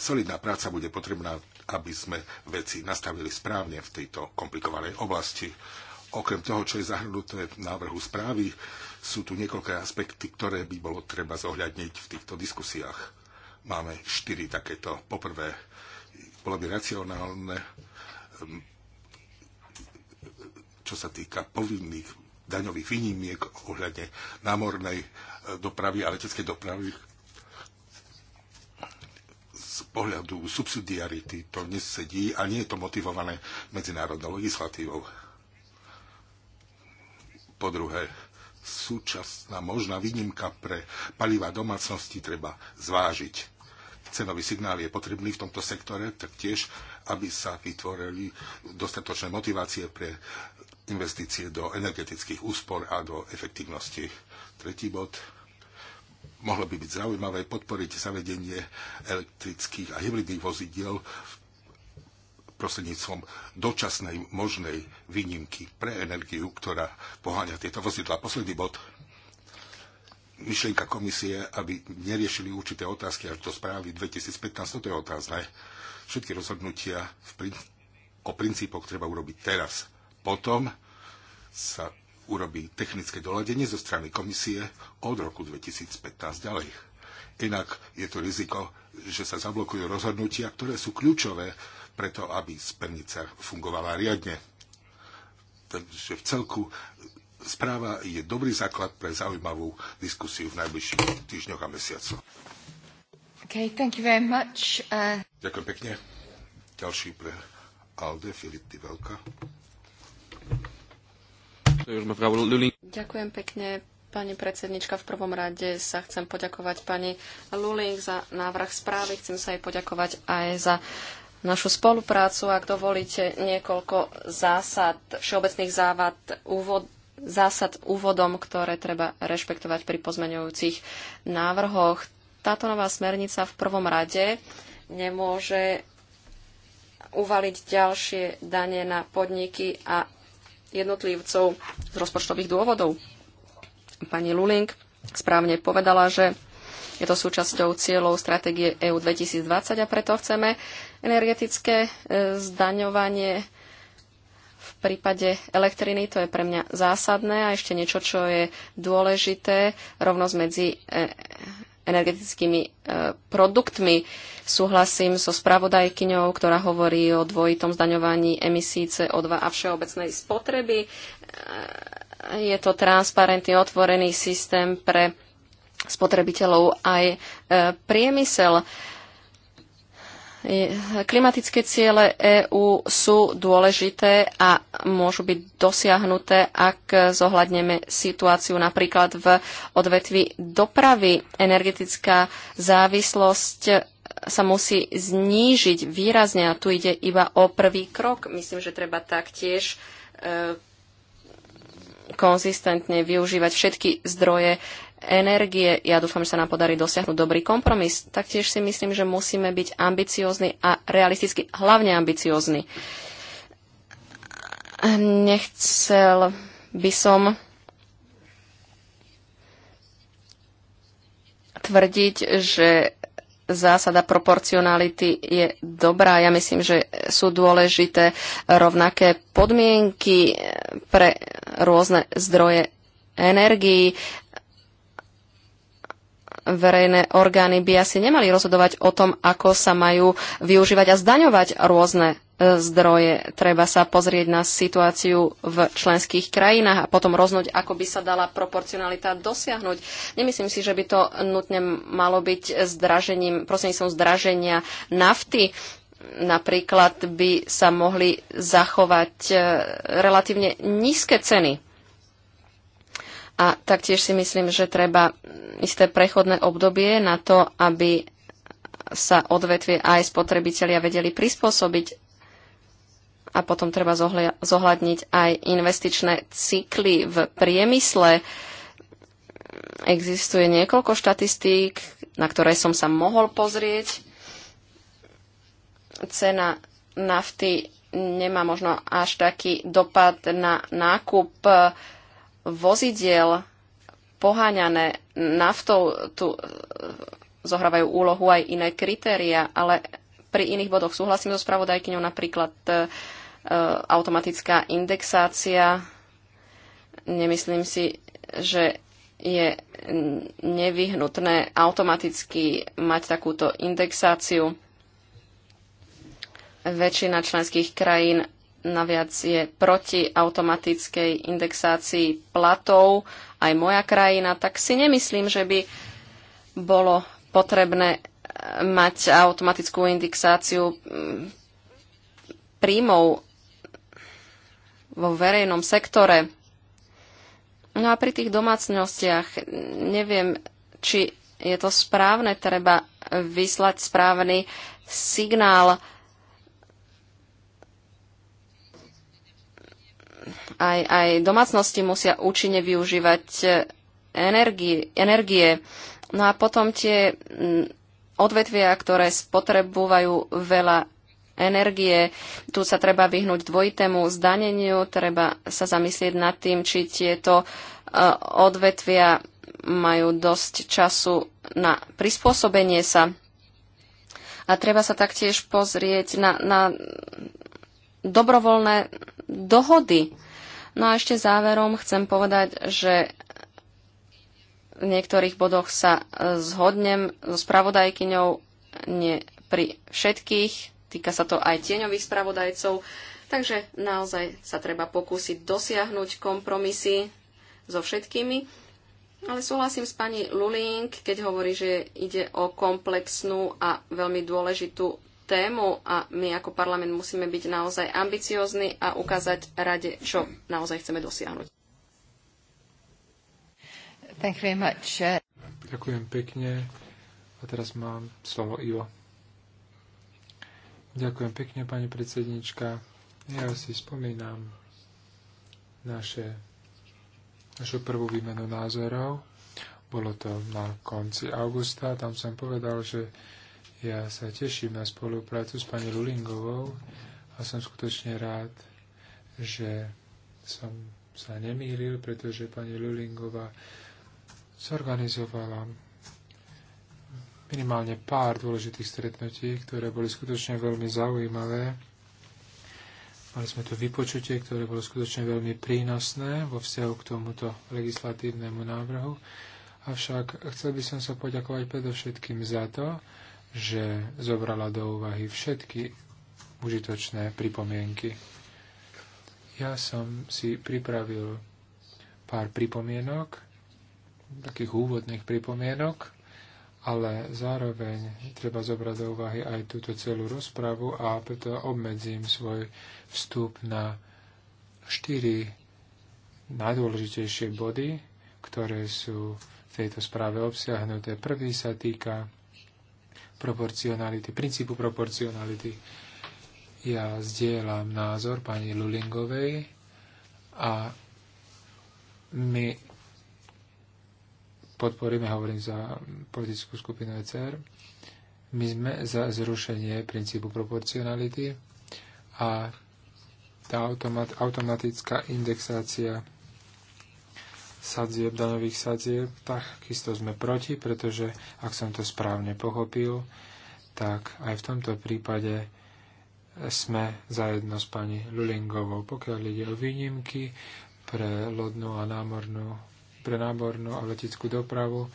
Solidná práca bude potrebná, aby sme veci nastavili správne v tejto komplikovanej oblasti. Okrem toho, čo je zahrnuté v návrhu správy, sú tu niekoľké aspekty, ktoré by bolo treba zohľadniť v týchto diskusiách. Máme štyri takéto. Poprvé, bolo by racionálne, ehm, čo sa týka povinných daňových výnimiek ohľadne námornej e, dopravy a leteckej dopravy, z pohľadu subsidiarity to nesedí a nie je to motivované medzinárodnou legislatívou. Po druhé, súčasná možná výnimka pre paliva domácnosti treba zvážiť. Cenový signál je potrebný v tomto sektore, taktiež, aby sa vytvorili dostatočné motivácie pre investície do energetických úspor a do efektívnosti. Tretí bod mohlo by byť zaujímavé podporiť zavedenie elektrických a hybridných vozidiel v prostredníctvom dočasnej možnej výnimky pre energiu, ktorá poháňa tieto vozidla. Posledný bod. Myšlienka komisie, aby neriešili určité otázky až do správy 2015, toto je otázne. Všetky rozhodnutia v prin- o princípoch treba urobiť teraz. Potom sa urobí technické doladenie zo strany komisie od roku 2015 ďalej. Inak je to riziko, že sa zablokujú rozhodnutia, ktoré sú kľúčové preto aby smernica fungovala riadne. Takže v celku správa je dobrý základ pre zaujímavú diskusiu v najbližších týždňoch a mesiacoch. Okay, thank you very much. Uh... Ďakujem pekne. Ďalší pre Alde, Filip Divelka. Ďakujem pekne, Pani predsednička, v prvom rade sa chcem poďakovať pani Luling za návrh správy. Chcem sa jej poďakovať aj za našu spoluprácu. Ak dovolíte niekoľko zásad, všeobecných závad, úvod, zásad úvodom, ktoré treba rešpektovať pri pozmeňujúcich návrhoch. Táto nová smernica v prvom rade nemôže uvaliť ďalšie dane na podniky a jednotlivcov z rozpočtových dôvodov. Pani Luling správne povedala, že je to súčasťou cieľov stratégie EU 2020 a preto chceme Energetické e, zdaňovanie v prípade elektriny, to je pre mňa zásadné a ešte niečo, čo je dôležité, rovnosť medzi e, energetickými e, produktmi. Súhlasím so spravodajkyňou, ktorá hovorí o dvojitom zdaňovaní emisí CO2 a všeobecnej spotreby. Je to transparentný, otvorený systém pre spotrebiteľov aj priemysel. Klimatické ciele EÚ sú dôležité a môžu byť dosiahnuté, ak zohľadneme situáciu napríklad v odvetvi dopravy. Energetická závislosť sa musí znížiť výrazne a tu ide iba o prvý krok. Myslím, že treba taktiež e, konzistentne využívať všetky zdroje energie. Ja dúfam, že sa nám podarí dosiahnuť dobrý kompromis. Taktiež si myslím, že musíme byť ambiciózni a realisticky, hlavne ambiciózni. Nechcel by som tvrdiť, že zásada proporcionality je dobrá. Ja myslím, že sú dôležité rovnaké podmienky pre rôzne zdroje energií verejné orgány by asi nemali rozhodovať o tom, ako sa majú využívať a zdaňovať rôzne e, zdroje. Treba sa pozrieť na situáciu v členských krajinách a potom roznúť, ako by sa dala proporcionalita dosiahnuť. Nemyslím si, že by to nutne malo byť zdražením, prostredníctvom zdraženia nafty. Napríklad by sa mohli zachovať e, relatívne nízke ceny a taktiež si myslím, že treba isté prechodné obdobie na to, aby sa odvetvie aj spotrebitelia vedeli prispôsobiť a potom treba zohľadniť aj investičné cykly v priemysle. Existuje niekoľko štatistík, na ktoré som sa mohol pozrieť. Cena nafty nemá možno až taký dopad na nákup vozidiel poháňané naftou, tu e, zohrávajú úlohu aj iné kritéria, ale pri iných bodoch súhlasím so spravodajkyňou, napríklad e, automatická indexácia. Nemyslím si, že je nevyhnutné automaticky mať takúto indexáciu. Väčšina členských krajín naviac je proti automatickej indexácii platov aj moja krajina, tak si nemyslím, že by bolo potrebné e, mať automatickú indexáciu príjmov vo verejnom sektore. No a pri tých domácnostiach neviem, či je to správne, treba vyslať správny signál aj, aj domácnosti musia účinne využívať eh, energie, energie. No a potom tie mm, odvetvia, ktoré spotrebujú veľa energie. Tu sa treba vyhnúť dvojitému zdaneniu, treba sa zamyslieť nad tým, či tieto eh, odvetvia majú dosť času na prispôsobenie sa. A treba sa taktiež pozrieť na, na dobrovoľné dohody. No a ešte záverom chcem povedať, že v niektorých bodoch sa e, zhodnem so spravodajkyňou, nie pri všetkých, týka sa to aj tieňových spravodajcov, takže naozaj sa treba pokúsiť dosiahnuť kompromisy so všetkými. Ale súhlasím s pani Lulink, keď hovorí, že ide o komplexnú a veľmi dôležitú tému a my ako parlament musíme byť naozaj ambiciózni a ukázať rade, čo naozaj chceme dosiahnuť. Thank you very much. Ďakujem pekne. A teraz mám slovo Ivo. Ďakujem pekne, pani predsednička. Ja si spomínam naše, našu prvú výmenu názorov. Bolo to na konci augusta. Tam som povedal, že ja sa teším na spoluprácu s pani Lulingovou a som skutočne rád, že som sa nemýlil, pretože pani Lulingová zorganizovala minimálne pár dôležitých stretnutí, ktoré boli skutočne veľmi zaujímavé. Mali sme tu vypočutie, ktoré bolo skutočne veľmi prínosné vo vzťahu k tomuto legislatívnemu návrhu. Avšak chcel by som sa poďakovať predovšetkým za to, že zobrala do úvahy všetky užitočné pripomienky. Ja som si pripravil pár pripomienok, takých úvodných pripomienok, ale zároveň treba zobrať do úvahy aj túto celú rozpravu a preto obmedzím svoj vstup na štyri najdôležitejšie body, ktoré sú v tejto správe obsiahnuté. Prvý sa týka proporcionality, princípu proporcionality. Ja zdieľam názor pani Lulingovej a my podporíme, hovorím za politickú skupinu ECR, my sme za zrušenie princípu proporcionality a tá automat, automatická indexácia sadzieb, daňových sadzieb, takisto sme proti, pretože ak som to správne pochopil, tak aj v tomto prípade sme zajedno s pani Lulingovou. Pokiaľ ide o výnimky pre lodnú a námornú, pre nábornú a leteckú dopravu,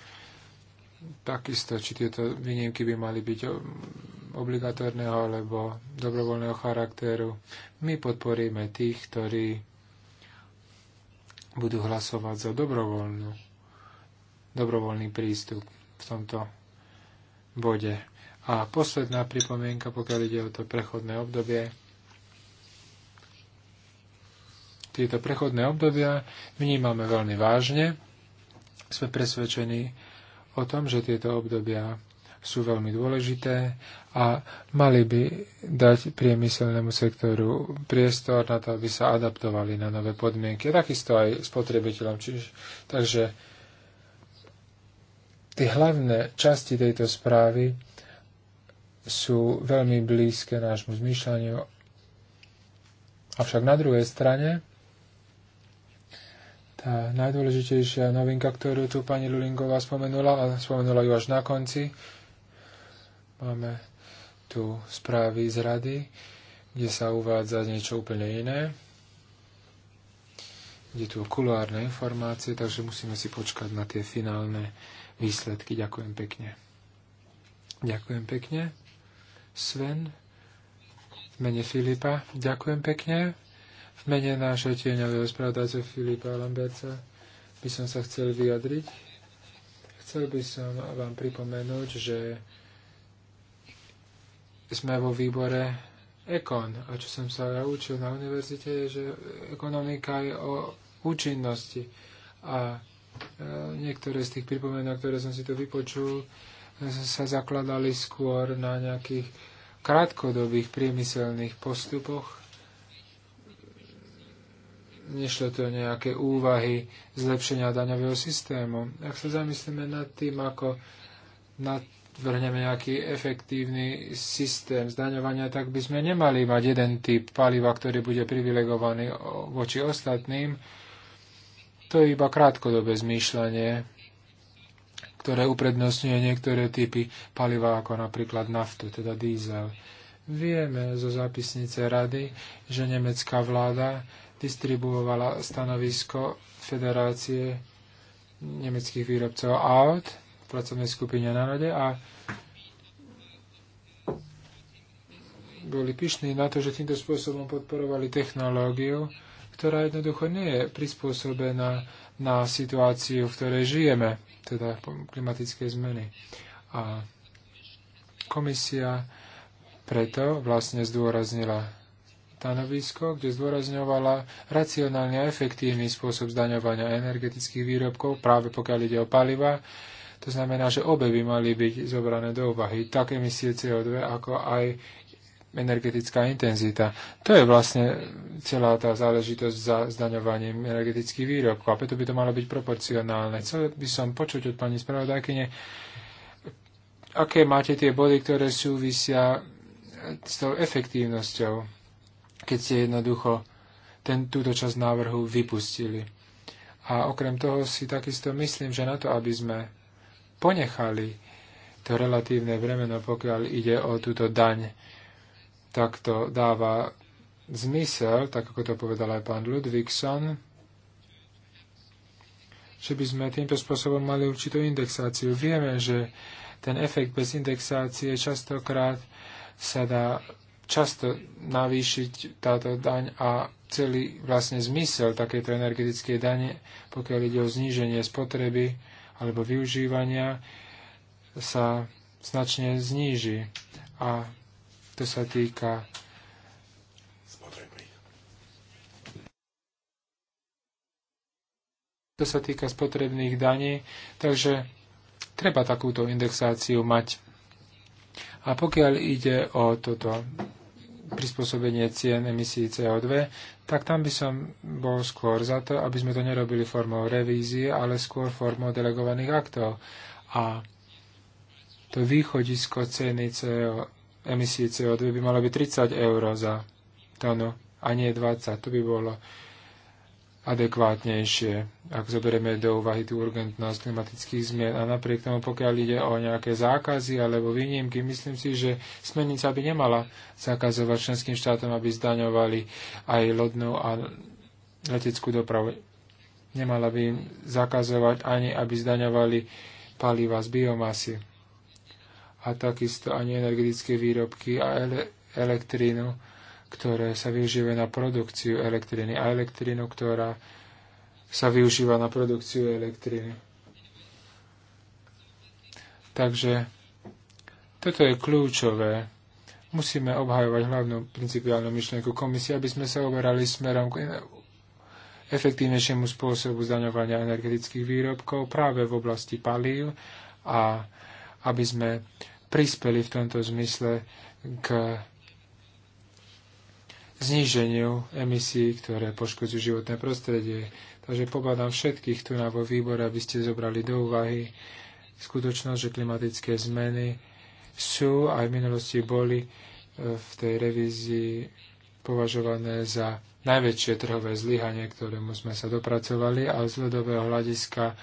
takisto, či tieto výnimky by mali byť obligatórneho alebo dobrovoľného charakteru. My podporíme tých, ktorí budú hlasovať za dobrovoľnú, dobrovoľný prístup v tomto bode. A posledná pripomienka, pokiaľ ide o to prechodné obdobie. Tieto prechodné obdobia vnímame veľmi vážne. Sme presvedčení o tom, že tieto obdobia sú veľmi dôležité a mali by dať priemyselnému sektoru priestor na to, aby sa adaptovali na nové podmienky. Takisto aj spotrebiteľom. Čiže, takže tie hlavné časti tejto správy sú veľmi blízke nášmu zmýšľaniu. Avšak na druhej strane tá najdôležitejšia novinka, ktorú tu pani Lulingová spomenula a spomenula ju až na konci, Máme tu správy z rady, kde sa uvádza niečo úplne iné. Je tu kulárne informácie, takže musíme si počkať na tie finálne výsledky. Ďakujem pekne. Ďakujem pekne. Sven, v mene Filipa, ďakujem pekne. V mene nášho tieňového spravodajca Filipa Lamberca by som sa chcel vyjadriť. Chcel by som vám pripomenúť, že sme vo výbore ekon. A čo som sa ja učil na univerzite, je, že ekonomika je o účinnosti. A e, niektoré z tých pripomienok, ktoré som si tu vypočul, e, sa zakladali skôr na nejakých krátkodobých priemyselných postupoch. Nešlo to nejaké úvahy zlepšenia daňového systému. Ak sa zamyslíme nad tým, ako nad zvrhneme nejaký efektívny systém zdaňovania, tak by sme nemali mať jeden typ paliva, ktorý bude privilegovaný voči ostatným. To je iba krátkodobé zmýšľanie, ktoré uprednostňuje niektoré typy paliva, ako napríklad naftu, teda diesel. Vieme zo zápisnice rady, že nemecká vláda distribuovala stanovisko Federácie nemeckých výrobcov aut, pracovnej skupine na rade a boli pyšní na to, že týmto spôsobom podporovali technológiu, ktorá jednoducho nie je prispôsobená na situáciu, v ktorej žijeme, teda klimatické zmeny. A komisia preto vlastne zdôraznila stanovisko, kde zdôrazňovala racionálny a efektívny spôsob zdaňovania energetických výrobkov, práve pokiaľ ide o paliva, to znamená, že obe by mali byť zobrané do úvahy, tak emisie CO2, ako aj energetická intenzita. To je vlastne celá tá záležitosť za zdaňovaním energetických výrobkov a preto by to malo byť proporcionálne. Chcel by som počuť od pani spravodajkyne, aké máte tie body, ktoré súvisia s tou efektívnosťou, keď ste jednoducho ten, túto časť návrhu vypustili. A okrem toho si takisto myslím, že na to, aby sme ponechali to relatívne bremeno, pokiaľ ide o túto daň, tak to dáva zmysel, tak ako to povedal aj pán Ludvíkson, že by sme týmto spôsobom mali určitú indexáciu. Vieme, že ten efekt bez indexácie častokrát sa dá často navýšiť táto daň a celý vlastne zmysel takéto energetickej dane, pokiaľ ide o zníženie spotreby, alebo využívania sa značne zníži. A to sa týka to sa týka spotrebných daní, takže treba takúto indexáciu mať. A pokiaľ ide o toto prispôsobenie cien emisí CO2, tak tam by som bol skôr za to, aby sme to nerobili formou revízie, ale skôr formou delegovaných aktov. A to východisko ceny CO, emisí CO2 by malo byť 30 eur za tonu a nie 20. To by bolo adekvátnejšie, ak zoberieme do úvahy tú urgentnosť klimatických zmien. A napriek tomu, pokiaľ ide o nejaké zákazy alebo výnimky, myslím si, že smernica by nemala zakazovať členským štátom, aby zdaňovali aj lodnú a leteckú dopravu. Nemala by im zakazovať ani, aby zdaňovali paliva z biomasy a takisto ani energetické výrobky a ele elektrínu ktoré sa využívajú na produkciu elektriny a elektrinu, ktorá sa využíva na produkciu elektriny. Takže toto je kľúčové. Musíme obhajovať hlavnú principiálnu myšlienku komisie, aby sme sa oberali smerom k efektívnejšiemu spôsobu zdaňovania energetických výrobkov práve v oblasti palív a aby sme prispeli v tomto zmysle k zníženiu emisí, ktoré poškodzujú životné prostredie. Takže pobádam všetkých tu na vo výbore, aby ste zobrali do úvahy skutočnosť, že klimatické zmeny sú aj v minulosti boli e, v tej revízii považované za najväčšie trhové zlyhanie, ktorému sme sa dopracovali a z ľudového hľadiska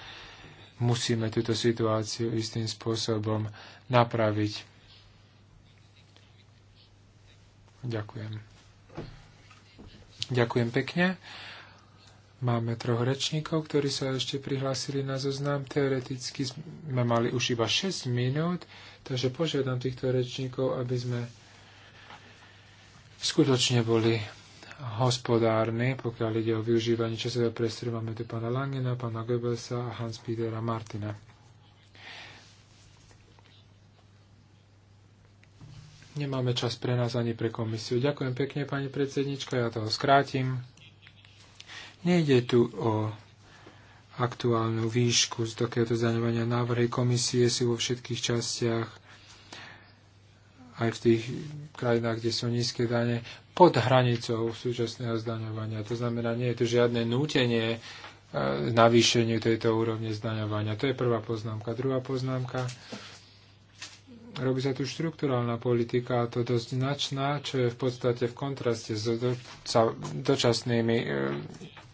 musíme túto situáciu istým spôsobom napraviť. Ďakujem. Ďakujem pekne. Máme troch rečníkov, ktorí sa ešte prihlásili na zoznam. Teoreticky sme mali už iba 6 minút, takže požiadam týchto rečníkov, aby sme skutočne boli hospodárni, pokiaľ ide o využívanie časového priestoru. Máme tu pána Langena, pána Goebbelsa a Hans-Petera Martina. Nemáme čas pre nás ani pre komisiu. Ďakujem pekne, pani predsednička, ja toho skrátim. Nejde tu o aktuálnu výšku z takéhoto zdaňovania. Návrhy komisie sú vo všetkých častiach, aj v tých krajinách, kde sú nízke dane, pod hranicou súčasného zdaňovania. To znamená, nie je tu žiadne nútenie e, navýšeniu tejto úrovne zdaňovania. To je prvá poznámka. Druhá poznámka robí sa tu štrukturálna politika a to dosť značná, čo je v podstate v kontraste s dočasnými e,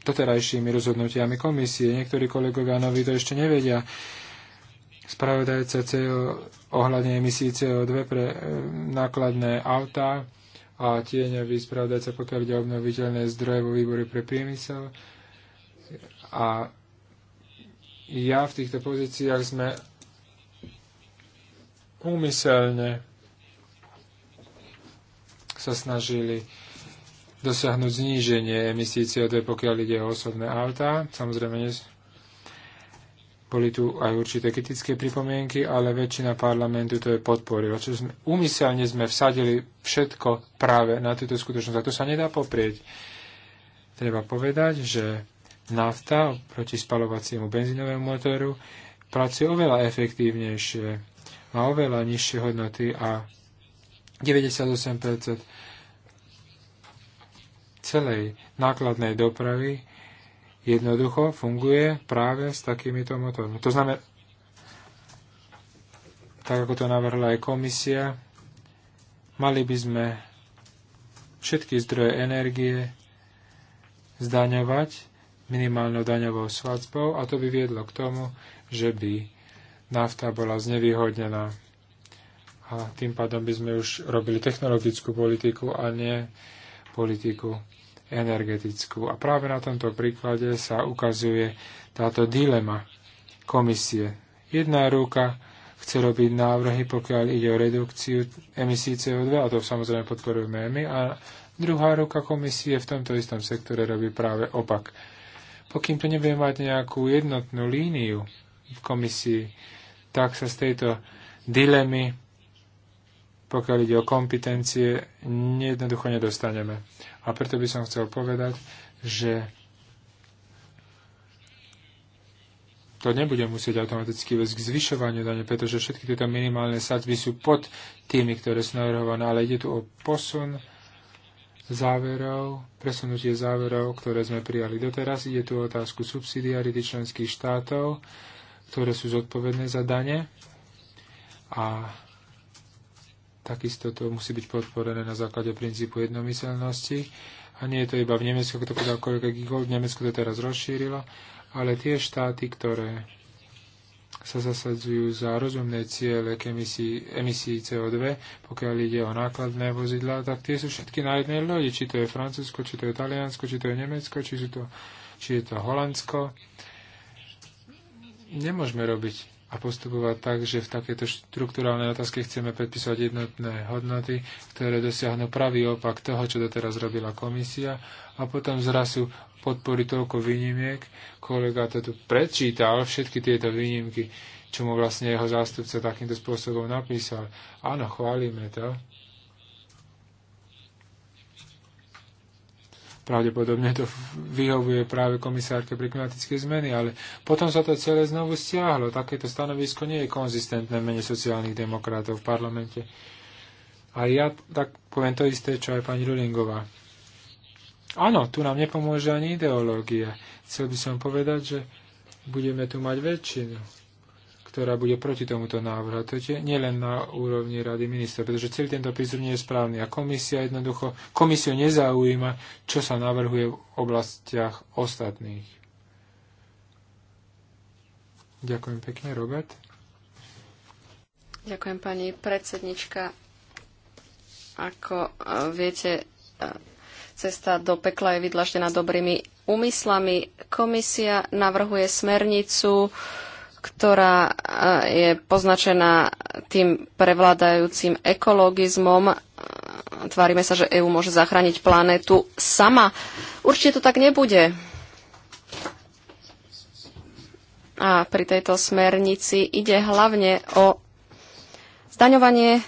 doterajšími rozhodnutiami komisie. Niektorí kolegovia noví to ešte nevedia. Spravodajca CO, ohľadne emisí CO2 pre e, nákladné autá a tieňový spravodajca, pokiaľ ide obnoviteľné zdroje vo výbore pre priemysel. A ja v týchto pozíciách sme úmyselne sa snažili dosiahnuť zníženie emisí CO2, pokiaľ ide o osobné autá. Samozrejme, boli tu aj určité kritické pripomienky, ale väčšina parlamentu to je podporila. Čiže sme, umyselne sme vsadili všetko práve na túto skutočnosť. A to sa nedá poprieť. Treba povedať, že nafta proti spalovaciemu benzínovému motoru pracuje oveľa efektívnejšie má oveľa nižšie hodnoty a 98% celej nákladnej dopravy jednoducho funguje práve s takýmito motormi. To znamená, tak ako to navrhla aj komisia, mali by sme všetky zdroje energie zdaňovať minimálnou daňovou svadzbou a to by viedlo k tomu, že by nafta bola znevýhodnená. A tým pádom by sme už robili technologickú politiku a nie politiku energetickú. A práve na tomto príklade sa ukazuje táto dilema komisie. Jedna ruka chce robiť návrhy, pokiaľ ide o redukciu emisí CO2, a to samozrejme podporujeme my, a druhá ruka komisie v tomto istom sektore robí práve opak. Pokým to nebudeme mať nejakú jednotnú líniu v komisii, tak sa z tejto dilemy, pokiaľ ide o kompetencie, jednoducho nedostaneme. A preto by som chcel povedať, že to nebude musieť automaticky viesť k zvyšovaniu dane, pretože všetky tieto minimálne sadzby sú pod tými, ktoré sú navrhované, ale ide tu o posun záverov, presunutie záverov, ktoré sme prijali doteraz. Ide tu o otázku subsidiarity členských štátov ktoré sú zodpovedné za dane a takisto to musí byť podporené na základe princípu jednomyselnosti. A nie je to iba v Nemecku, ako to povedal kolega Gigol, v Nemecku to teraz rozšírilo, ale tie štáty, ktoré sa zasadzujú za rozumné ciele k emisii, emisii CO2, pokiaľ ide o nákladné vozidlá, tak tie sú všetky na jednej lodi, či to je Francúzsko, či to je Taliansko, či to je Nemecko, či, sú to, či je to Holandsko nemôžeme robiť a postupovať tak, že v takejto štruktúralnej otázke chceme predpisovať jednotné hodnoty, ktoré dosiahnu pravý opak toho, čo doteraz robila komisia a potom zrazu podporí toľko výnimiek. Kolega to tu prečítal, všetky tieto výnimky, čo mu vlastne jeho zástupca takýmto spôsobom napísal. Áno, chválime to, Pravdepodobne to vyhovuje práve komisárke pri klimatické zmeny, ale potom sa to celé znovu stiahlo. Takéto stanovisko nie je konzistentné v mene sociálnych demokratov v parlamente. A ja tak poviem to isté, čo aj pani Rulingová. Áno, tu nám nepomôže ani ideológia. Chcel by som povedať, že budeme tu mať väčšinu ktorá bude proti tomuto návrhu. To je nielen na úrovni Rady ministrov, pretože celý tento prístup nie je správny. A komisia jednoducho, komisiu nezaujíma, čo sa navrhuje v oblastiach ostatných. Ďakujem pekne, Robert. Ďakujem, pani predsednička. Ako e, viete, e, cesta do pekla je vydlaždená dobrými úmyslami. Komisia navrhuje smernicu, ktorá e, je poznačená tým prevládajúcim ekologizmom. E, tvárime sa, že EÚ môže zachrániť planetu sama. Určite to tak nebude. A pri tejto smernici ide hlavne o zdaňovanie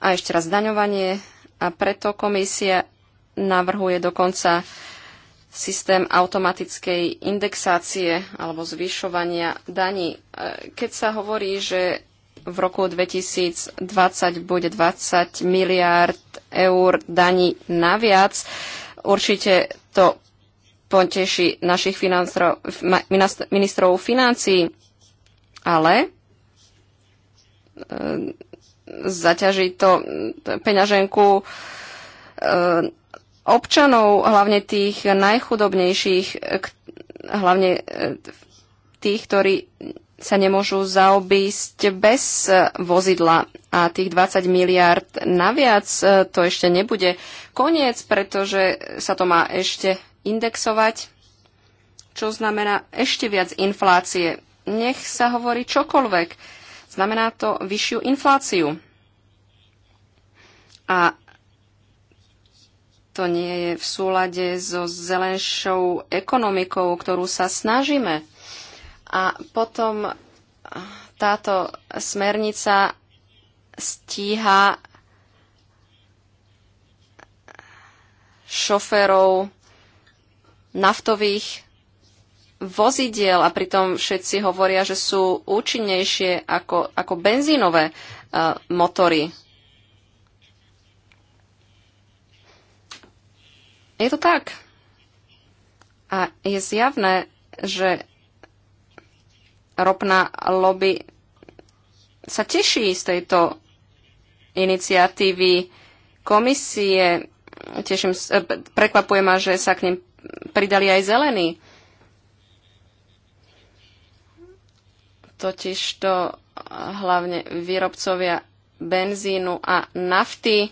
a ešte raz zdaňovanie a preto komisia navrhuje dokonca systém automatickej indexácie alebo zvyšovania daní. Keď sa hovorí, že v roku 2020 bude 20 miliárd eur daní naviac, určite to poteší našich ministrov financií, ale e, zaťaží to peňaženku e, občanov, hlavne tých najchudobnejších, hlavne e, tých, ktorí sa nemôžu zaobísť bez e, vozidla. A tých 20 miliard naviac e, to ešte nebude koniec, pretože sa to má ešte indexovať, čo znamená ešte viac inflácie. Nech sa hovorí čokoľvek. Znamená to vyššiu infláciu. A to nie je v súlade so zelenšou ekonomikou, ktorú sa snažíme. A potom táto smernica stíha šoférov naftových vozidiel a pritom všetci hovoria, že sú účinnejšie ako, ako benzínové e, motory. Je to tak. A je zjavné, že ropná lobby sa teší z tejto iniciatívy komisie. Teším, e, prekvapuje ma, že sa k nim pridali aj zelení. Totiž to hlavne výrobcovia benzínu a nafty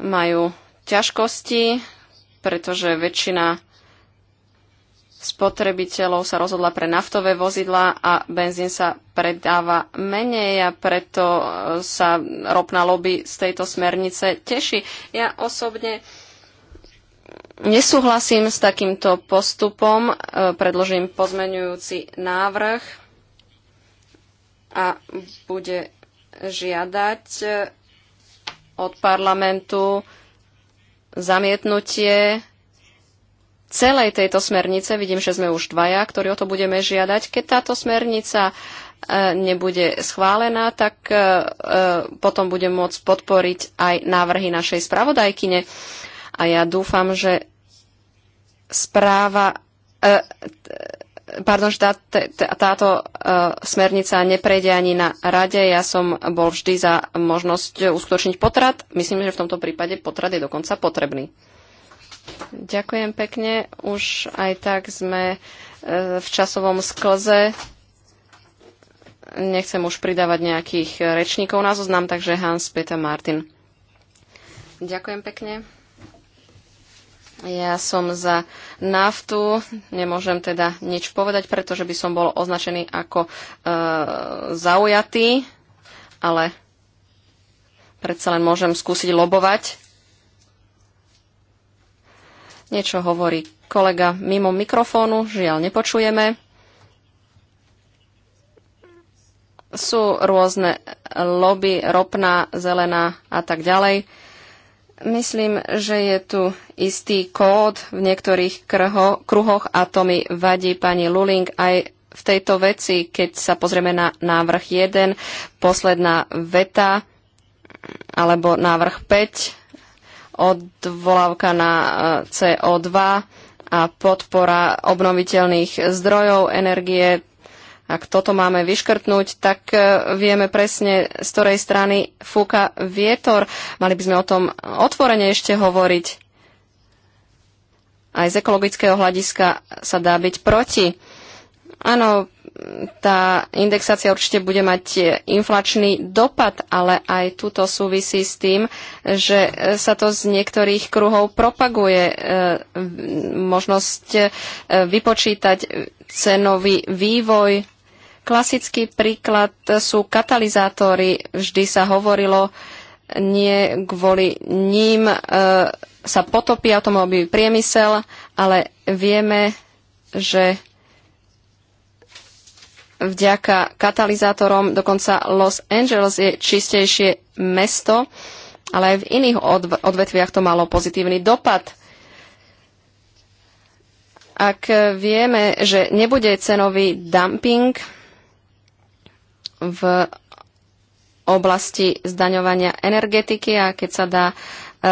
majú ťažkosti, pretože väčšina spotrebiteľov sa rozhodla pre naftové vozidla a benzín sa predáva menej a preto e, sa ropná lobby z tejto smernice teší. Ja osobne nesúhlasím s takýmto postupom, e, predložím pozmenujúci návrh a bude žiadať e, od parlamentu zamietnutie celej tejto smernice, vidím, že sme už dvaja, ktorí o to budeme žiadať, keď táto smernica e, nebude schválená, tak e, e, potom budem môcť podporiť aj návrhy našej spravodajkyne. A ja dúfam, že správa pardon, že tá, táto e, smernica neprejde ani na rade. Ja som bol vždy za možnosť uskutočniť potrat. Myslím, že v tomto prípade potrat je dokonca potrebný. Ďakujem pekne. Už aj tak sme e, v časovom sklze. Nechcem už pridávať nejakých rečníkov na zoznam, takže Hans, Peter, Martin. Ďakujem pekne. Ja som za naftu, nemôžem teda nič povedať, pretože by som bol označený ako e, zaujatý, ale predsa len môžem skúsiť lobovať. Niečo hovorí kolega mimo mikrofónu, žiaľ nepočujeme. Sú rôzne lobby, ropná, zelená a tak ďalej Myslím, že je tu istý kód v niektorých krho, kruhoch a to mi vadí pani Luling aj v tejto veci, keď sa pozrieme na návrh 1, posledná veta alebo návrh 5, odvolávka na eh, CO2 a podpora obnoviteľných zdrojov energie. Ak toto máme vyškrtnúť, tak e, vieme presne, z ktorej strany fúka vietor. Mali by sme o tom otvorene ešte hovoriť. Aj z ekologického hľadiska sa dá byť proti. Áno, tá indexácia určite bude mať e, inflačný dopad, ale aj túto súvisí s tým, že e, sa to z niektorých kruhov propaguje. Možnosť vypočítať cenový vývoj Klasický príklad sú katalizátory. Vždy sa hovorilo, nie kvôli ním e, sa potopí automobilový priemysel, ale vieme, že vďaka katalizátorom dokonca Los Angeles je čistejšie mesto, ale aj v iných odv- odvetviach to malo pozitívny dopad ak vieme, že nebude cenový dumping, v oblasti zdaňovania energetiky a keď sa dá e,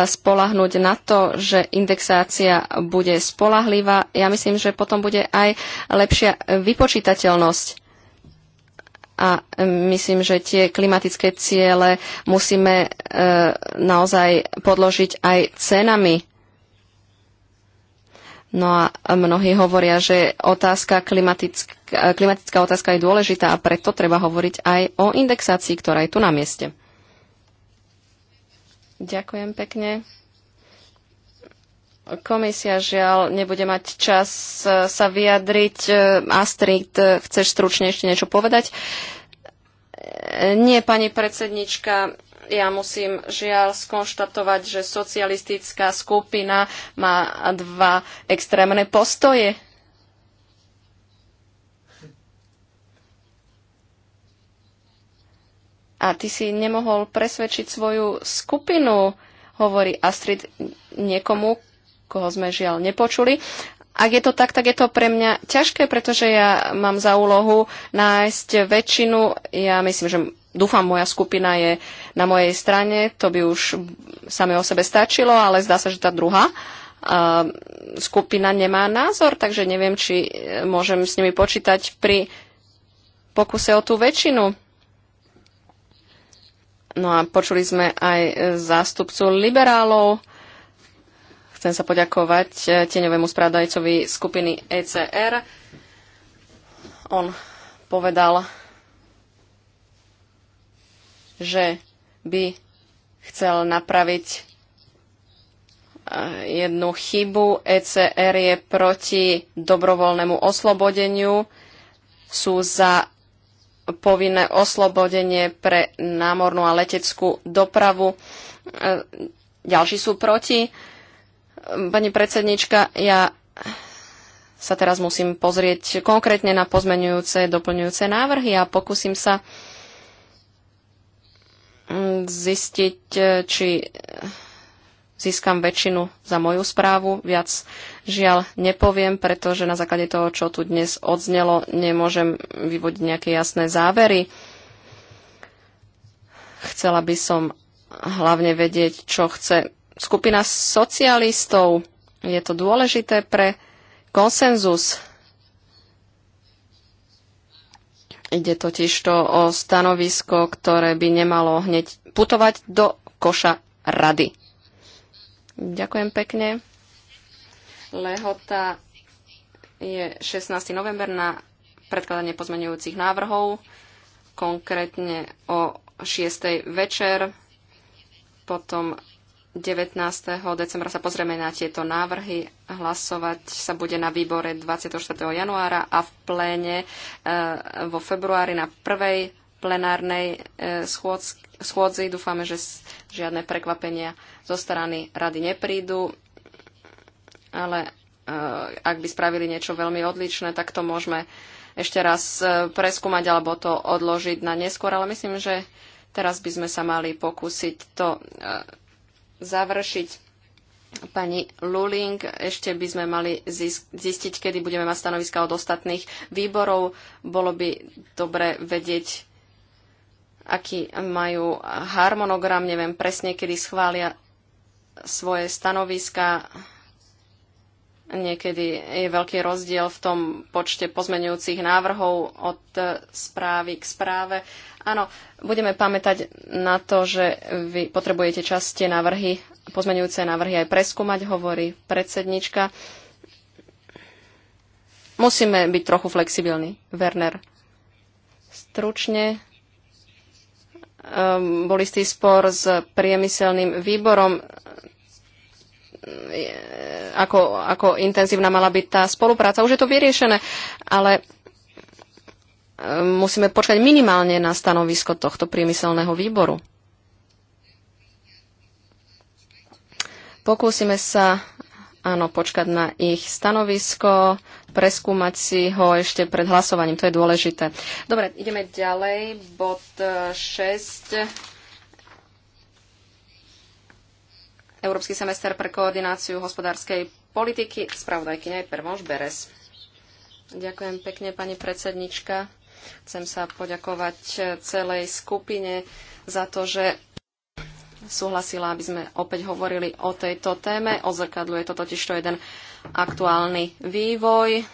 spolahnuť na to, že indexácia bude spolahlivá, ja myslím, že potom bude aj lepšia vypočítateľnosť. A myslím, že tie klimatické ciele musíme e, naozaj podložiť aj cenami No a mnohí hovoria, že otázka klimatická, klimatická otázka je dôležitá a preto treba hovoriť aj o indexácii, ktorá je tu na mieste. Ďakujem pekne. Komisia žiaľ nebude mať čas e, sa vyjadriť. E, Astrid, e, chceš stručne ešte niečo povedať? Nie, pani predsednička, ja musím žiaľ skonštatovať, že socialistická skupina má dva extrémne postoje. A ty si nemohol presvedčiť svoju skupinu, hovorí Astrid niekomu, koho sme žiaľ nepočuli. Ak je to tak, tak je to pre mňa ťažké, pretože ja mám za úlohu nájsť väčšinu. Ja myslím, že dúfam, moja skupina je na mojej strane, to by už same o sebe stačilo, ale zdá sa, že tá druhá eh, skupina nemá názor, takže neviem, či eh, môžem s nimi počítať pri pokuse o tú väčšinu. No a počuli sme aj eh, zástupcu liberálov. Chcem sa poďakovať tieňovému správdajcovi skupiny ECR. On povedal že by chcel napraviť eh, jednu chybu. ECR je proti dobrovoľnému oslobodeniu. Sú za povinné oslobodenie pre námornú a leteckú dopravu. Eh, ďalší sú proti. Pani predsednička, ja sa teraz musím pozrieť konkrétne na pozmenujúce, doplňujúce návrhy a pokúsim sa Mm, zistiť, e, či získam väčšinu za moju správu. Viac žiaľ nepoviem, pretože na základe toho, čo tu dnes odznelo, nemôžem vyvodiť nejaké jasné závery. Chcela by som hlavne vedieť, čo chce skupina socialistov. Je to dôležité pre konsenzus. Ide totiž to o stanovisko, ktoré by nemalo hneď putovať do koša rady. Ďakujem pekne. Lehota je 16. november na predkladanie pozmeňujúcich návrhov, konkrétne o 6. večer, potom 19. decembra sa pozrieme na tieto návrhy. Hlasovať sa bude na výbore 24. januára a v pléne e, vo februári na prvej plenárnej e, schôdzi. Dúfame, že žiadne prekvapenia zo strany rady neprídu, ale e, ak by spravili niečo veľmi odlišné, tak to môžeme ešte raz preskúmať alebo to odložiť na neskôr, ale myslím, že teraz by sme sa mali pokúsiť to završiť. Pani Luling, ešte by sme mali zistiť, kedy budeme mať stanoviska od ostatných výborov. Bolo by dobre vedieť, aký majú harmonogram, neviem presne, kedy schvália svoje stanoviska Niekedy je veľký rozdiel v tom počte pozmenujúcich návrhov od e, správy k správe. Áno, budeme pamätať na to, že vy potrebujete častie návrhy, pozmenujúce návrhy aj preskúmať, hovorí predsednička. Musíme byť trochu flexibilní. Werner, stručne e, bol istý spor s priemyselným výborom Eh, ako, ako intenzívna mala byť tá spolupráca. Už je to vyriešené, ale eh, musíme počkať minimálne na stanovisko tohto priemyselného výboru. Pokúsime sa áno, počkať na ich stanovisko, preskúmať si ho ešte pred hlasovaním, to je dôležité. Dobre, ideme ďalej. Bod 6 eh, Európsky semester pre koordináciu hospodárskej politiky. Spravodajkyňa je Permož Beres. Ďakujem pekne, pani predsednička. Chcem sa poďakovať celej skupine za to, že súhlasila, aby sme opäť hovorili o tejto téme. Ozrkadľuje to totiž to jeden aktuálny vývoj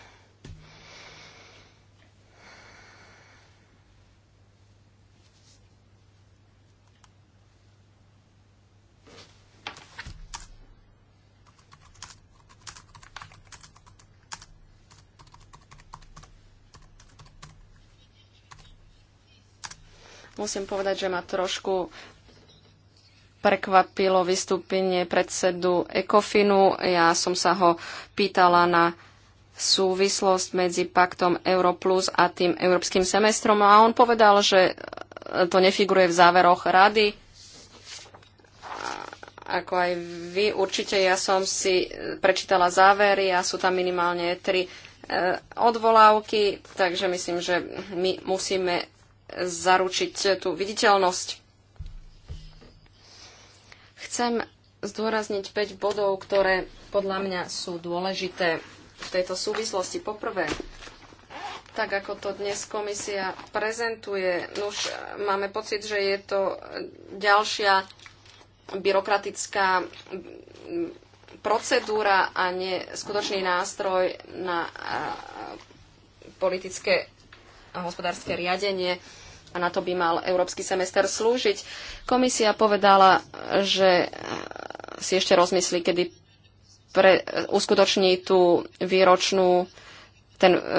Musím povedať, že ma trošku prekvapilo vystúpenie predsedu Ekofinu. Ja som sa ho pýtala na súvislosť medzi paktom Europlus a tým európskym semestrom a on povedal, že to nefiguruje v záveroch rady. Ako aj vy, určite ja som si e, prečítala závery a sú tam minimálne tri e, odvolávky, takže myslím, že my musíme zaručiť tú viditeľnosť. Chcem zdôrazniť 5 bodov, ktoré podľa mňa sú dôležité v tejto súvislosti. Poprvé, tak ako to dnes komisia prezentuje, už máme pocit, že je to ďalšia byrokratická procedúra a nie skutočný nástroj na eh, politické a hospodárske riadenie a na to by mal európsky semester slúžiť. Komisia povedala, že si ešte rozmyslí, kedy pre, uskutoční tú výročnú, ten, e,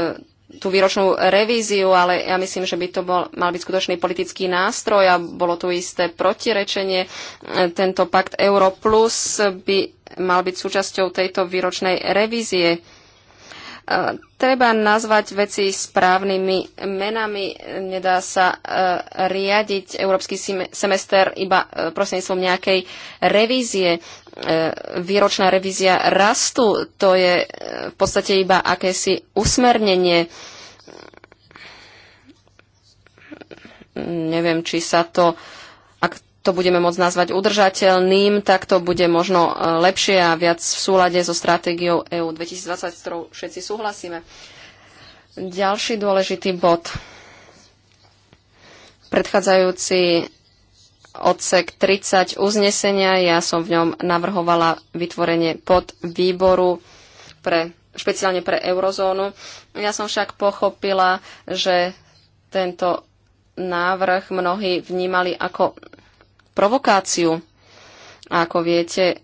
tú výročnú revíziu, ale ja myslím, že by to bol, mal byť skutočný politický nástroj a bolo tu isté protirečenie. E, tento pakt Euro Plus by mal byť súčasťou tejto výročnej revízie E, treba nazvať veci správnymi menami. Nedá sa e, riadiť európsky semester iba e, prostredníctvom nejakej revízie. Výročná revízia rastu, to je v podstate iba akési usmernenie. Neviem, či sa to uh, to budeme môcť nazvať udržateľným, tak to bude možno e, lepšie a viac v súlade so stratégiou EU 2020, s ktorou všetci súhlasíme. Ďalší dôležitý bod. Predchádzajúci odsek 30 uznesenia. Ja som v ňom navrhovala vytvorenie pod výboru pre, špeciálne pre eurozónu. Ja som však pochopila, že tento návrh mnohí vnímali ako provokáciu. A ako viete,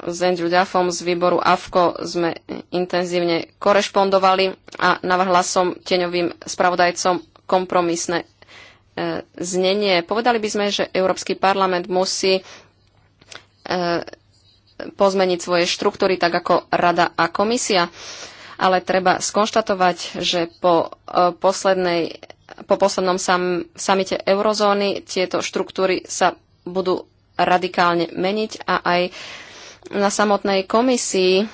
s Andrew Duffom z výboru AFKO sme intenzívne korešpondovali a navrhla som tieňovým spravodajcom kompromisné e, znenie. Povedali by sme, že Európsky parlament musí e, pozmeniť svoje štruktúry tak ako Rada a Komisia, ale treba skonštatovať, že po e, poslednej po poslednom sam, samite eurozóny tieto štruktúry sa budú radikálne meniť a aj na samotnej komisii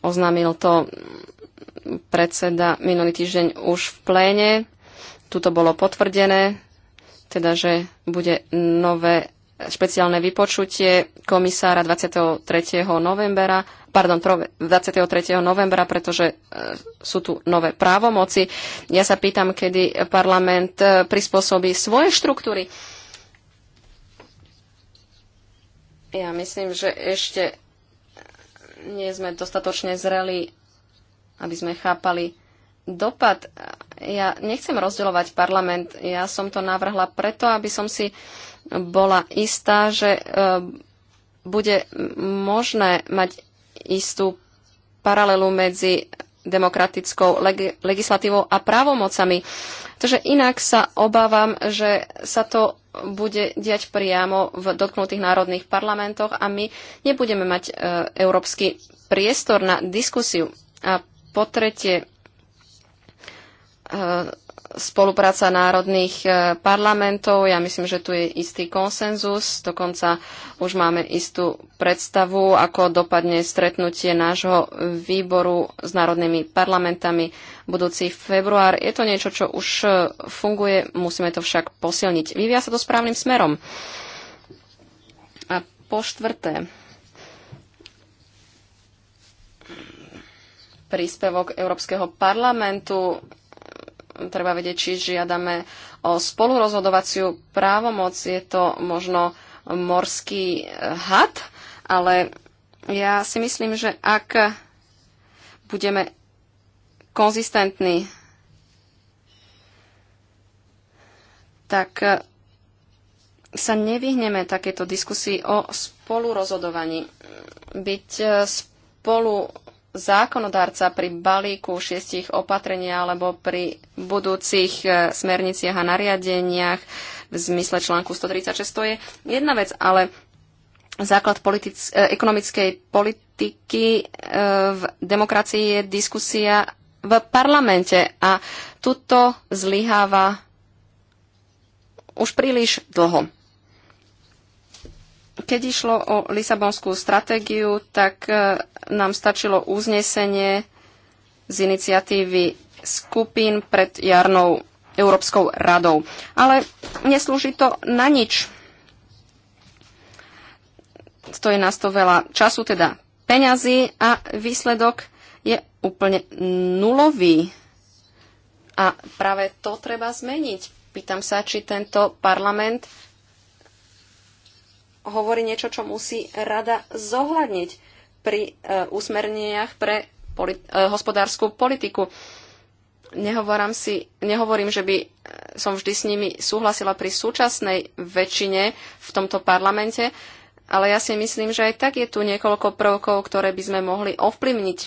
oznámil to predseda minulý týždeň už v pléne. Tuto bolo potvrdené, teda že bude nové špeciálne vypočutie komisára 23. novembra, pardon, 23. novembra, pretože e, sú tu nové právomoci. Ja sa pýtam, kedy parlament e, prispôsobí svoje štruktúry. Ja myslím, že ešte nie sme dostatočne zreli, aby sme chápali dopad. Ja nechcem rozdeľovať parlament. Ja som to navrhla preto, aby som si bola istá, že e, bude možné mať istú paralelu medzi demokratickou leg- legislatívou a právomocami. Takže inak sa obávam, že sa to bude diať priamo v dotknutých národných parlamentoch a my nebudeme mať e, európsky priestor na diskusiu. A po tretie, e, spolupráca národných e, parlamentov. Ja myslím, že tu je istý konsenzus. Dokonca už máme istú predstavu, ako dopadne stretnutie nášho výboru s národnými parlamentami budúci február. Je to niečo, čo už e, funguje, musíme to však posilniť. Vyvia sa to správnym smerom. A po štvrté, príspevok Európskeho parlamentu treba vedieť, či žiadame o spolurozhodovaciu právomoc. Je to možno morský eh, had, ale ja si myslím, že ak budeme konzistentní, tak eh, sa nevyhneme takéto diskusii o spolurozhodovaní. Byť eh, spolu zákonodárca pri balíku šiestich opatrenia alebo pri budúcich e, smerniciach a nariadeniach v zmysle článku 136. To je jedna vec, ale základ politic, e, ekonomickej politiky e, v demokracii je diskusia v parlamente a tuto zlyháva už príliš dlho. Keď išlo o Lisabonskú stratégiu, tak e, nám stačilo uznesenie z iniciatívy skupín pred jarnou Európskou radou. Ale neslúži to na nič. Stojí nás to veľa času, teda peňazí a výsledok je úplne nulový. A práve to treba zmeniť. Pýtam sa, či tento parlament hovorí niečo, čo musí rada zohľadniť pri e, pre polit- e, hospodárskú politiku. Nehovorím, si, nehovorím, že by e, som vždy s nimi súhlasila pri súčasnej väčšine v tomto parlamente, ale ja si myslím, že aj tak je tu niekoľko prvkov, ktoré by sme mohli ovplyvniť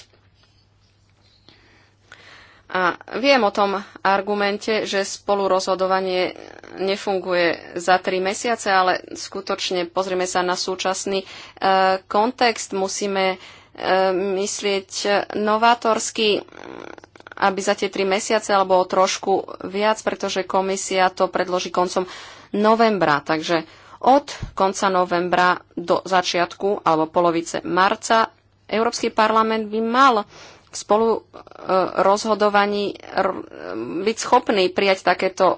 a viem o tom argumente, že spolurozhodovanie nefunguje za tri mesiace, ale skutočne pozrieme sa na súčasný e, kontext. Musíme e, myslieť novátorsky, aby za tie tri mesiace alebo o trošku viac, pretože komisia to predloží koncom novembra. Takže od konca novembra do začiatku alebo polovice marca Európsky parlament by mal v spolu e, rozhodovaní byť schopný prijať takéto e,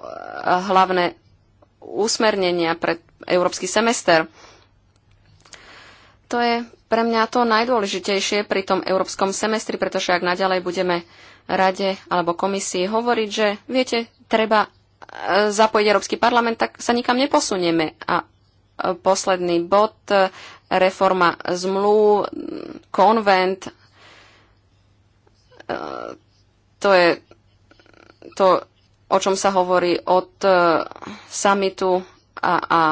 hlavné úsmernenia pre európsky semester. To je pre mňa to najdôležitejšie pri tom európskom semestri, pretože ak naďalej budeme rade alebo komisii hovoriť, že viete, treba e, zapojiť Európsky parlament, tak sa nikam neposunieme. A posledný bod, reforma zmluv, konvent E, to je to, o čom sa hovorí od e, samitu a, a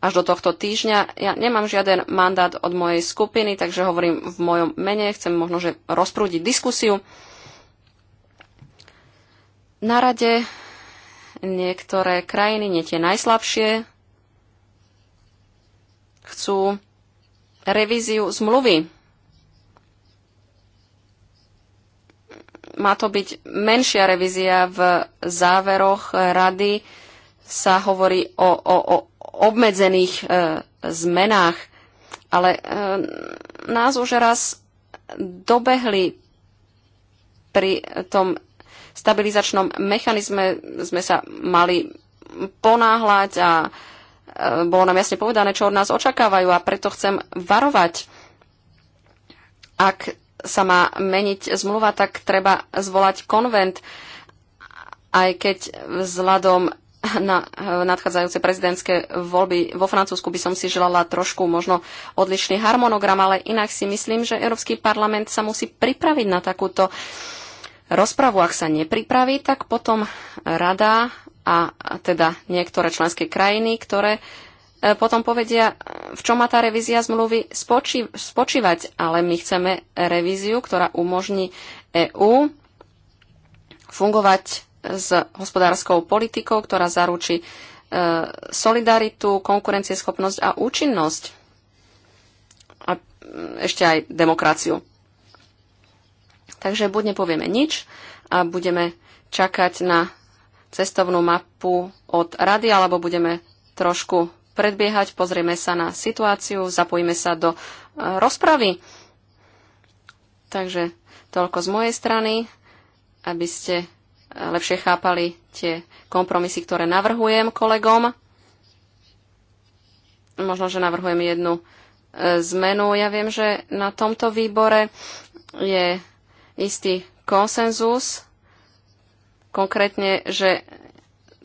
až do tohto týždňa. Ja nemám žiaden mandát od mojej skupiny, takže hovorím v mojom mene, chcem možno, že rozprúdiť diskusiu. Na rade niektoré krajiny, nie tie najslabšie, chcú revíziu zmluvy má to byť menšia revízia v záveroch rady. Sa hovorí o, o, o obmedzených e, zmenách, ale e, nás už raz dobehli pri tom stabilizačnom mechanizme, sme sa mali ponáhľať a e, bolo nám jasne povedané, čo od nás očakávajú a preto chcem varovať, ak sa má meniť zmluva, tak treba zvolať konvent, aj keď vzhľadom na nadchádzajúce prezidentské voľby vo Francúzsku by som si želala trošku možno odlišný harmonogram, ale inak si myslím, že Európsky parlament sa musí pripraviť na takúto rozpravu. Ak sa nepripraví, tak potom rada a teda niektoré členské krajiny, ktoré E, potom povedia, v čom má tá revízia zmluvy spočívať, ale my chceme revíziu, ktorá umožní EÚ fungovať s hospodárskou politikou, ktorá zaručí e, solidaritu, konkurencieschopnosť a účinnosť a ešte aj demokraciu. Takže buď nepovieme nič a budeme čakať na cestovnú mapu od rady, alebo budeme trošku predbiehať, pozrieme sa na situáciu, zapojíme sa do e, rozpravy. Takže toľko z mojej strany, aby ste e, lepšie chápali tie kompromisy, ktoré navrhujem kolegom. Možno, že navrhujem jednu e, zmenu. Ja viem, že na tomto výbore je istý konsenzus, konkrétne, že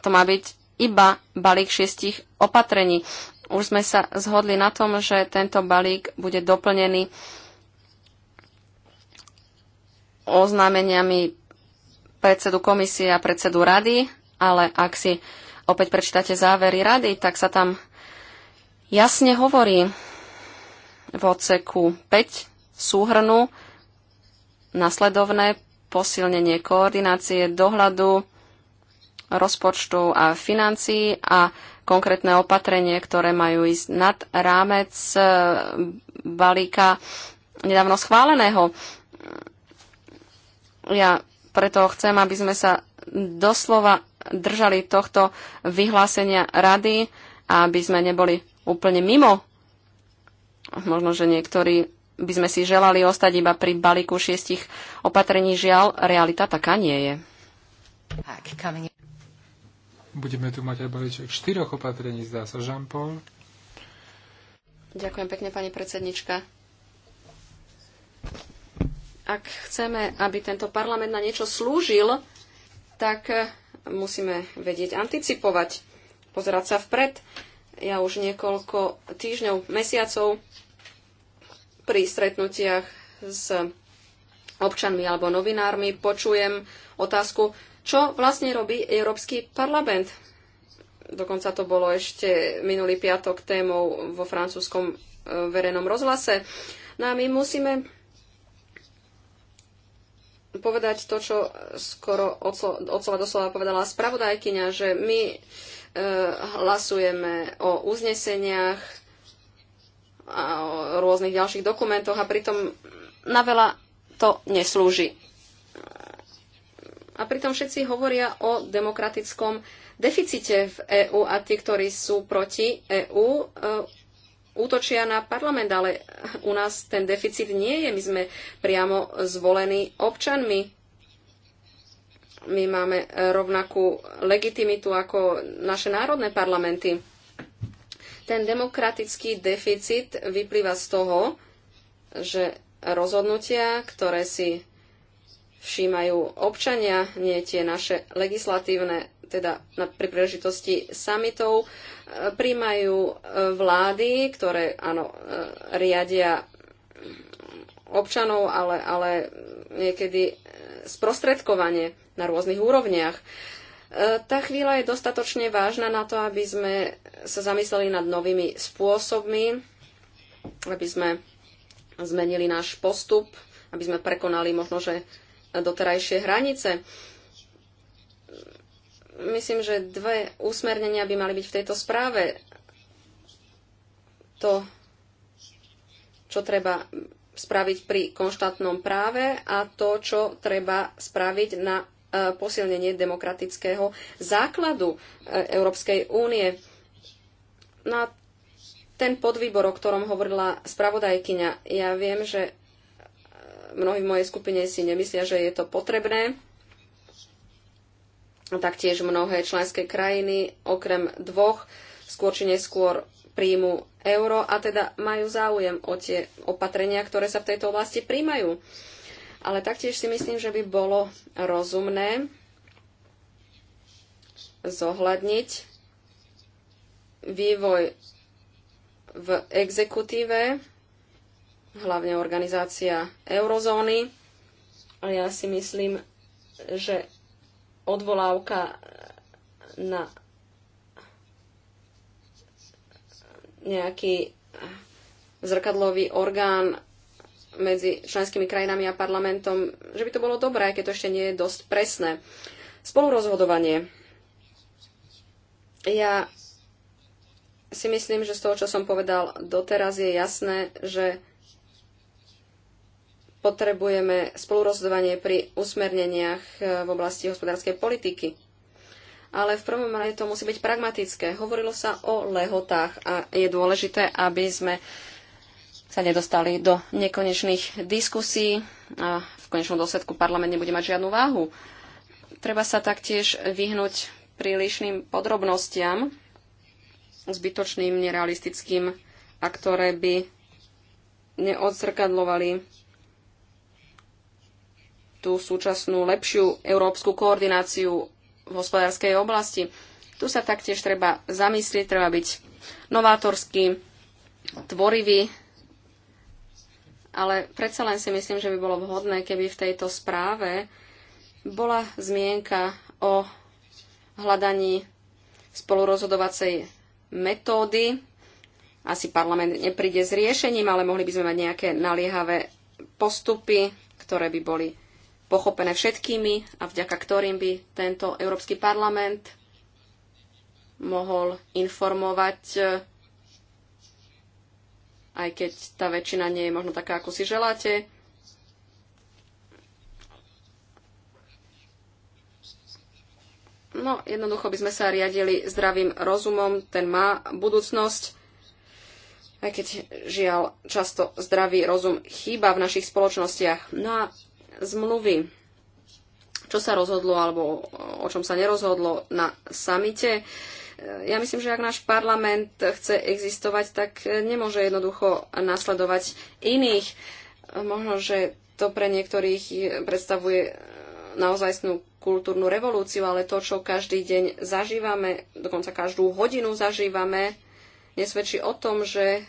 to má byť iba balík šiestich opatrení. Už sme sa zhodli na tom, že tento balík bude doplnený oznámeniami predsedu komisie a predsedu rady, ale ak si opäť prečítate závery rady, tak sa tam jasne hovorí v oceku 5 súhrnu nasledovné posilnenie koordinácie dohľadu rozpočtu a financií a konkrétne opatrenie, ktoré majú ísť nad rámec e, balíka nedávno schváleného. Ja preto chcem, aby sme sa doslova držali tohto vyhlásenia rady a aby sme neboli úplne mimo. Možno, že niektorí by sme si želali ostať iba pri balíku šiestich opatrení. Žiaľ, realita taká nie je. Budeme tu mať aj balíček štyroch opatrení, zdá sa, Jean-Paul. Ďakujem pekne, pani predsednička. Ak chceme, aby tento parlament na niečo slúžil, tak eh, musíme vedieť anticipovať, pozerať sa vpred. Ja už niekoľko týždňov, mesiacov pri stretnutiach s občanmi alebo novinármi počujem otázku, čo vlastne robí Európsky parlament. Dokonca to bolo ešte minulý piatok témou vo francúzskom e, verejnom rozhlase. No a my musíme povedať to, čo skoro od slova do slova povedala spravodajkyňa, že my e, hlasujeme o uzneseniach a o rôznych ďalších dokumentoch a pritom na veľa to neslúži. A pritom všetci hovoria o demokratickom deficite v EÚ a tí, ktorí sú proti EÚ, e, útočia na parlament, ale u nás ten deficit nie je. My sme priamo zvolení občanmi. My máme rovnakú legitimitu ako naše národné parlamenty. Ten demokratický deficit vyplýva z toho, že rozhodnutia, ktoré si všímajú občania, nie tie naše legislatívne, teda na, pri príležitosti samitov, e, príjmajú e, vlády, ktoré áno, e, riadia občanov, ale, ale niekedy sprostredkovanie na rôznych úrovniach. Tá chvíľa je dostatočne vážna na to, aby sme sa zamysleli nad novými spôsobmi, aby sme zmenili náš postup, aby sme prekonali možno, že doterajšie hranice. Myslím, že dve úsmernenia by mali byť v tejto správe. To, čo treba spraviť pri konštantnom práve a to, čo treba spraviť na e, posilnenie demokratického základu e, Európskej únie. Na ten podvýbor, o ktorom hovorila spravodajkyňa, ja viem, že mnohí v mojej skupine si nemyslia, že je to potrebné. Taktiež mnohé členské krajiny, okrem dvoch, skôr či neskôr príjmu euro a teda majú záujem o tie opatrenia, ktoré sa v tejto oblasti príjmajú. Ale taktiež si myslím, že by bolo rozumné zohľadniť vývoj v exekutíve hlavne organizácia eurozóny. A ja si myslím, že odvolávka na nejaký zrkadlový orgán medzi členskými krajinami a parlamentom, že by to bolo dobré, keď to ešte nie je dosť presné. Spolurozhodovanie. Ja si myslím, že z toho, čo som povedal doteraz, je jasné, že potrebujeme spolurozhodovanie pri usmerneniach eh, v oblasti hospodárskej politiky. Ale v prvom rade to musí byť pragmatické. Hovorilo sa o lehotách a je dôležité, aby sme sa nedostali do nekonečných diskusí a v konečnom dôsledku parlament nebude mať žiadnu váhu. Treba sa taktiež vyhnúť prílišným podrobnostiam, zbytočným, nerealistickým a ktoré by neodzrkadlovali tú súčasnú lepšiu európsku koordináciu v hospodárskej oblasti. Tu sa taktiež treba zamyslieť, treba byť novátorský, tvorivý, ale predsa len si myslím, že by bolo vhodné, keby v tejto správe bola zmienka o hľadaní spolurozhodovacej metódy. Asi parlament nepríde s riešením, ale mohli by sme mať nejaké naliehavé postupy, ktoré by boli pochopené všetkými a vďaka ktorým by tento Európsky parlament mohol informovať, e, aj keď tá väčšina nie je možno taká, ako si želáte. No, jednoducho by sme sa riadili zdravým rozumom, ten má budúcnosť, aj keď žiaľ často zdravý rozum chýba v našich spoločnostiach. No a zmluvy. Čo sa rozhodlo alebo o čom sa nerozhodlo na samite? E, ja myslím, že ak náš parlament chce existovať, tak nemôže jednoducho nasledovať iných. E, možno, že to pre niektorých predstavuje e, naozajstnú kultúrnu revolúciu, ale to, čo každý deň zažívame, dokonca každú hodinu zažívame, nesvedčí o tom, že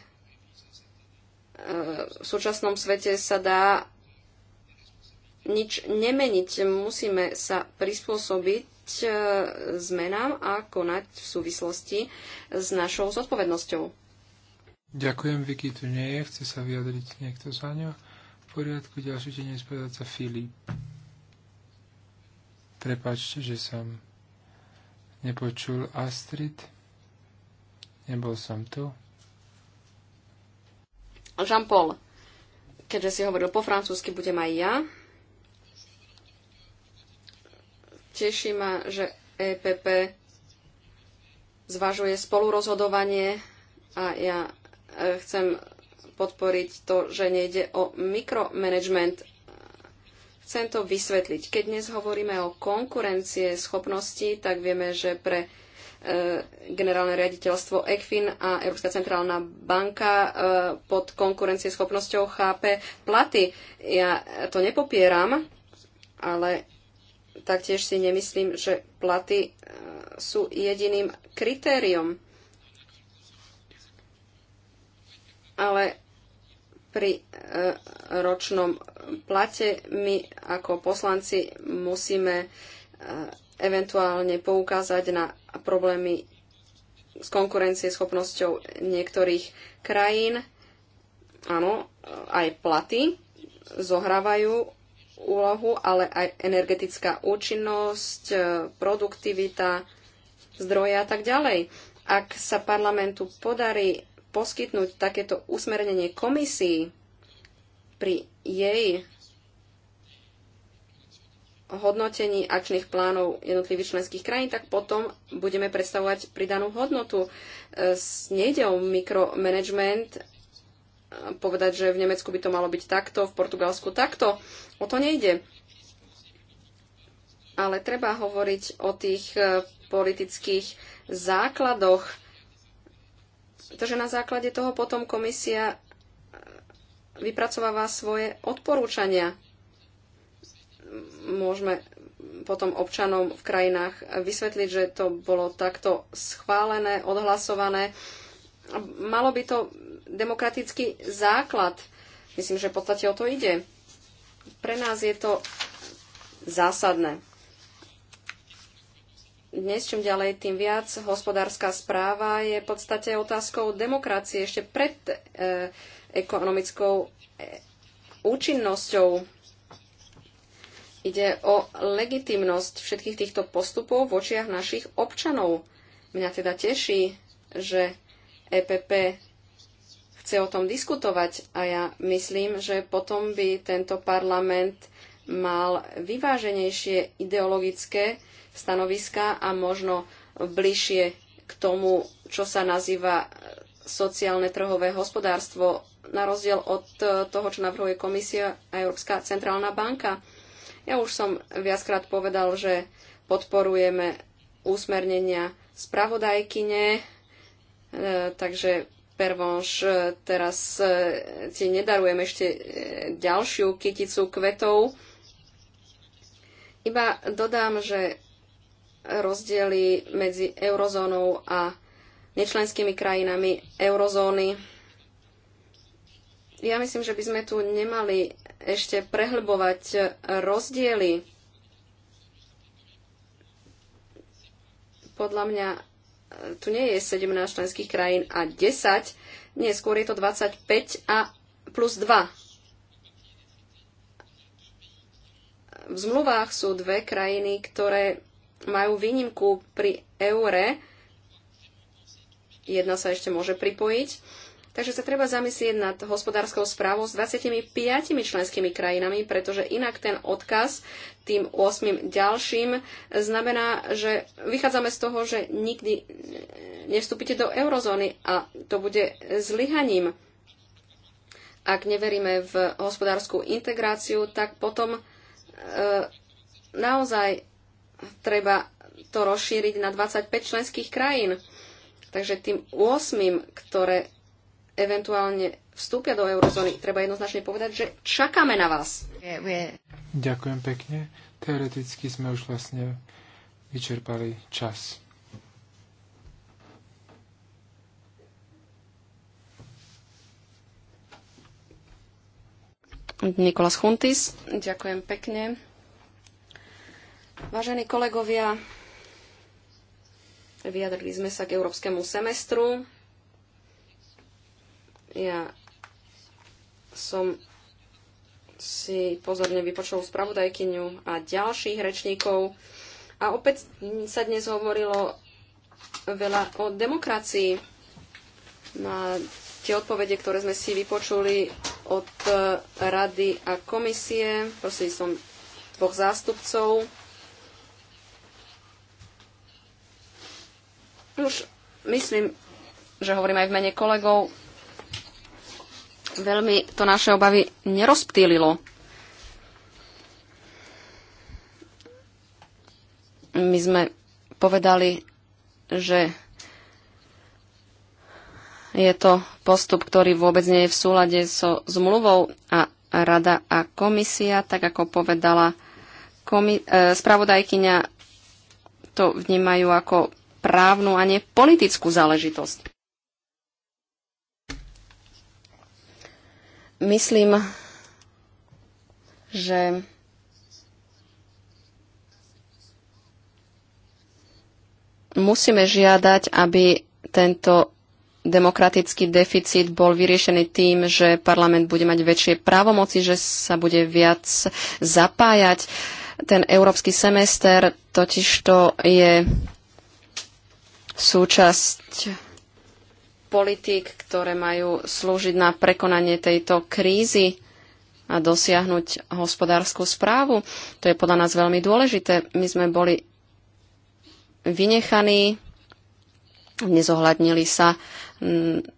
v súčasnom svete sa dá nič nemeniť. Musíme sa prispôsobiť e, zmenám a konať v súvislosti s našou zodpovednosťou. Ďakujem, Vicky tu nie je. Chce sa vyjadriť niekto za ňo. V poriadku, ďalší deň sa Filip. Prepačte, že som nepočul Astrid. Nebol som tu. Jean-Paul, keďže si hovoril po francúzsky, budem aj ja. Teší ma, že EPP zvažuje spolurozhodovanie a ja e, chcem podporiť to, že nejde o mikromanagement. Chcem to vysvetliť. Keď dnes hovoríme o konkurencie schopnosti, tak vieme, že pre e, generálne riaditeľstvo ECFIN a Európska centrálna banka e, pod konkurencieschopnosťou chápe platy. Ja to nepopieram, ale taktiež si nemyslím, že platy e, sú jediným kritériom. Ale pri e, ročnom plate my ako poslanci musíme e, eventuálne poukázať na problémy s konkurencieschopnosťou niektorých krajín. Áno, aj platy zohrávajú úlohu, ale aj energetická účinnosť, e, produktivita, zdroje a tak ďalej. Ak sa parlamentu podarí poskytnúť takéto usmernenie komisii pri jej hodnotení akčných plánov jednotlivých členských krajín, tak potom budeme predstavovať pridanú hodnotu. E, nejde o mikromanagement, povedať, že v Nemecku by to malo byť takto, v Portugalsku takto. O to nejde. Ale treba hovoriť o tých e, politických základoch, pretože na základe toho potom komisia e, vypracováva svoje odporúčania. Môžeme potom občanom v krajinách vysvetliť, že to bolo takto schválené, odhlasované. Malo by to demokratický základ. Myslím, že v podstate o to ide. Pre nás je to zásadné. Dnes čím ďalej, tým viac hospodárska správa je v podstate otázkou demokracie ešte pred e, ekonomickou e, účinnosťou. Ide o legitimnosť všetkých týchto postupov v očiach našich občanov. Mňa teda teší, že EPP chce o tom diskutovať a ja myslím, že potom by tento parlament mal vyváženejšie ideologické stanoviska a možno bližšie k tomu, čo sa nazýva sociálne trhové hospodárstvo, na rozdiel od toho, čo navrhuje Komisia a Európska centrálna banka. Ja už som viackrát povedal, že podporujeme úsmernenia spravodajkyne, e, takže Pervonš, e, teraz e, ti nedarujem ešte e, ďalšiu kyticu kvetov. Iba dodám, že rozdiely medzi eurozónou a nečlenskými krajinami eurozóny. Ja myslím, že by sme tu nemali ešte prehlbovať rozdiely. Podľa mňa tu nie je 17 členských krajín a 10, nie, skôr je to 25 a plus 2. V zmluvách sú dve krajiny, ktoré majú výnimku pri eure. Jedna sa ešte môže pripojiť. Takže sa treba zamyslieť nad hospodárskou správou s 25 členskými krajinami, pretože inak ten odkaz tým 8 ďalším znamená, že vychádzame z toho, že nikdy nevstúpite do eurozóny a to bude zlyhaním. Ak neveríme v hospodárskú integráciu, tak potom e, naozaj treba to rozšíriť na 25 členských krajín. Takže tým 8, ktoré eventuálne vstúpia do eurozóny, treba jednoznačne povedať, že čakáme na vás. Ďakujem pekne. Teoreticky sme už vlastne vyčerpali čas. Nikolas Chuntis, ďakujem pekne. Vážení kolegovia, vyjadrili sme sa k európskemu semestru. Ja som si pozorne vypočul spravodajkyňu a ďalších rečníkov. A opäť sa dnes hovorilo veľa o demokracii. A tie odpovede, ktoré sme si vypočuli od rady a komisie, prosím som dvoch zástupcov. Už myslím, že hovorím aj v mene kolegov, veľmi to naše obavy nerozptýlilo. My sme povedali, že je to postup, ktorý vôbec nie je v súlade so zmluvou a rada a komisia, tak ako povedala komi- e, spravodajkyňa, to vnímajú ako právnu a nie politickú záležitosť. Myslím, že musíme žiadať, aby tento demokratický deficit bol vyriešený tým, že parlament bude mať väčšie právomoci, že sa bude viac zapájať. Ten európsky semester totižto je súčasť politík, ktoré majú slúžiť na prekonanie tejto krízy a dosiahnuť hospodárskú správu. To je podľa nás veľmi dôležité. My sme boli vynechaní, nezohľadnili sa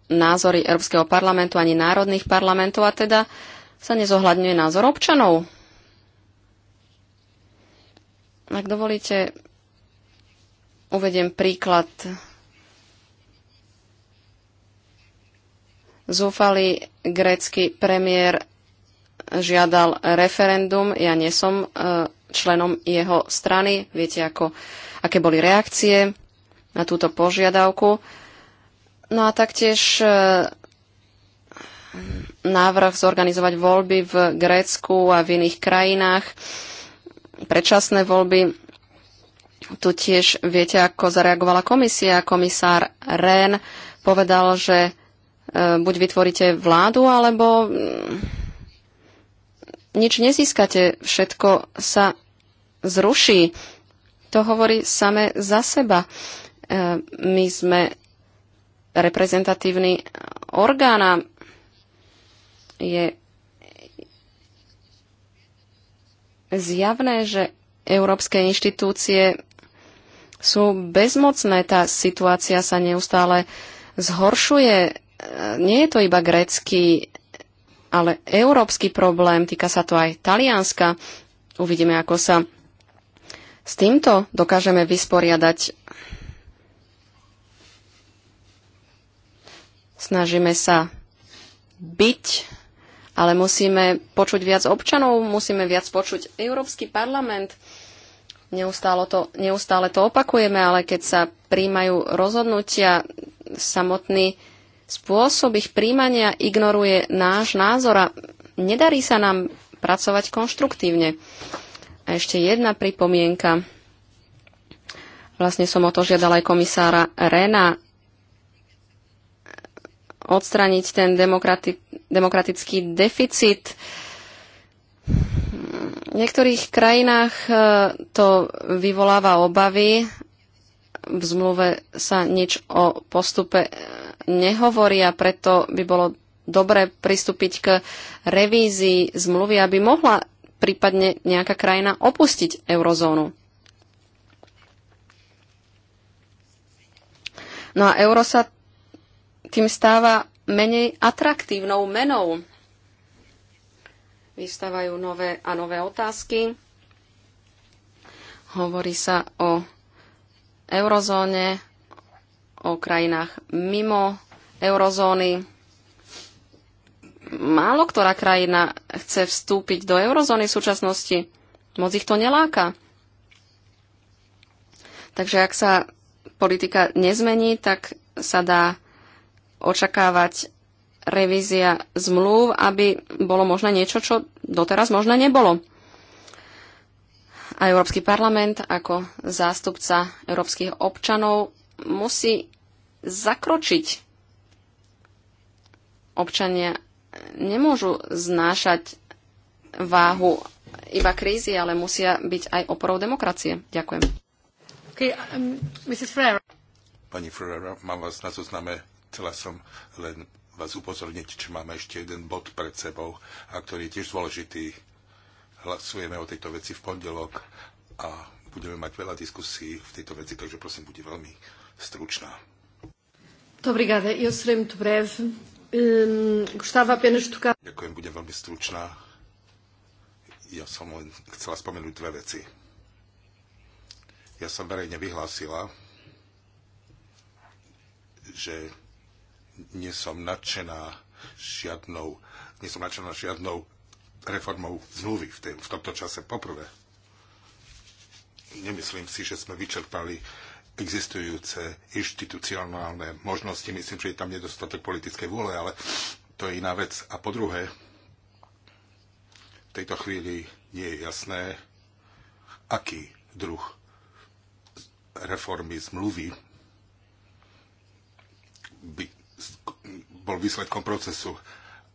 názory Európskeho parlamentu ani národných parlamentov a teda sa nezohľadňuje názor občanov. Ak dovolíte, uvediem príklad Zúfalý grécky premiér žiadal referendum. Ja nie som e, členom jeho strany. Viete, ako, aké boli reakcie na túto požiadavku. No a taktiež e, návrh zorganizovať voľby v Grécku a v iných krajinách, predčasné voľby. Tu tiež viete, ako zareagovala komisia. Komisár Rehn povedal, že Eh, buď vytvoríte vládu, alebo mm, nič nezískate, všetko sa zruší. To hovorí same za seba. Eh, my sme reprezentatívny orgán a je zjavné, že európske inštitúcie sú bezmocné. Tá situácia sa neustále zhoršuje nie je to iba grécky, ale európsky problém, týka sa to aj Talianska. Uvidíme, ako sa s týmto dokážeme vysporiadať. Snažíme sa byť, ale musíme počuť viac občanov, musíme viac počuť Európsky parlament. Neustále to, neustále to opakujeme, ale keď sa príjmajú rozhodnutia, samotný spôsob ich príjmania ignoruje náš názor a nedarí sa nám pracovať konštruktívne. A ešte jedna pripomienka. Vlastne som o to žiadala aj komisára Rena odstraniť ten demokrati- demokratický deficit. V niektorých krajinách e, to vyvoláva obavy. V zmluve sa nič o postupe nehovoria, preto by bolo dobre pristúpiť k revízii zmluvy, aby mohla prípadne nejaká krajina opustiť eurozónu. No a euro sa tým stáva menej atraktívnou menou. Vystávajú nové a nové otázky. Hovorí sa o eurozóne o krajinách mimo eurozóny. Málo ktorá krajina chce vstúpiť do eurozóny v súčasnosti. Moc ich to neláka. Takže ak sa politika nezmení, tak sa dá očakávať revízia zmluv, aby bolo možné niečo, čo doteraz možné nebolo. A Európsky parlament ako zástupca európskych občanov musí zakročiť. Občania nemôžu znášať váhu iba krízy, ale musia byť aj oporou demokracie. Ďakujem. Okay, um, Mrs. Ferreira. Pani Ferreira, mám vás na zozname. Chcela som len vás upozorniť, či máme ešte jeden bod pred sebou, a ktorý je tiež dôležitý. Hlasujeme o tejto veci v pondelok a budeme mať veľa diskusí v tejto veci, takže prosím, bude veľmi stručná. Ďakujem, budem veľmi stručná. Ja som len chcela spomenúť dve veci. Ja som verejne vyhlásila, že nie som nadšená žiadnou, nie som nadšená žiadnou reformou zmluvy v, tém, v tomto čase poprvé. Nemyslím si, že sme vyčerpali existujúce inštitucionálne možnosti. Myslím, že je tam nedostatok politickej vôle, ale to je iná vec. A po druhé, v tejto chvíli nie je jasné, aký druh reformy zmluvy by bol výsledkom procesu.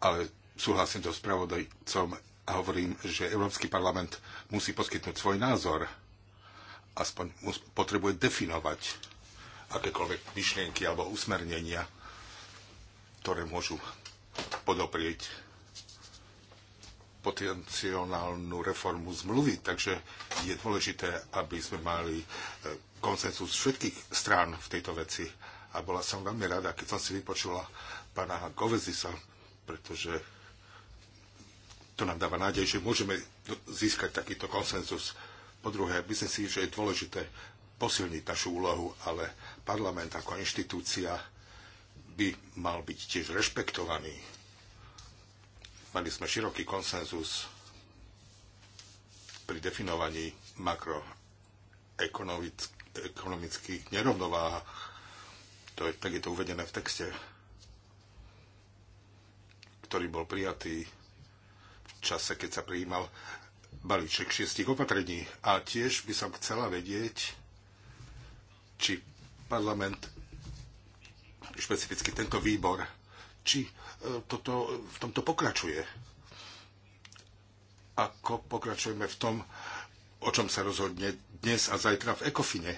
Ale súhlasím so spravodajcom a hovorím, že Európsky parlament musí poskytnúť svoj názor aspoň potrebuje definovať akékoľvek myšlienky alebo usmernenia, ktoré môžu podoprieť potenciálnu reformu zmluvy. Takže je dôležité, aby sme mali e, konsensus všetkých strán v tejto veci. A bola som veľmi rada, keď som si vypočula pána Govezisa, pretože to nám dáva nádej, že môžeme získať takýto konsensus po druhé, myslím si, že je dôležité posilniť našu úlohu, ale parlament ako inštitúcia by mal byť tiež rešpektovaný. Mali sme široký konsenzus pri definovaní makroekonomických nerovnováh. To je, tak je to uvedené v texte, ktorý bol prijatý v čase, keď sa prijímal balíček šiestich opatrení. A tiež by som chcela vedieť, či parlament, špecificky tento výbor, či e, toto, v tomto pokračuje. Ako pokračujeme v tom, o čom sa rozhodne dnes a zajtra v Ekofine.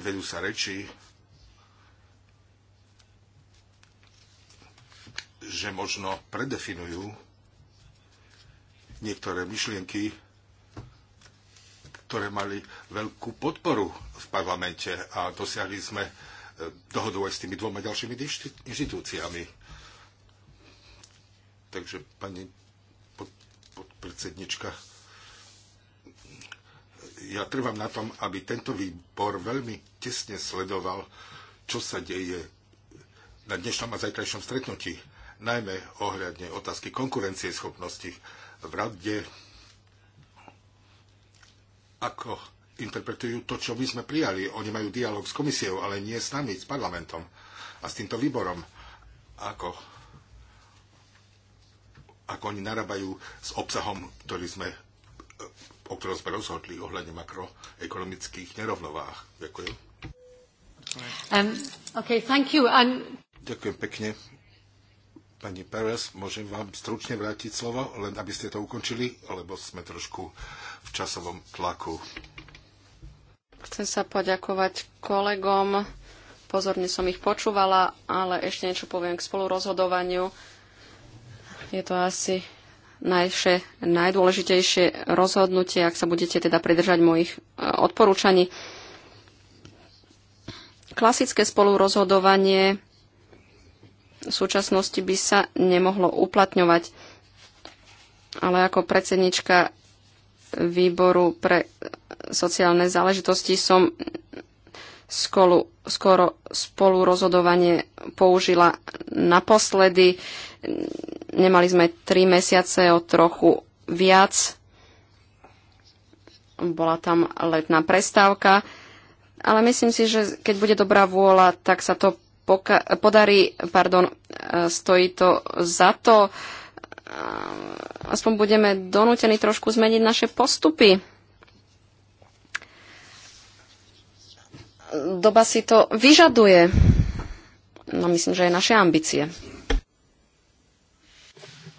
Vedú sa reči, že možno predefinujú niektoré myšlienky, ktoré mali veľkú podporu v parlamente a dosiahli sme e, dohodu aj s tými dvoma ďalšími inštitúciami. Takže pani podpredsednička, ja trvám na tom, aby tento výbor veľmi tesne sledoval, čo sa deje na dnešnom a zajtrajšom stretnutí, najmä ohľadne otázky konkurencie schopnosti v rade, ako interpretujú to, čo my sme prijali. Oni majú dialog s komisiou, ale nie s nami, s parlamentom a s týmto výborom. Ako, ako oni narábajú s obsahom, ktorý sme, o ktorom sme rozhodli ohľadne makroekonomických nerovnovách. Ďakujem. Um, okay, thank you. Um... Ďakujem pekne. Pani Perez, môžem vám stručne vrátiť slovo, len aby ste to ukončili, lebo sme trošku v časovom tlaku. Chcem sa poďakovať kolegom. Pozorne som ich počúvala, ale ešte niečo poviem k spolurozhodovaniu. Je to asi naše najdôležitejšie rozhodnutie, ak sa budete teda pridržať mojich e, odporúčaní. Klasické spolurozhodovanie v súčasnosti by sa nemohlo uplatňovať. Ale ako predsednička výboru pre sociálne záležitosti som skolu, skoro rozhodovanie použila naposledy. Nemali sme tri mesiace o trochu viac. Bola tam letná prestávka. Ale myslím si, že keď bude dobrá vôľa, tak sa to podarí, pardon, e, stojí to za to. E, aspoň budeme donútení trošku zmeniť naše postupy. Doba si to vyžaduje. No myslím, že je naše ambície.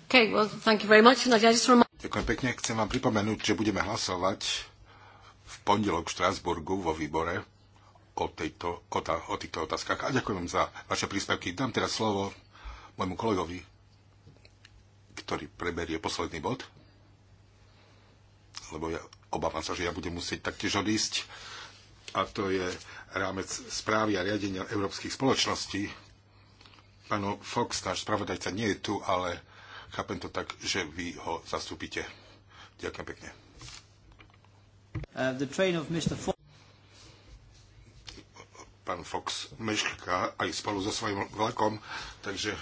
Okay, well, thank you very much. I just remind... Ďakujem pekne. Chcem vám pripomenúť, že budeme hlasovať v pondelok v Štrásburgu vo výbore o, tejto, o, tá, o týchto otázkach. A ďakujem za vaše príspevky. Dám teraz slovo môjmu kolegovi, ktorý preberie posledný bod, lebo ja obávam sa, že ja budem musieť taktiež odísť. A to je rámec správy a riadenia európskych spoločností. Pán Fox, náš spravodajca, nie je tu, ale chápem to tak, že vy ho zastúpite. Ďakujem pekne. Uh, pán Fox meška aj spolu so svojím vlakom, takže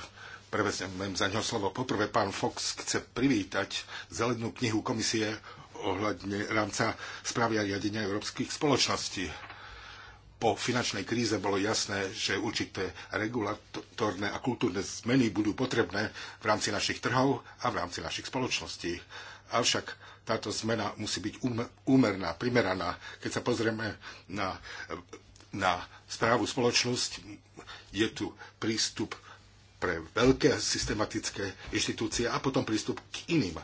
prevezmem za ňo slovo. Poprvé, pán Fox chce privítať zelenú knihu komisie ohľadne rámca správy a riadenia európskych spoločností. Po finančnej kríze bolo jasné, že určité regulatorné a kultúrne zmeny budú potrebné v rámci našich trhov a v rámci našich spoločností. Avšak táto zmena musí byť úmerná, primeraná. Keď sa pozrieme na, na správu spoločnosť, je tu prístup pre veľké systematické inštitúcie a potom prístup k iným eh,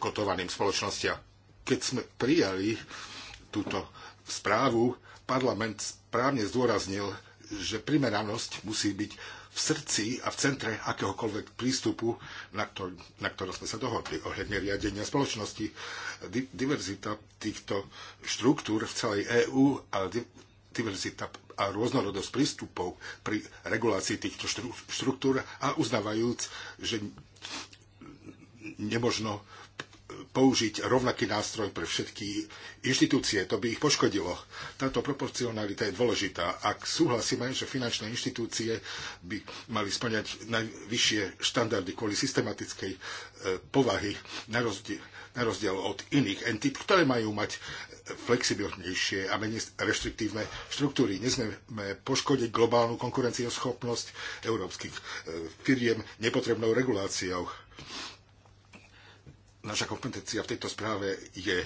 kotovaným spoločnostiam. Keď sme prijali túto správu, parlament správne zdôraznil, že primeranosť musí byť v srdci a v centre akéhokoľvek prístupu, na, ktor- na ktorom sme sa dohodli ohľadne riadenia spoločnosti. Di- diverzita týchto štruktúr v celej EÚ a di- diverzita a rôznorodosť prístupov pri regulácii týchto štruktúr a uznávajúc, že nemožno použiť rovnaký nástroj pre všetky inštitúcie. To by ich poškodilo. Táto proporcionalita je dôležitá. Ak súhlasíme, že finančné inštitúcie by mali splňať najvyššie štandardy kvôli systematickej e, povahy, na rozdiel na rozdiel od iných entit, ktoré majú mať flexibilnejšie a menej reštriktívne štruktúry. Nesmieme poškodiť globálnu konkurencieschopnosť európskych e, firiem nepotrebnou reguláciou. Naša kompetencia v tejto správe je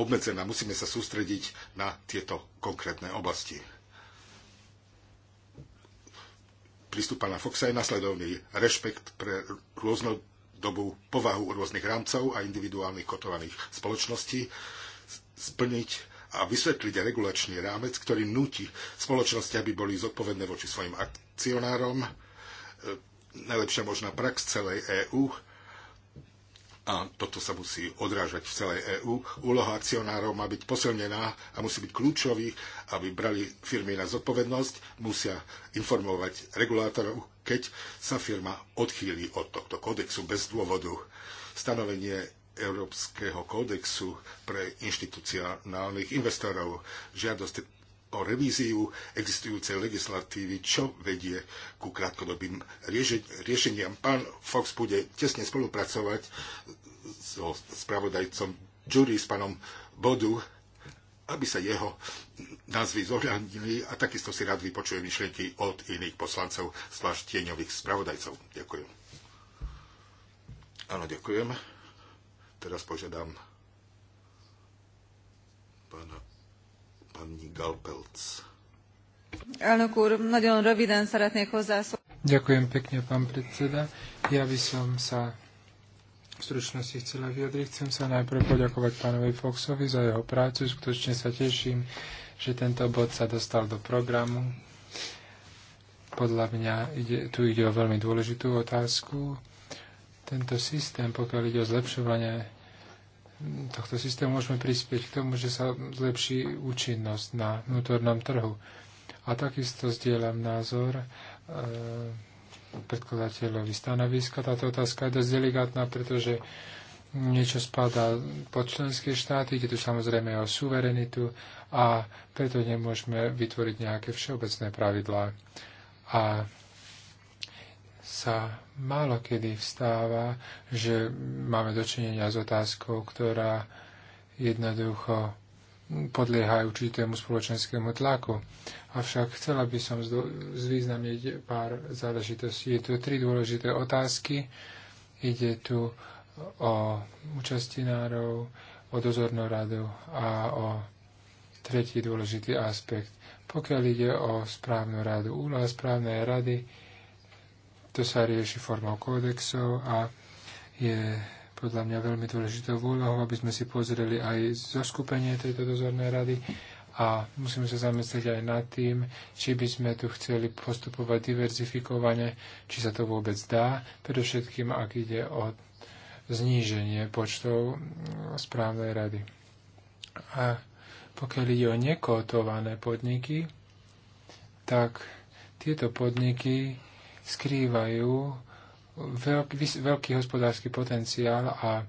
obmedzená. Musíme sa sústrediť na tieto konkrétne oblasti. prístup pána Foxa je nasledovný. Rešpekt pre rôzno dobu povahu rôznych rámcov a individuálnych kotovaných spoločností, splniť a vysvetliť regulačný rámec, ktorý nutí spoločnosti, aby boli zodpovedné voči svojim akcionárom, e, najlepšia možná prax celej EÚ a toto sa musí odrážať v celej EÚ. Úloha akcionárov má byť posilnená a musí byť kľúčový, aby brali firmy na zodpovednosť, musia informovať regulátorov, keď sa firma odchýli od tohto kódexu bez dôvodu. Stanovenie Európskeho kódexu pre inštitucionálnych investorov. Žiadosť o revíziu existujúcej legislatívy, čo vedie ku krátkodobým riešeniam. Pán Fox bude tesne spolupracovať so spravodajcom Jury, s pánom Bodu, aby sa jeho názvy zohľadnili a takisto si rád vypočuje myšlienky od iných poslancov, zvlášť tieňových spravodajcov. Ďakujem. Áno, ďakujem. Teraz požiadam pána pani Galpelc. Ďakujem pekne, pán predseda. Ja by som sa v stručnosti chcela vyjadriť. Chcem sa najprv poďakovať pánovi Foxovi za jeho prácu. Skutočne sa teším, že tento bod sa dostal do programu. Podľa mňa ide, tu ide o veľmi dôležitú otázku. Tento systém, pokiaľ ide o zlepšovanie tohto systému môžeme prispieť k tomu, že sa zlepší účinnosť na vnútornom trhu. A takisto zdieľam názor e, predkladateľovi stanoviska. Táto otázka je dosť delikátna, pretože niečo spadá pod členské štáty, ide tu samozrejme o suverenitu a preto nemôžeme vytvoriť nejaké všeobecné pravidlá. A sa málo kedy vstáva, že máme dočinenia s otázkou, ktorá jednoducho podlieha určitému spoločenskému tlaku. Avšak chcela by som zvýznamniť pár záležitostí. Je tu tri dôležité otázky. Ide tu o účastinárov, o dozornú radu a o tretí dôležitý aspekt. Pokiaľ ide o správnu radu, úloha správnej rady to sa rieši formou kódexov a je podľa mňa veľmi dôležitou úlohou, aby sme si pozreli aj zoskupenie tejto dozornej rady a musíme sa zamyslieť aj nad tým, či by sme tu chceli postupovať diverzifikovane, či sa to vôbec dá, predovšetkým ak ide o zníženie počtov správnej rady. A pokiaľ ide o nekotované podniky, tak tieto podniky skrývajú veľký, veľký hospodársky potenciál a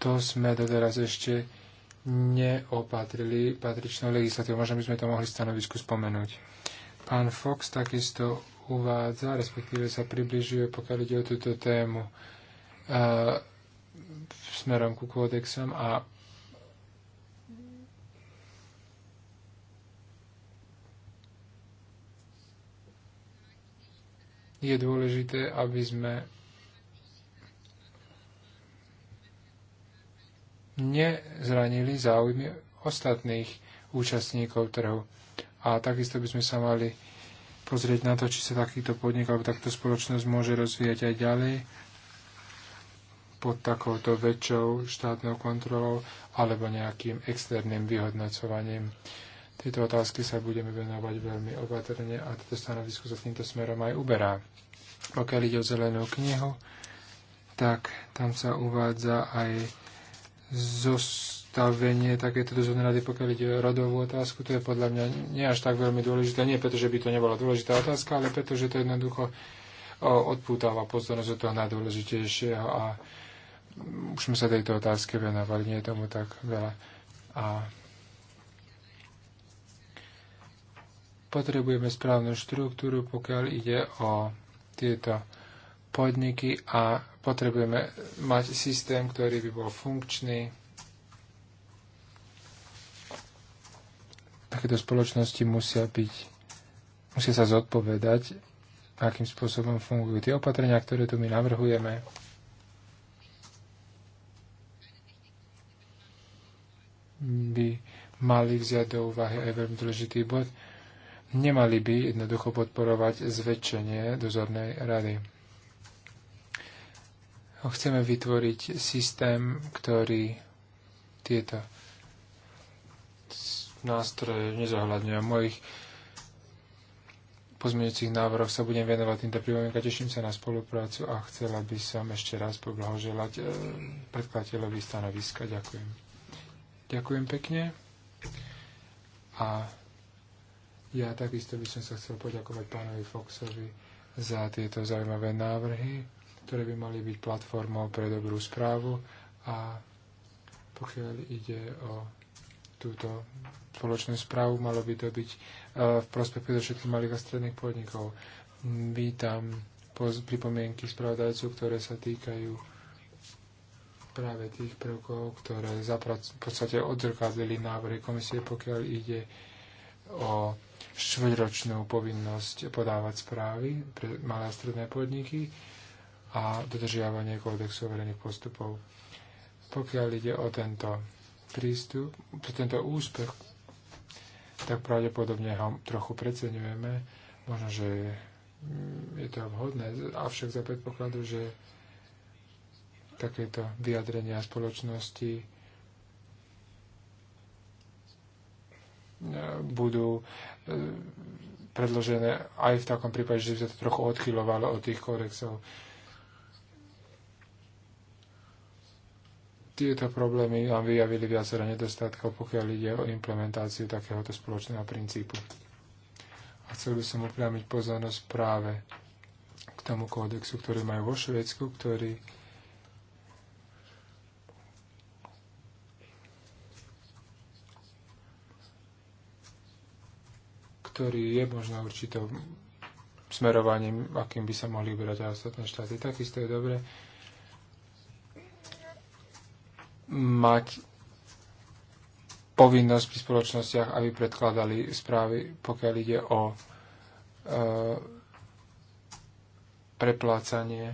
to sme doteraz ešte neopatrili patričnou legislatívou. Možno by sme to mohli stanovisku spomenúť. Pán Fox takisto uvádza, respektíve sa približuje, pokiaľ ide o túto tému, uh, smerom ku kódexom a je dôležité, aby sme nezranili záujmy ostatných účastníkov trhu. A takisto by sme sa mali pozrieť na to, či sa takýto podnik alebo takto spoločnosť môže rozvíjať aj ďalej pod takouto väčšou štátnou kontrolou alebo nejakým externým vyhodnocovaním. Tieto otázky sa budeme venovať veľmi opatrne a toto stanovisko sa týmto smerom aj uberá. Pokiaľ ide o zelenú knihu, tak tam sa uvádza aj zostavenie takéto dozornej rady, pokiaľ ide o rodovú otázku. To je podľa mňa nie až tak veľmi dôležité. Nie preto, že by to nebola dôležitá otázka, ale preto, že to jednoducho odpútava pozornosť od toho najdôležitejšieho a už sme sa tejto otázke venovali, nie je tomu tak veľa. A Potrebujeme správnu štruktúru, pokiaľ ide o tieto podniky a potrebujeme mať systém, ktorý by bol funkčný. Takéto spoločnosti musia byť, musia sa zodpovedať, akým spôsobom fungujú tie opatrenia, ktoré tu my navrhujeme. by mali vziať do úvahy aj veľmi dôležitý bod, nemali by jednoducho podporovať zväčšenie dozornej rady. Chceme vytvoriť systém, ktorý tieto nástroje nezohľadňuje. Mojich pozmeňujúcich návrhoch sa budem venovať týmto pripomienka. Teším sa na spoluprácu a chcela by som ešte raz poblahoželať e, predkladateľovi stanoviska. Ďakujem. Ďakujem pekne. A ja takisto by som sa chcel poďakovať pánovi Foxovi za tieto zaujímavé návrhy, ktoré by mali byť platformou pre dobrú správu a pokiaľ ide o túto spoločnú správu, malo by to byť e, v prospech všetkých malých a stredných podnikov. Vítam pripomienky spravodajcov, ktoré sa týkajú práve tých prvkov, ktoré v podstate odzrkadlili návrhy komisie, pokiaľ ide o štvrťročnú povinnosť podávať správy pre malé a stredné podniky a dodržiavanie kódexu verejných postupov. Pokiaľ ide o tento prístup, tento úspech, tak pravdepodobne ho trochu preceňujeme. Možno, že je to vhodné, avšak za predpokladu, že takéto vyjadrenia spoločnosti budú e, predložené aj v takom prípade, že sa to trochu odchylovalo od tých kódexov. Tieto problémy nám vyjavili viacero nedostatkov, pokiaľ ide o implementáciu takéhoto spoločného princípu. A chcel by som upriamiť pozornosť práve k tomu kódexu, ktorý majú vo Švedsku, ktorý ktorý je možno určitou smerovaním, akým by sa mohli uberať aj ostatné štáty. Takisto je dobre mať povinnosť pri spoločnostiach, aby predkladali správy, pokiaľ ide o e, preplácanie.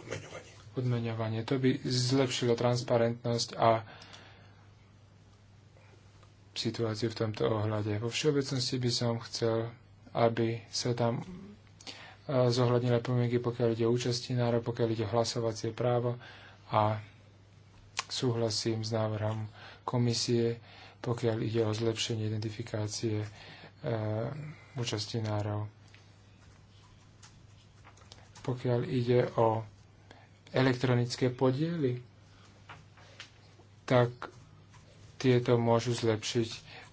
Odmeňovanie. Odmeňovanie. To by zlepšilo transparentnosť a situáciu v tomto ohľade. Vo všeobecnosti by som chcel, aby sa tam e, zohľadnila pomienky, pokiaľ ide o účasti národ, pokiaľ ide o hlasovacie právo a súhlasím s návrhom komisie, pokiaľ ide o zlepšenie identifikácie e, účasti národ. Pokiaľ ide o elektronické podiely, tak tieto môžu zlepšiť,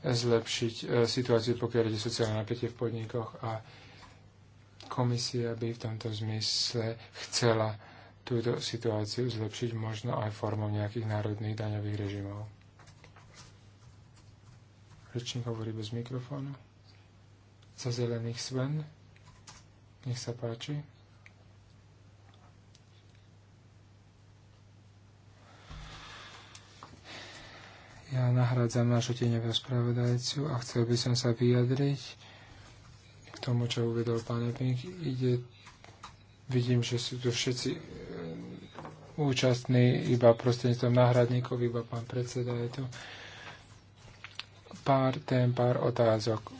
zlepšiť e, situáciu, pokiaľ ide sociálne napätie v podnikoch a komisia by v tomto zmysle chcela túto situáciu zlepšiť možno aj formou nejakých národných daňových režimov. Rečník hovorí bez mikrofónu. Za zelených Sven. Nech sa páči. Ja nahradzam našu tieňového spravodajcu a chcel by som sa vyjadriť k tomu, čo uvedol pán Epink. Ide, vidím, že sú tu všetci e, účastní iba prostredníctvom náhradníkov, iba pán predseda je tu. Pár tém, pár otázok.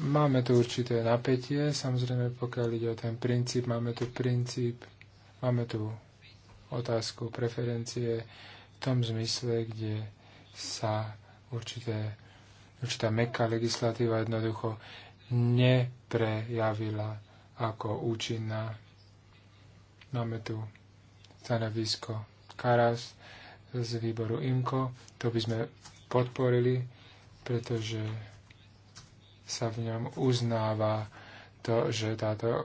Máme tu určité napätie, samozrejme pokiaľ ide o ten princíp, máme tu princíp, máme tu otázku preferencie v tom zmysle, kde sa určité, určitá meká legislatíva jednoducho neprejavila ako účinná. Máme tu stanovisko Karas z výboru IMCO. To by sme podporili, pretože sa v ňom uznáva to, že táto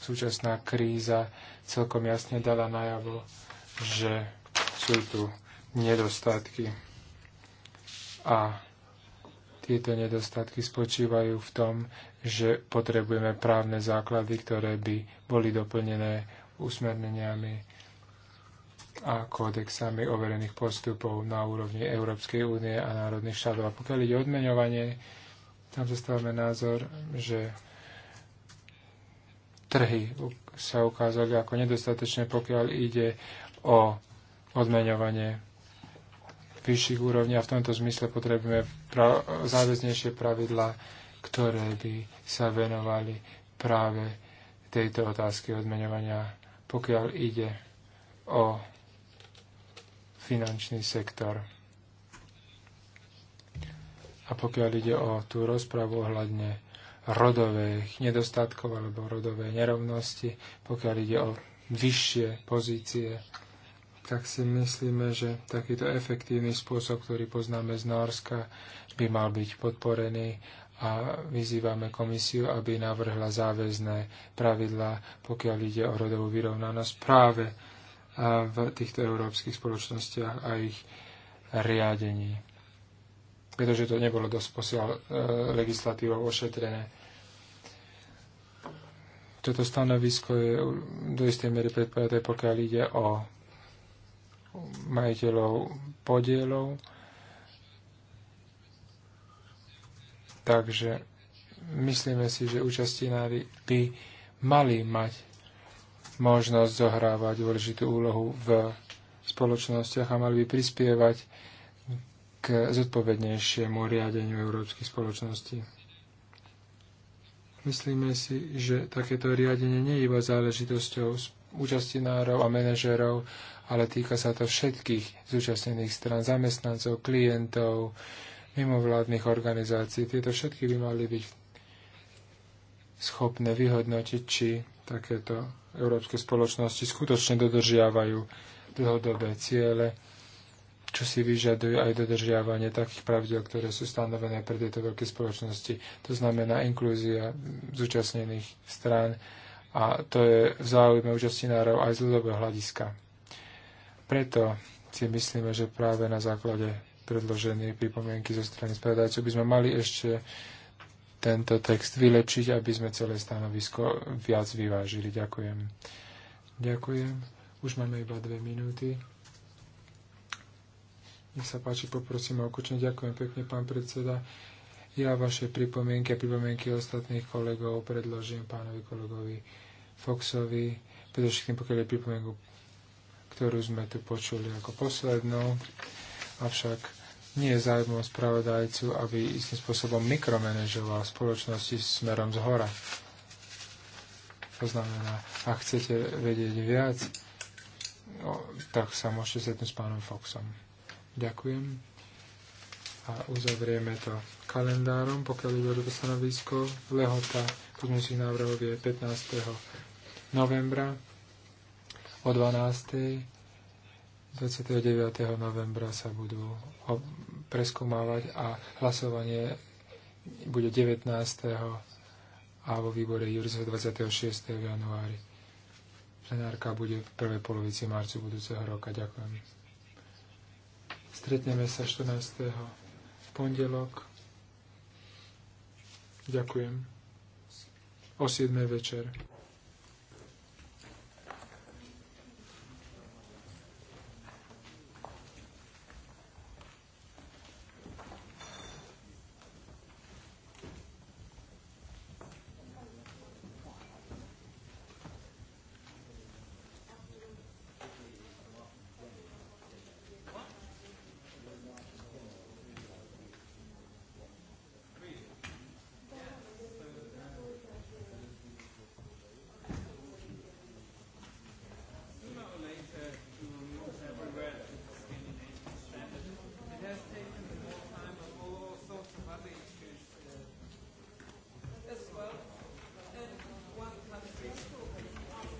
súčasná kríza celkom jasne dala najavo, že sú tu nedostatky. A tieto nedostatky spočívajú v tom, že potrebujeme právne základy, ktoré by boli doplnené usmerneniami a kódexami overených postupov na úrovni Európskej únie a národných štátov. A pokiaľ ide odmeňovanie, tam zastávame názor, že trhy sa ukázali ako nedostatečné, pokiaľ ide o odmeňovanie vyšších úrovní a v tomto zmysle potrebujeme pra- záväznejšie pravidlá, ktoré by sa venovali práve tejto otázky odmeňovania, pokiaľ ide o finančný sektor. A pokiaľ ide o tú rozpravu ohľadne rodových nedostatkov alebo rodovej nerovnosti, pokiaľ ide o vyššie pozície tak si myslíme, že takýto efektívny spôsob, ktorý poznáme z Norska, by mal byť podporený a vyzývame komisiu, aby navrhla záväzné pravidlá, pokiaľ ide o rodovú vyrovnanosť práve v týchto európskych spoločnostiach a ich riadení. Pretože to nebolo dosť posiaľ e, legislatívou ošetrené. Toto stanovisko je do istej miery predpovedaté, pokiaľ ide o majiteľov podielov. Takže myslíme si, že účastinári by mali mať možnosť zohrávať dôležitú úlohu v spoločnostiach a mali by prispievať k zodpovednejšiemu riadeniu európskych spoločností. Myslíme si, že takéto riadenie nie je iba záležitosťou účastinárov a manažerov, ale týka sa to všetkých zúčastnených stran, zamestnancov, klientov, mimovládnych organizácií. Tieto všetky by mali byť schopné vyhodnotiť, či takéto európske spoločnosti skutočne dodržiavajú dlhodobé ciele, čo si vyžaduje aj dodržiavanie takých pravidel, ktoré sú stanovené pre tieto veľké spoločnosti. To znamená inklúzia zúčastnených strán, a to je v záujme účastinárov aj z ľudového hľadiska. Preto si myslíme, že práve na základe predloženej pripomienky zo strany spravodajcov by sme mali ešte tento text vylečiť, aby sme celé stanovisko viac vyvážili. Ďakujem. Ďakujem. Už máme iba dve minúty. Nech sa páči, poprosím o ukočenie. Ďakujem pekne, pán predseda. Ja vaše pripomienky a pripomienky ostatných kolegov predložím pánovi kolegovi Foxovi, predovšetkým pokiaľ je pripomienku, ktorú sme tu počuli ako poslednú, avšak nie je zájmom spravodajcu, aby istým spôsobom mikromanežoval spoločnosti smerom z hora. To znamená, ak chcete vedieť viac, no, tak sa môžete stretnúť s pánom Foxom. Ďakujem. A uzavrieme to kalendárom, pokiaľ ide o stanovisko. Lehota pozmúcich návrhov je 15 novembra o 12. 29. novembra sa budú preskúmavať a hlasovanie bude 19. a vo výbore Jurisa 26. januári. Plenárka bude v prvej polovici marcu budúceho roka. Ďakujem. Stretneme sa 14. v pondelok. Ďakujem. O 7. večer.